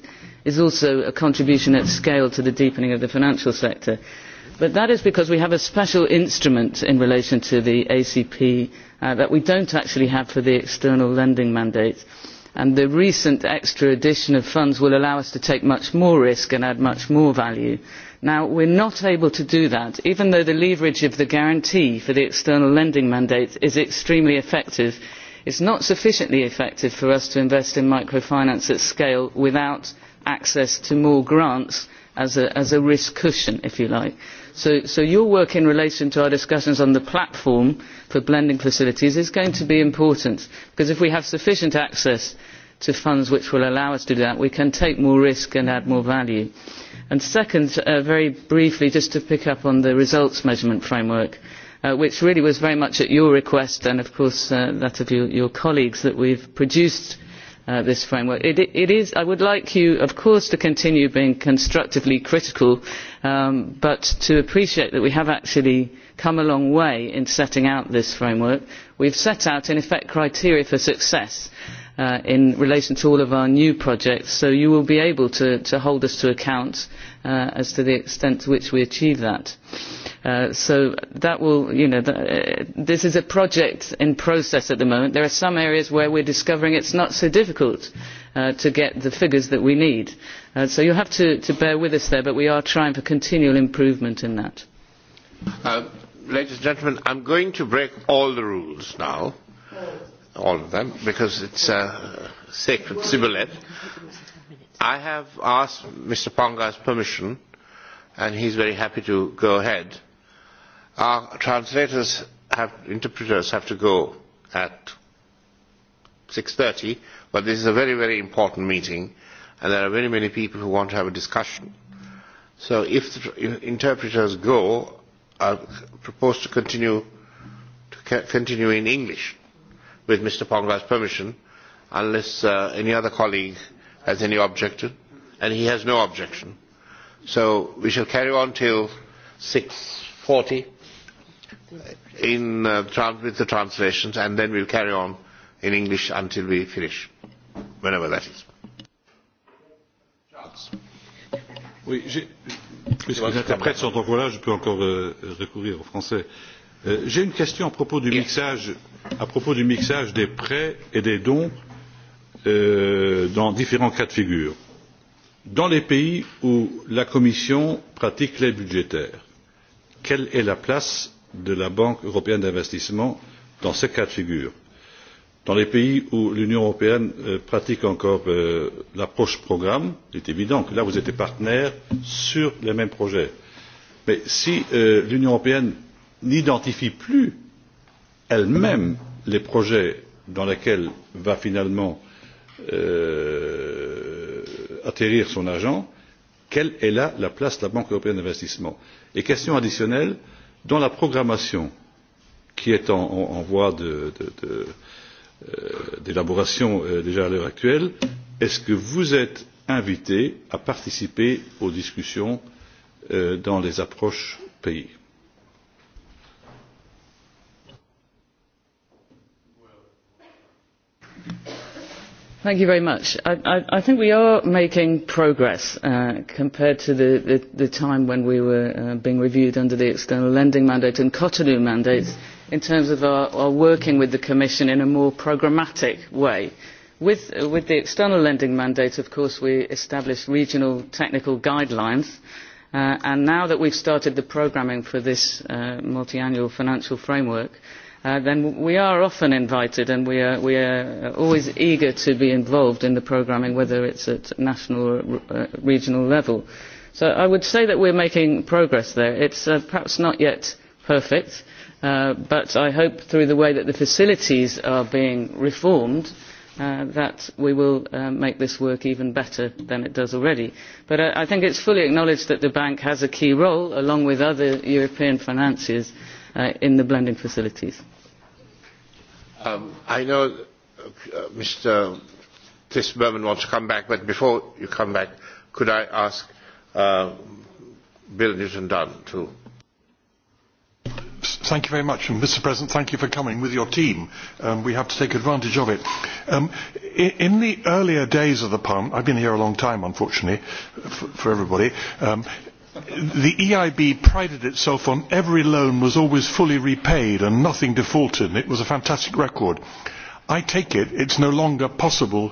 is also a contribution at scale to the deepening of the financial sector. But that is because we have a special instrument in relation to the ACP uh, that we don't actually have for the external lending mandate. And the recent extra addition of funds will allow us to take much more risk and add much more value. Now, we're not able to do that, even though the leverage of the guarantee for the external lending mandate is extremely effective. It's not sufficiently effective for us to invest in microfinance at scale without access to more grants as a risk cushion if you like. so your work in relation to our discussions on the platform for blending facilities is going to be important because if we have sufficient access to funds which will allow us to do that we can take more risk and add more value. And second, uh, very briefly, just to pick up on the results measurement framework, uh, which really was very much at your request and, of course, uh, that of your, your colleagues, that we've produced uh, Uh, this framework. i would like you of course to continue being constructively critical um, but to appreciate that we have actually come a long way in setting out this framework. we have set out in effect criteria for success uh, in relation to all of our new projects so you will be able to hold us to account uh, as to the extent to which we achieve those. Uh, so that will you know uh, this is a project in process at the moment there are some areas where we are discovering it is not so difficult uh, to get the figures that we need so you have to bear with us there but we are trying for continual improvement in that ladies and gentlemen i am going to break all the rules now all of them because it is a sacred sibboleth i have asked mr ponga's permission and he is very happy to go ahead our translators and interpreters have to go at 6.30 but this is a very very important meeting and there are very many people who want to have a discussion so if the if interpreters go I propose to continue to continue in English with Mr. Ponga's permission unless uh, any other colleague has any objection and he has no objection so we shall carry on till 640 in uh, with the translations, and then we'll carry on in English until we finish, whenever that is. Charles. Oui, puisque les interprètes sont encore là, je peux encore euh, recourir au français. Euh, J'ai une question à propos du mixage, à propos du mixage des prêts et des dons euh, dans différents cas de figure. Dans les pays où la Commission pratique l'aide budgétaire, quelle est la place de la banque européenne d'investissement dans ces cas de figure dans les pays où l'union européenne euh, pratique encore euh, l'approche programme il est évident que là vous étiez partenaire sur les mêmes projets mais si euh, l'union européenne n'identifie plus elle même les projets dans lesquels va finalement euh, atterrir son agent quelle est là la place de la banque européenne d'investissement? et question additionnelle euh, dans la programmation qui est en, en, en voie d'élaboration de, de, de, euh, euh, déjà à l'heure actuelle, est ce que vous êtes invité à participer aux discussions euh, dans les approches pays? i think we are making progress uh, compared to the time when we were uh, being reviewed under the external lending mandate and cotonou mandates in terms of our working with the commission in a more programmatic way. with the external lending mandate of course we established regional technical guidelines uh, and now that we have started the programming for this multiannual financial framework Uh, then we are often invited and we are, we are uh, always eager to be involved in the programming, whether it's at national or uh, regional level. So I would say that we're making progress there. It's uh, perhaps not yet perfect, uh, but I hope through the way that the facilities are being reformed uh, that we will uh, make this work even better than it does already. But uh, I think it's fully acknowledged that the bank has a key role, along with other European financiers, uh, in the blending facilities. Um, I know uh, Mr. Chris Berman wants to come back, but before you come back, could I ask uh, Bill Newton Dunn to? Thank you very much, and Mr. President, thank you for coming with your team. Um, we have to take advantage of it. Um, in, in the earlier days of the Parliament, I've been here a long time, unfortunately, for, for everybody. Um, the eib prided itself on every loan was always fully repaid and nothing defaulted. it was a fantastic record. i take it it's no longer possible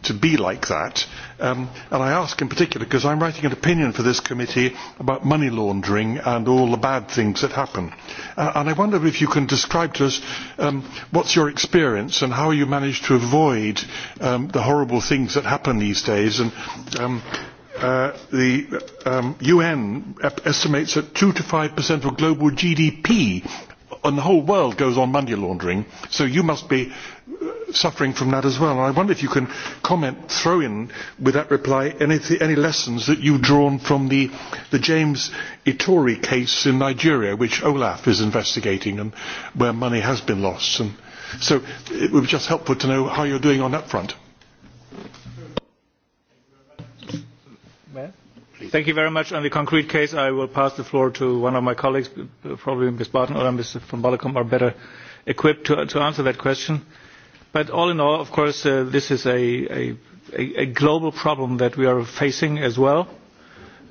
to be like that. Um, and i ask in particular because i'm writing an opinion for this committee about money laundering and all the bad things that happen. Uh, and i wonder if you can describe to us um, what's your experience and how you manage to avoid um, the horrible things that happen these days. and um, Uh, the un um, estimates that two to five percent of global gdp in the whole world goes on money laundering so you must be uh, suffering from that as well. i wonder if you can comment throw in with that reply any, any lessons that you've drawn from the, the james itori case in nigeria which olaf is investigating and where money has been lost. And so it would be just helpful to know how you're doing on that front. thank you very much. on the concrete case i will pass the floor to one of my colleagues probably ms barton or ms von wallkom are better equipped to answer that question. but all in all of course uh, this is a global problem that we are facing as well.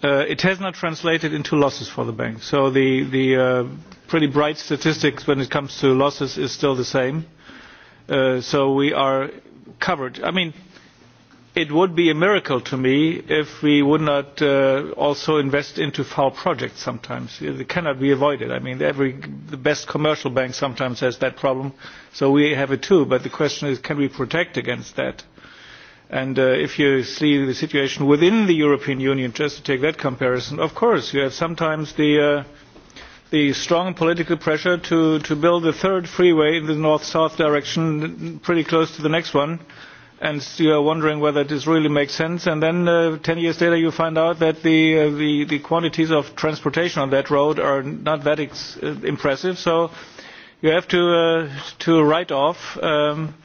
Uh, it has not translated into losses for the bank so the uh, pretty bright statistics when it comes to losses is still the same. so we are covered. i mean it would be a miracle to me if we would not uh, also invest in foul projects sometimes. it cannot be avoided. i mean, every, the best commercial bank sometimes has that problem. so we have it too. but the question is, can we protect against that? and uh, if you see the situation within the european union, just to take that comparison, of course, you have sometimes the, uh, the strong political pressure to, to build a third freeway in the north-south direction pretty close to the next one and you are wondering whether this really makes sense. And then uh, 10 years later, you find out that the, uh, the, the quantities of transportation on that road are not that ex uh, impressive. So you have to, uh, to write off. Um,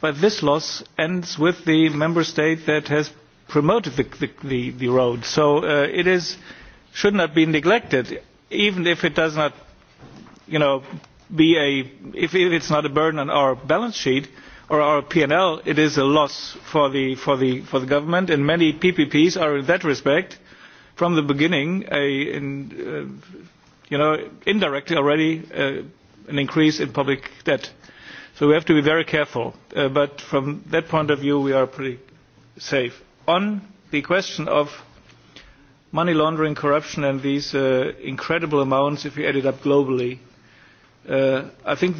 but this loss ends with the member state that has promoted the, the, the, the road. So uh, it is, should not be neglected, even if it does not, you know, be a, if, if it's not a burden on our balance sheet. Uh, or our P&L, it is a loss for the government, and many PPPs are, in that respect, from the beginning, uh, you know, indirectly already, uh, an increase in public debt. So we have to be very careful, uh, but from that point of view, we are pretty safe. On the question of money laundering, corruption, and these incredible amounts, if you add it up globally, I think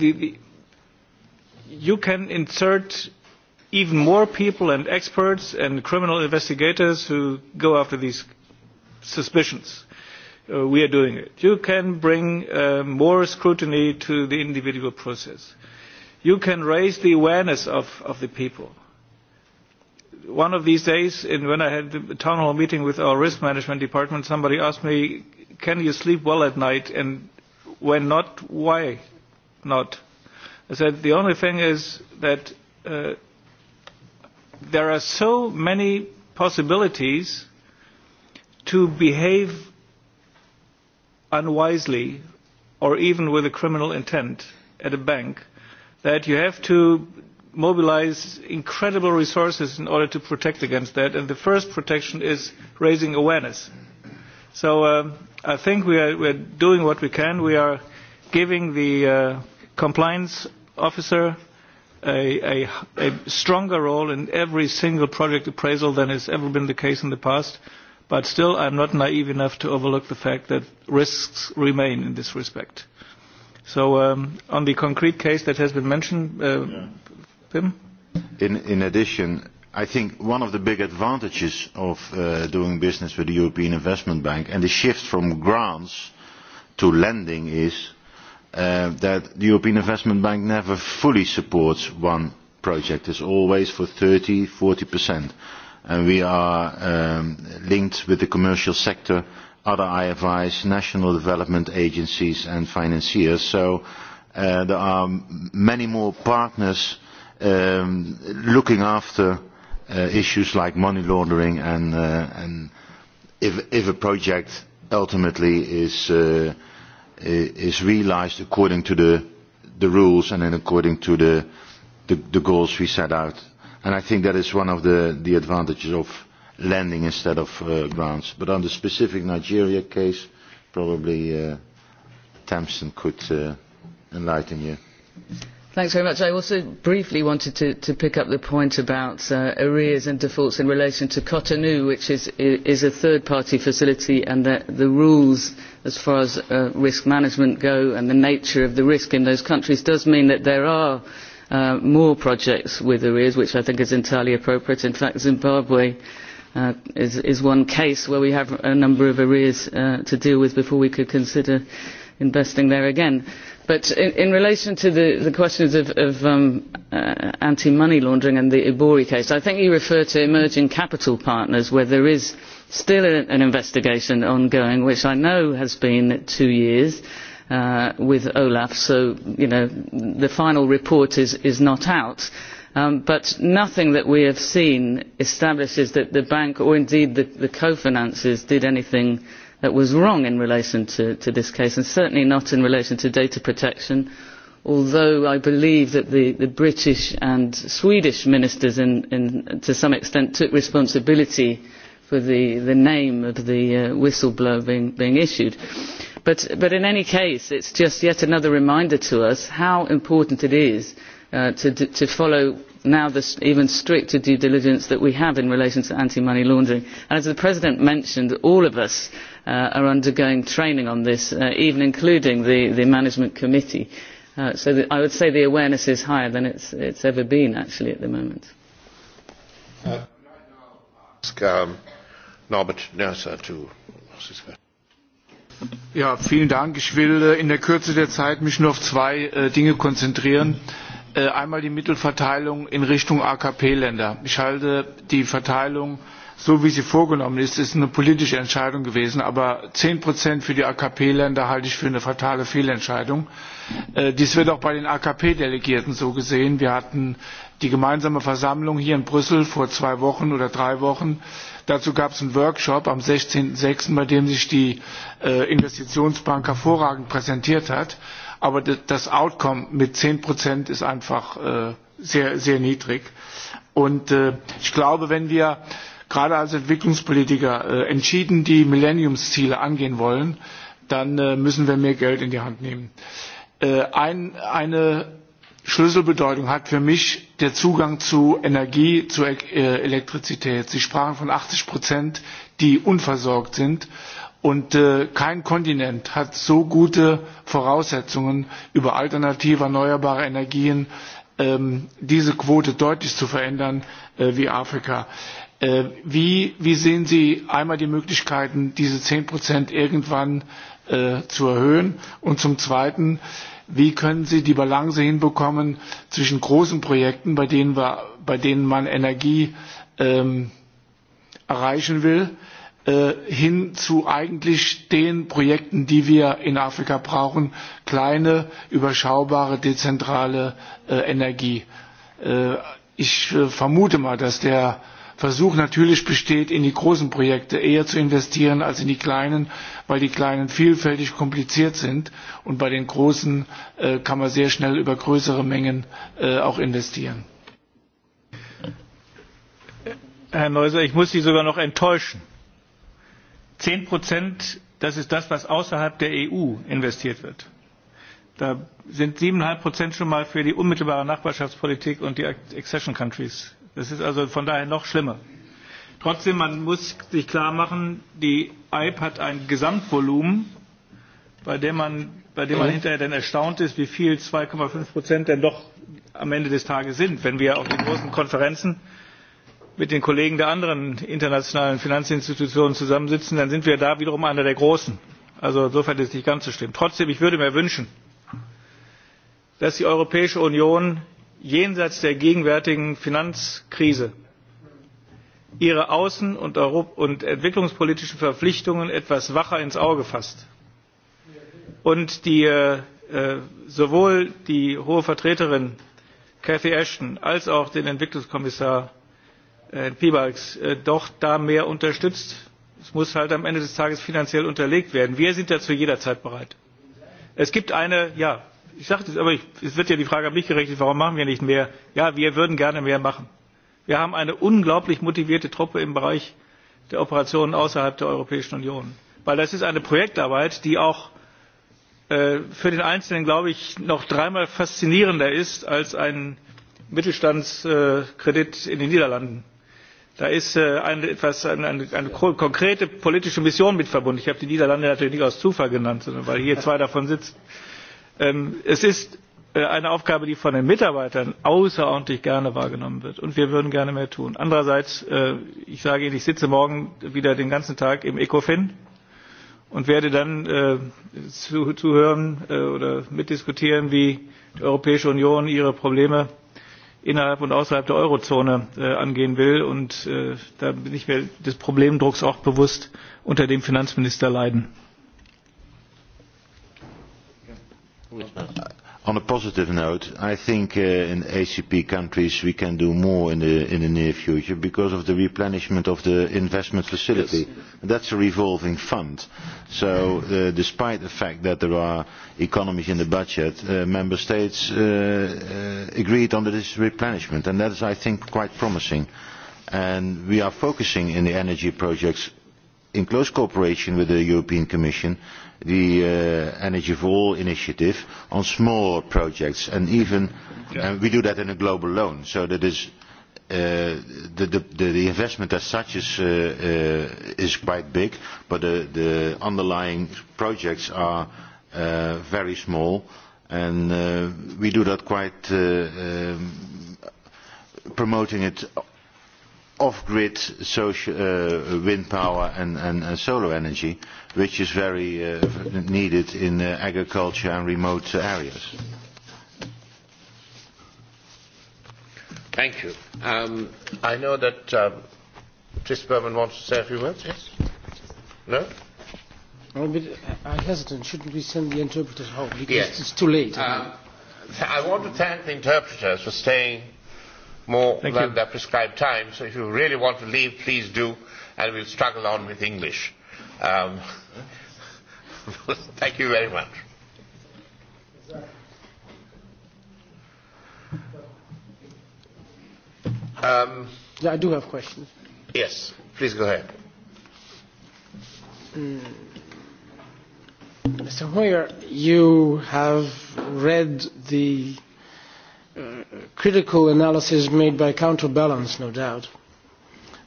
you can insert even more people and experts and criminal investigators who go after these suspicions. Uh, we are doing it. You can bring uh, more scrutiny to the individual process. You can raise the awareness of, of the people. One of these days, in, when I had the town hall meeting with our risk management department, somebody asked me, can you sleep well at night? And when not, why not? I said, the only thing is that uh, there are so many possibilities to behave unwisely or even with a criminal intent at a bank that you have to mobilize incredible resources in order to protect against that. And the first protection is raising awareness. So uh, I think we are, we are doing what we can. We are giving the uh, compliance officer a, a, a stronger role in every single project appraisal than has ever been the case in the past. But still, I'm not naive enough to overlook the fact that risks remain in this respect. So, um, on the concrete case that has been mentioned, uh, yeah. Pim? In, in addition, I think one of the big advantages of uh, doing business with the European Investment Bank and the shift from grants to lending is Uh, that the european investment bank never fully supports one project it is always for thirty forty and we are um, linked with the commercial sector other ifis national development agencies and financiers so uh, there are many more partners um, looking after uh, issues like money laundering and if a project ultimately is realised according to the, the rules and then according to the, the, the goals we set out. And I think that is one of the, the advantages of lending instead of uh, grants. But on the specific Nigeria case, probably uh, Thompson could uh, enlighten you. Mm -hmm. Thanks very much. I also briefly wanted to, to pick up the point about uh, arrears and defaults in relation to Cotonou, which is, is a third-party facility, and that the rules as far as uh, risk management go and the nature of the risk in those countries does mean that there are uh, more projects with arrears, which I think is entirely appropriate. In fact, Zimbabwe uh, is, is one case where we have a number of arrears uh, to deal with before we could consider investing there again. Uh, But in, in relation to the, the questions of, of um, uh, anti-money laundering and the Ibori case, I think you refer to emerging capital partners where there is still a, an investigation ongoing, which I know has been two years uh, with Olaf, so you know, the final report is, is not out. Um, but nothing that we have seen establishes that the bank or indeed the, the co-finances did anything uh, that was wrong in relation to, to this case and certainly not in relation to data protection although I believe that the, the British and Swedish ministers in, in, to some extent took responsibility for the, the name of the uh, whistleblower being, being issued. But, but in any case, it's just yet another reminder to us how important it is uh, Uh, to follow now the even stricter due diligence that we have in relation to anti money laundering. as the president mentioned all of us uh, are undergoing training on this uh, including the management committee so i would say the awareness is higher than it has ever been at the moment. Um, ja, vielen Dank. Ich will äh, in der Kürze der Zeit mich nur auf zwei äh, Dinge konzentrieren. Äh, einmal die mittelverteilung in richtung akp länder. ich halte die verteilung so wie sie vorgenommen ist für eine politische entscheidung gewesen. aber zehn für die akp länder halte ich für eine fatale fehlentscheidung. Äh, dies wird auch bei den akp delegierten so gesehen. wir hatten die gemeinsame versammlung hier in brüssel vor zwei wochen oder drei wochen. dazu gab es einen workshop am. sechzehn sechs bei dem sich die äh, investitionsbank hervorragend präsentiert hat aber das Outcome mit 10 Prozent ist einfach äh, sehr, sehr niedrig. Und äh, ich glaube, wenn wir gerade als Entwicklungspolitiker äh, entschieden die Millenniumsziele angehen wollen, dann müssen wir mehr Geld in die Hand nehmen. Eine Schlüsselbedeutung hat für mich der Zugang zu Energie, zu Elektrizität. Sie sprachen von 80 Prozent, die unversorgt sind. Und äh, kein Kontinent hat so gute Voraussetzungen, über alternative erneuerbare Energien ähm, diese Quote deutlich zu verändern äh, wie Afrika. Äh, wie, wie sehen Sie einmal die Möglichkeiten, diese 10 Prozent irgendwann zu erhöhen? Und zum Zweiten, wie können Sie die Balance hinbekommen zwischen großen Projekten, bei denen, wir, bei denen man Energie ähm, erreichen will, äh, Äh, hin zu eigentlich den Projekten, die wir in Afrika brauchen, kleine, überschaubare, dezentrale äh, Energie. Äh, ich äh, vermute mal, dass der Versuch natürlich besteht, in die großen Projekte eher zu investieren als in die kleinen, weil die kleinen vielfältig kompliziert sind und bei den großen äh, kann man sehr schnell über größere Mengen äh, auch investieren. Herr Neuser, ich muss Sie sogar noch enttäuschen zehn prozent das ist das was außerhalb der eu investiert wird. da sind siebeneinhalb prozent schon mal für die unmittelbare nachbarschaftspolitik und die accession countries. das ist also von daher noch schlimmer. trotzdem man muss sich klarmachen die eib hat ein gesamtvolumen bei dem man, bei dem man ja. hinterher dann erstaunt ist wie viel 2,5 prozent denn doch am ende des tages sind wenn wir auf die großen konferenzen mit den kollegen der anderen internationalen finanzinstitutionen zusammensitzen dann sind wir da wiederum einer der großen. insofern ist es nicht ganz so schlimm. trotzdem würde ich mir wünschen dass die europäische union jenseits der gegenwärtigen finanzkrise ihre außen und entwicklungspolitischen verpflichtungen etwas wacher ins auge fasst und äh, sowohl die hohe vertreterin catherine ashton als auch den entwicklungskommissar Äh, herrn piebalgs äh, doch da mehr unterstützt. es muss halt am ende des tages finanziell unterlegt werden. wir sind dazu jederzeit bereit. es gibt eine ja ich sage das aber es wird ja die frage an mich gerichtet warum machen wir nicht mehr? ja wir würden gerne mehr machen. wir haben eine unglaublich motivierte truppe im bereich der operationen außerhalb der europäischen union weil das ist eine projektarbeit die auch äh, für den einzelnen glaube ich noch dreimal faszinierender ist als ein mittelstandskredit in den niederlanden. Da ist äh, eine, etwas, eine, eine, eine konkrete politische Mission mit verbunden. Ich habe die Niederlande natürlich nicht aus Zufall genannt, sondern weil hier zwei davon sitzen. Ähm, es ist äh, eine Aufgabe, die von den Mitarbeitern außerordentlich gerne wahrgenommen wird. Und wir würden gerne mehr tun. Andererseits, äh, ich sage Ihnen, ich sitze morgen wieder den ganzen Tag im ECOFIN und werde dann äh, zuhören zu äh, oder mitdiskutieren, wie die Europäische Union ihre Probleme innerhalb und außerhalb der eurozone äh, angehen will und äh, da bin ich mir des problemdrucks auch bewusst unter dem finanzminister leiden. on a positive note i think uh, in acp countries we can do more in the, in the near future because of the replenishment of the investment facility yes. that's a revolving fund so uh, despite the fact that there are economies in the budget uh, member states uh, uh, agreed on this replenishment and that is i think quite promising and we are focusing in the energy projects in close cooperation with the european commission the uh, energy for all initiative on small projects and even we do that in a global loan so that is uh, the investment as such is uh, is quite big but the the underlying projects are very small and we do that quite um, promoting it off grid uh, wind power and uh, solar energy which is very uh, needed in agriculture and remote areas. Thank you. Um, I know that Chris um, Berman wants to say a few words. Yes. No? I'm a bit uh, hesitant. Shouldn't we send the interpreters home? Because yes. it's too late. Um, I want to thank the interpreters for staying more Thank than you. the prescribed time. So if you really want to leave, please do, and we'll struggle on with English. Um, Thank you very much. Um, I do have questions. Yes, please go ahead. Mm. Mr. Hoyer, you have read the critical analysis made by counterbalance, no doubt.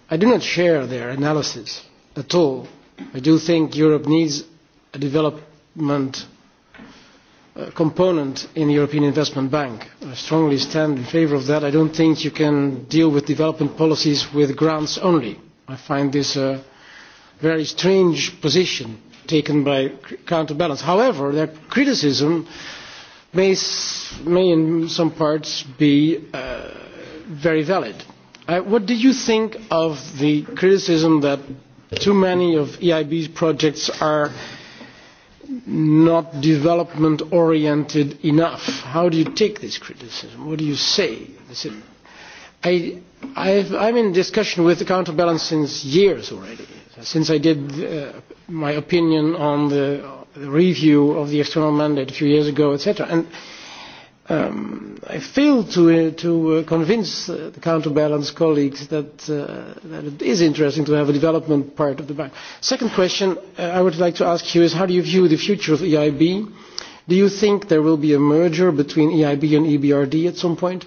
i do not share their analysis at all. i do think europe needs a development uh, component in the european investment bank. i strongly stand in favour of that. i don't think you can deal with development policies with grants only. i find this a very strange position taken by counterbalance. however, their criticism uh, may, may in some parts be uh, very valid. Uh, what do you think of the criticism that too many of EIB's projects are not development oriented enough? How do you take this criticism? What do you say? Is it, I, I've, I'm in discussion with the counterbalance since years already, since I did uh, my opinion on the. On review of the external mandate a few years ago, etc. And um, I failed to, uh, to uh, convince uh, the counterbalance colleagues that, uh, that it is interesting to have a development part of the bank. Second question uh, I would like to ask you is how do you view the future of EIB? Do you think there will be a merger between EIB and EBRD at some point?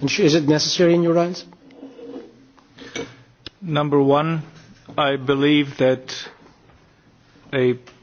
And sh- is it necessary in your eyes? Number one, I believe that a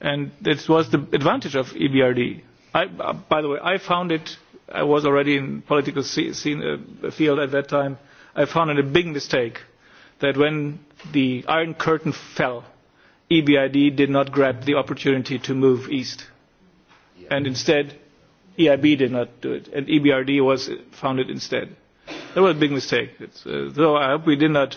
and that was the advantage of ebrd. I, uh, by the way, i found it, i was already in political scene, uh, field at that time, i found it a big mistake that when the iron curtain fell, ebrd did not grab the opportunity to move east. Yeah. and instead, eib did not do it, and ebrd was uh, founded instead. that was a big mistake. It's, uh, though i hope we did not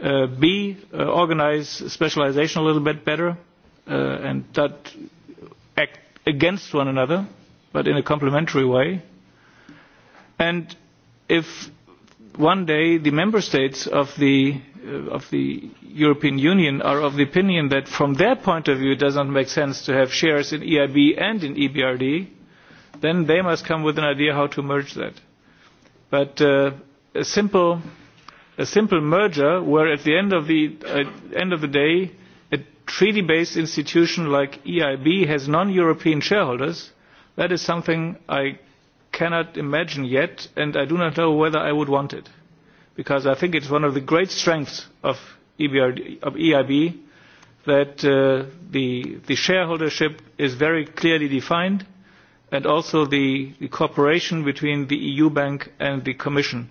Uh, b uh, organise specialisation a little bit better uh, and not act against one another but in a complementary way and if one day the member states of the uh, of the european union are of the opinion that from their point of view it doesn't make sense to have shares in eib and in ebrd then they must come with an idea how to merge that but uh, a simple a simple merger where at the end of the, uh, end of the day a treaty based institution like EIB has non European shareholders, that is something I cannot imagine yet, and I do not know whether I would want it. Because I think it's one of the great strengths of, EBRD, of EIB that uh, the, the shareholdership is very clearly defined, and also the, the cooperation between the EU Bank and the Commission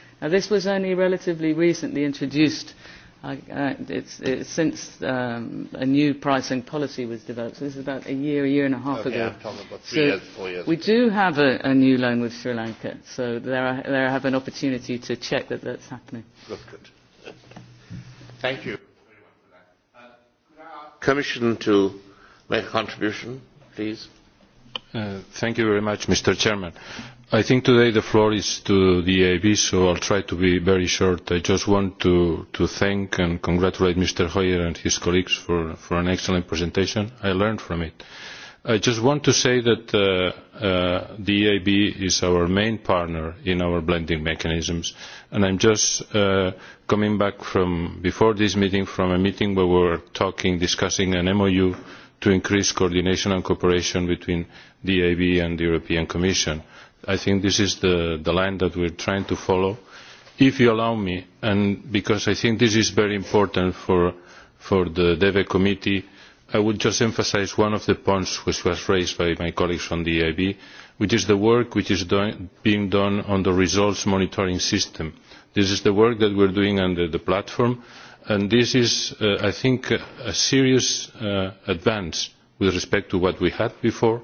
Now, this was only relatively recently introduced uh, uh, it's, it's since um, a new pricing policy was developed. So this is about a year, a year and a half okay, ago. About three so years, four years we ago. do have a, a new loan with Sri Lanka, so there I, there I have an opportunity to check that that's happening. Look good. Thank you. Commission to make a contribution, please. Uh, thank you very much, Mr. Chairman i think today the floor is to the eib so i will try to be very short. i just want to thank and congratulate mr hoyer and his colleagues for an excellent presentation. i learned from it. i just want to say that uh, uh, the eib is our main partner in our blending mechanisms and i am just uh, coming back from before this meeting from a meeting where we were talking discussing an mou to increase coordination and cooperation between the eib and the european commission. I think this is the, the line that we're trying to follow. If you allow me, and because I think this is very important for, for the DEVE committee, I would just emphasize one of the points which was raised by my colleagues from the EIB, which is the work which is do being done on the results monitoring system. This is the work that we're doing under the platform, and this is, uh, I think, a serious uh, advance with respect to what we had before, uh,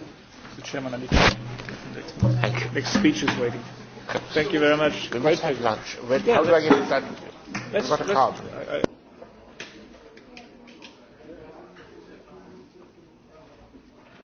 Mr. Chairman, I need to next, Thank you. next speech is waiting. Thank you very much. We Great. Must have lunch. Where, yeah, how do I get it done? Let's,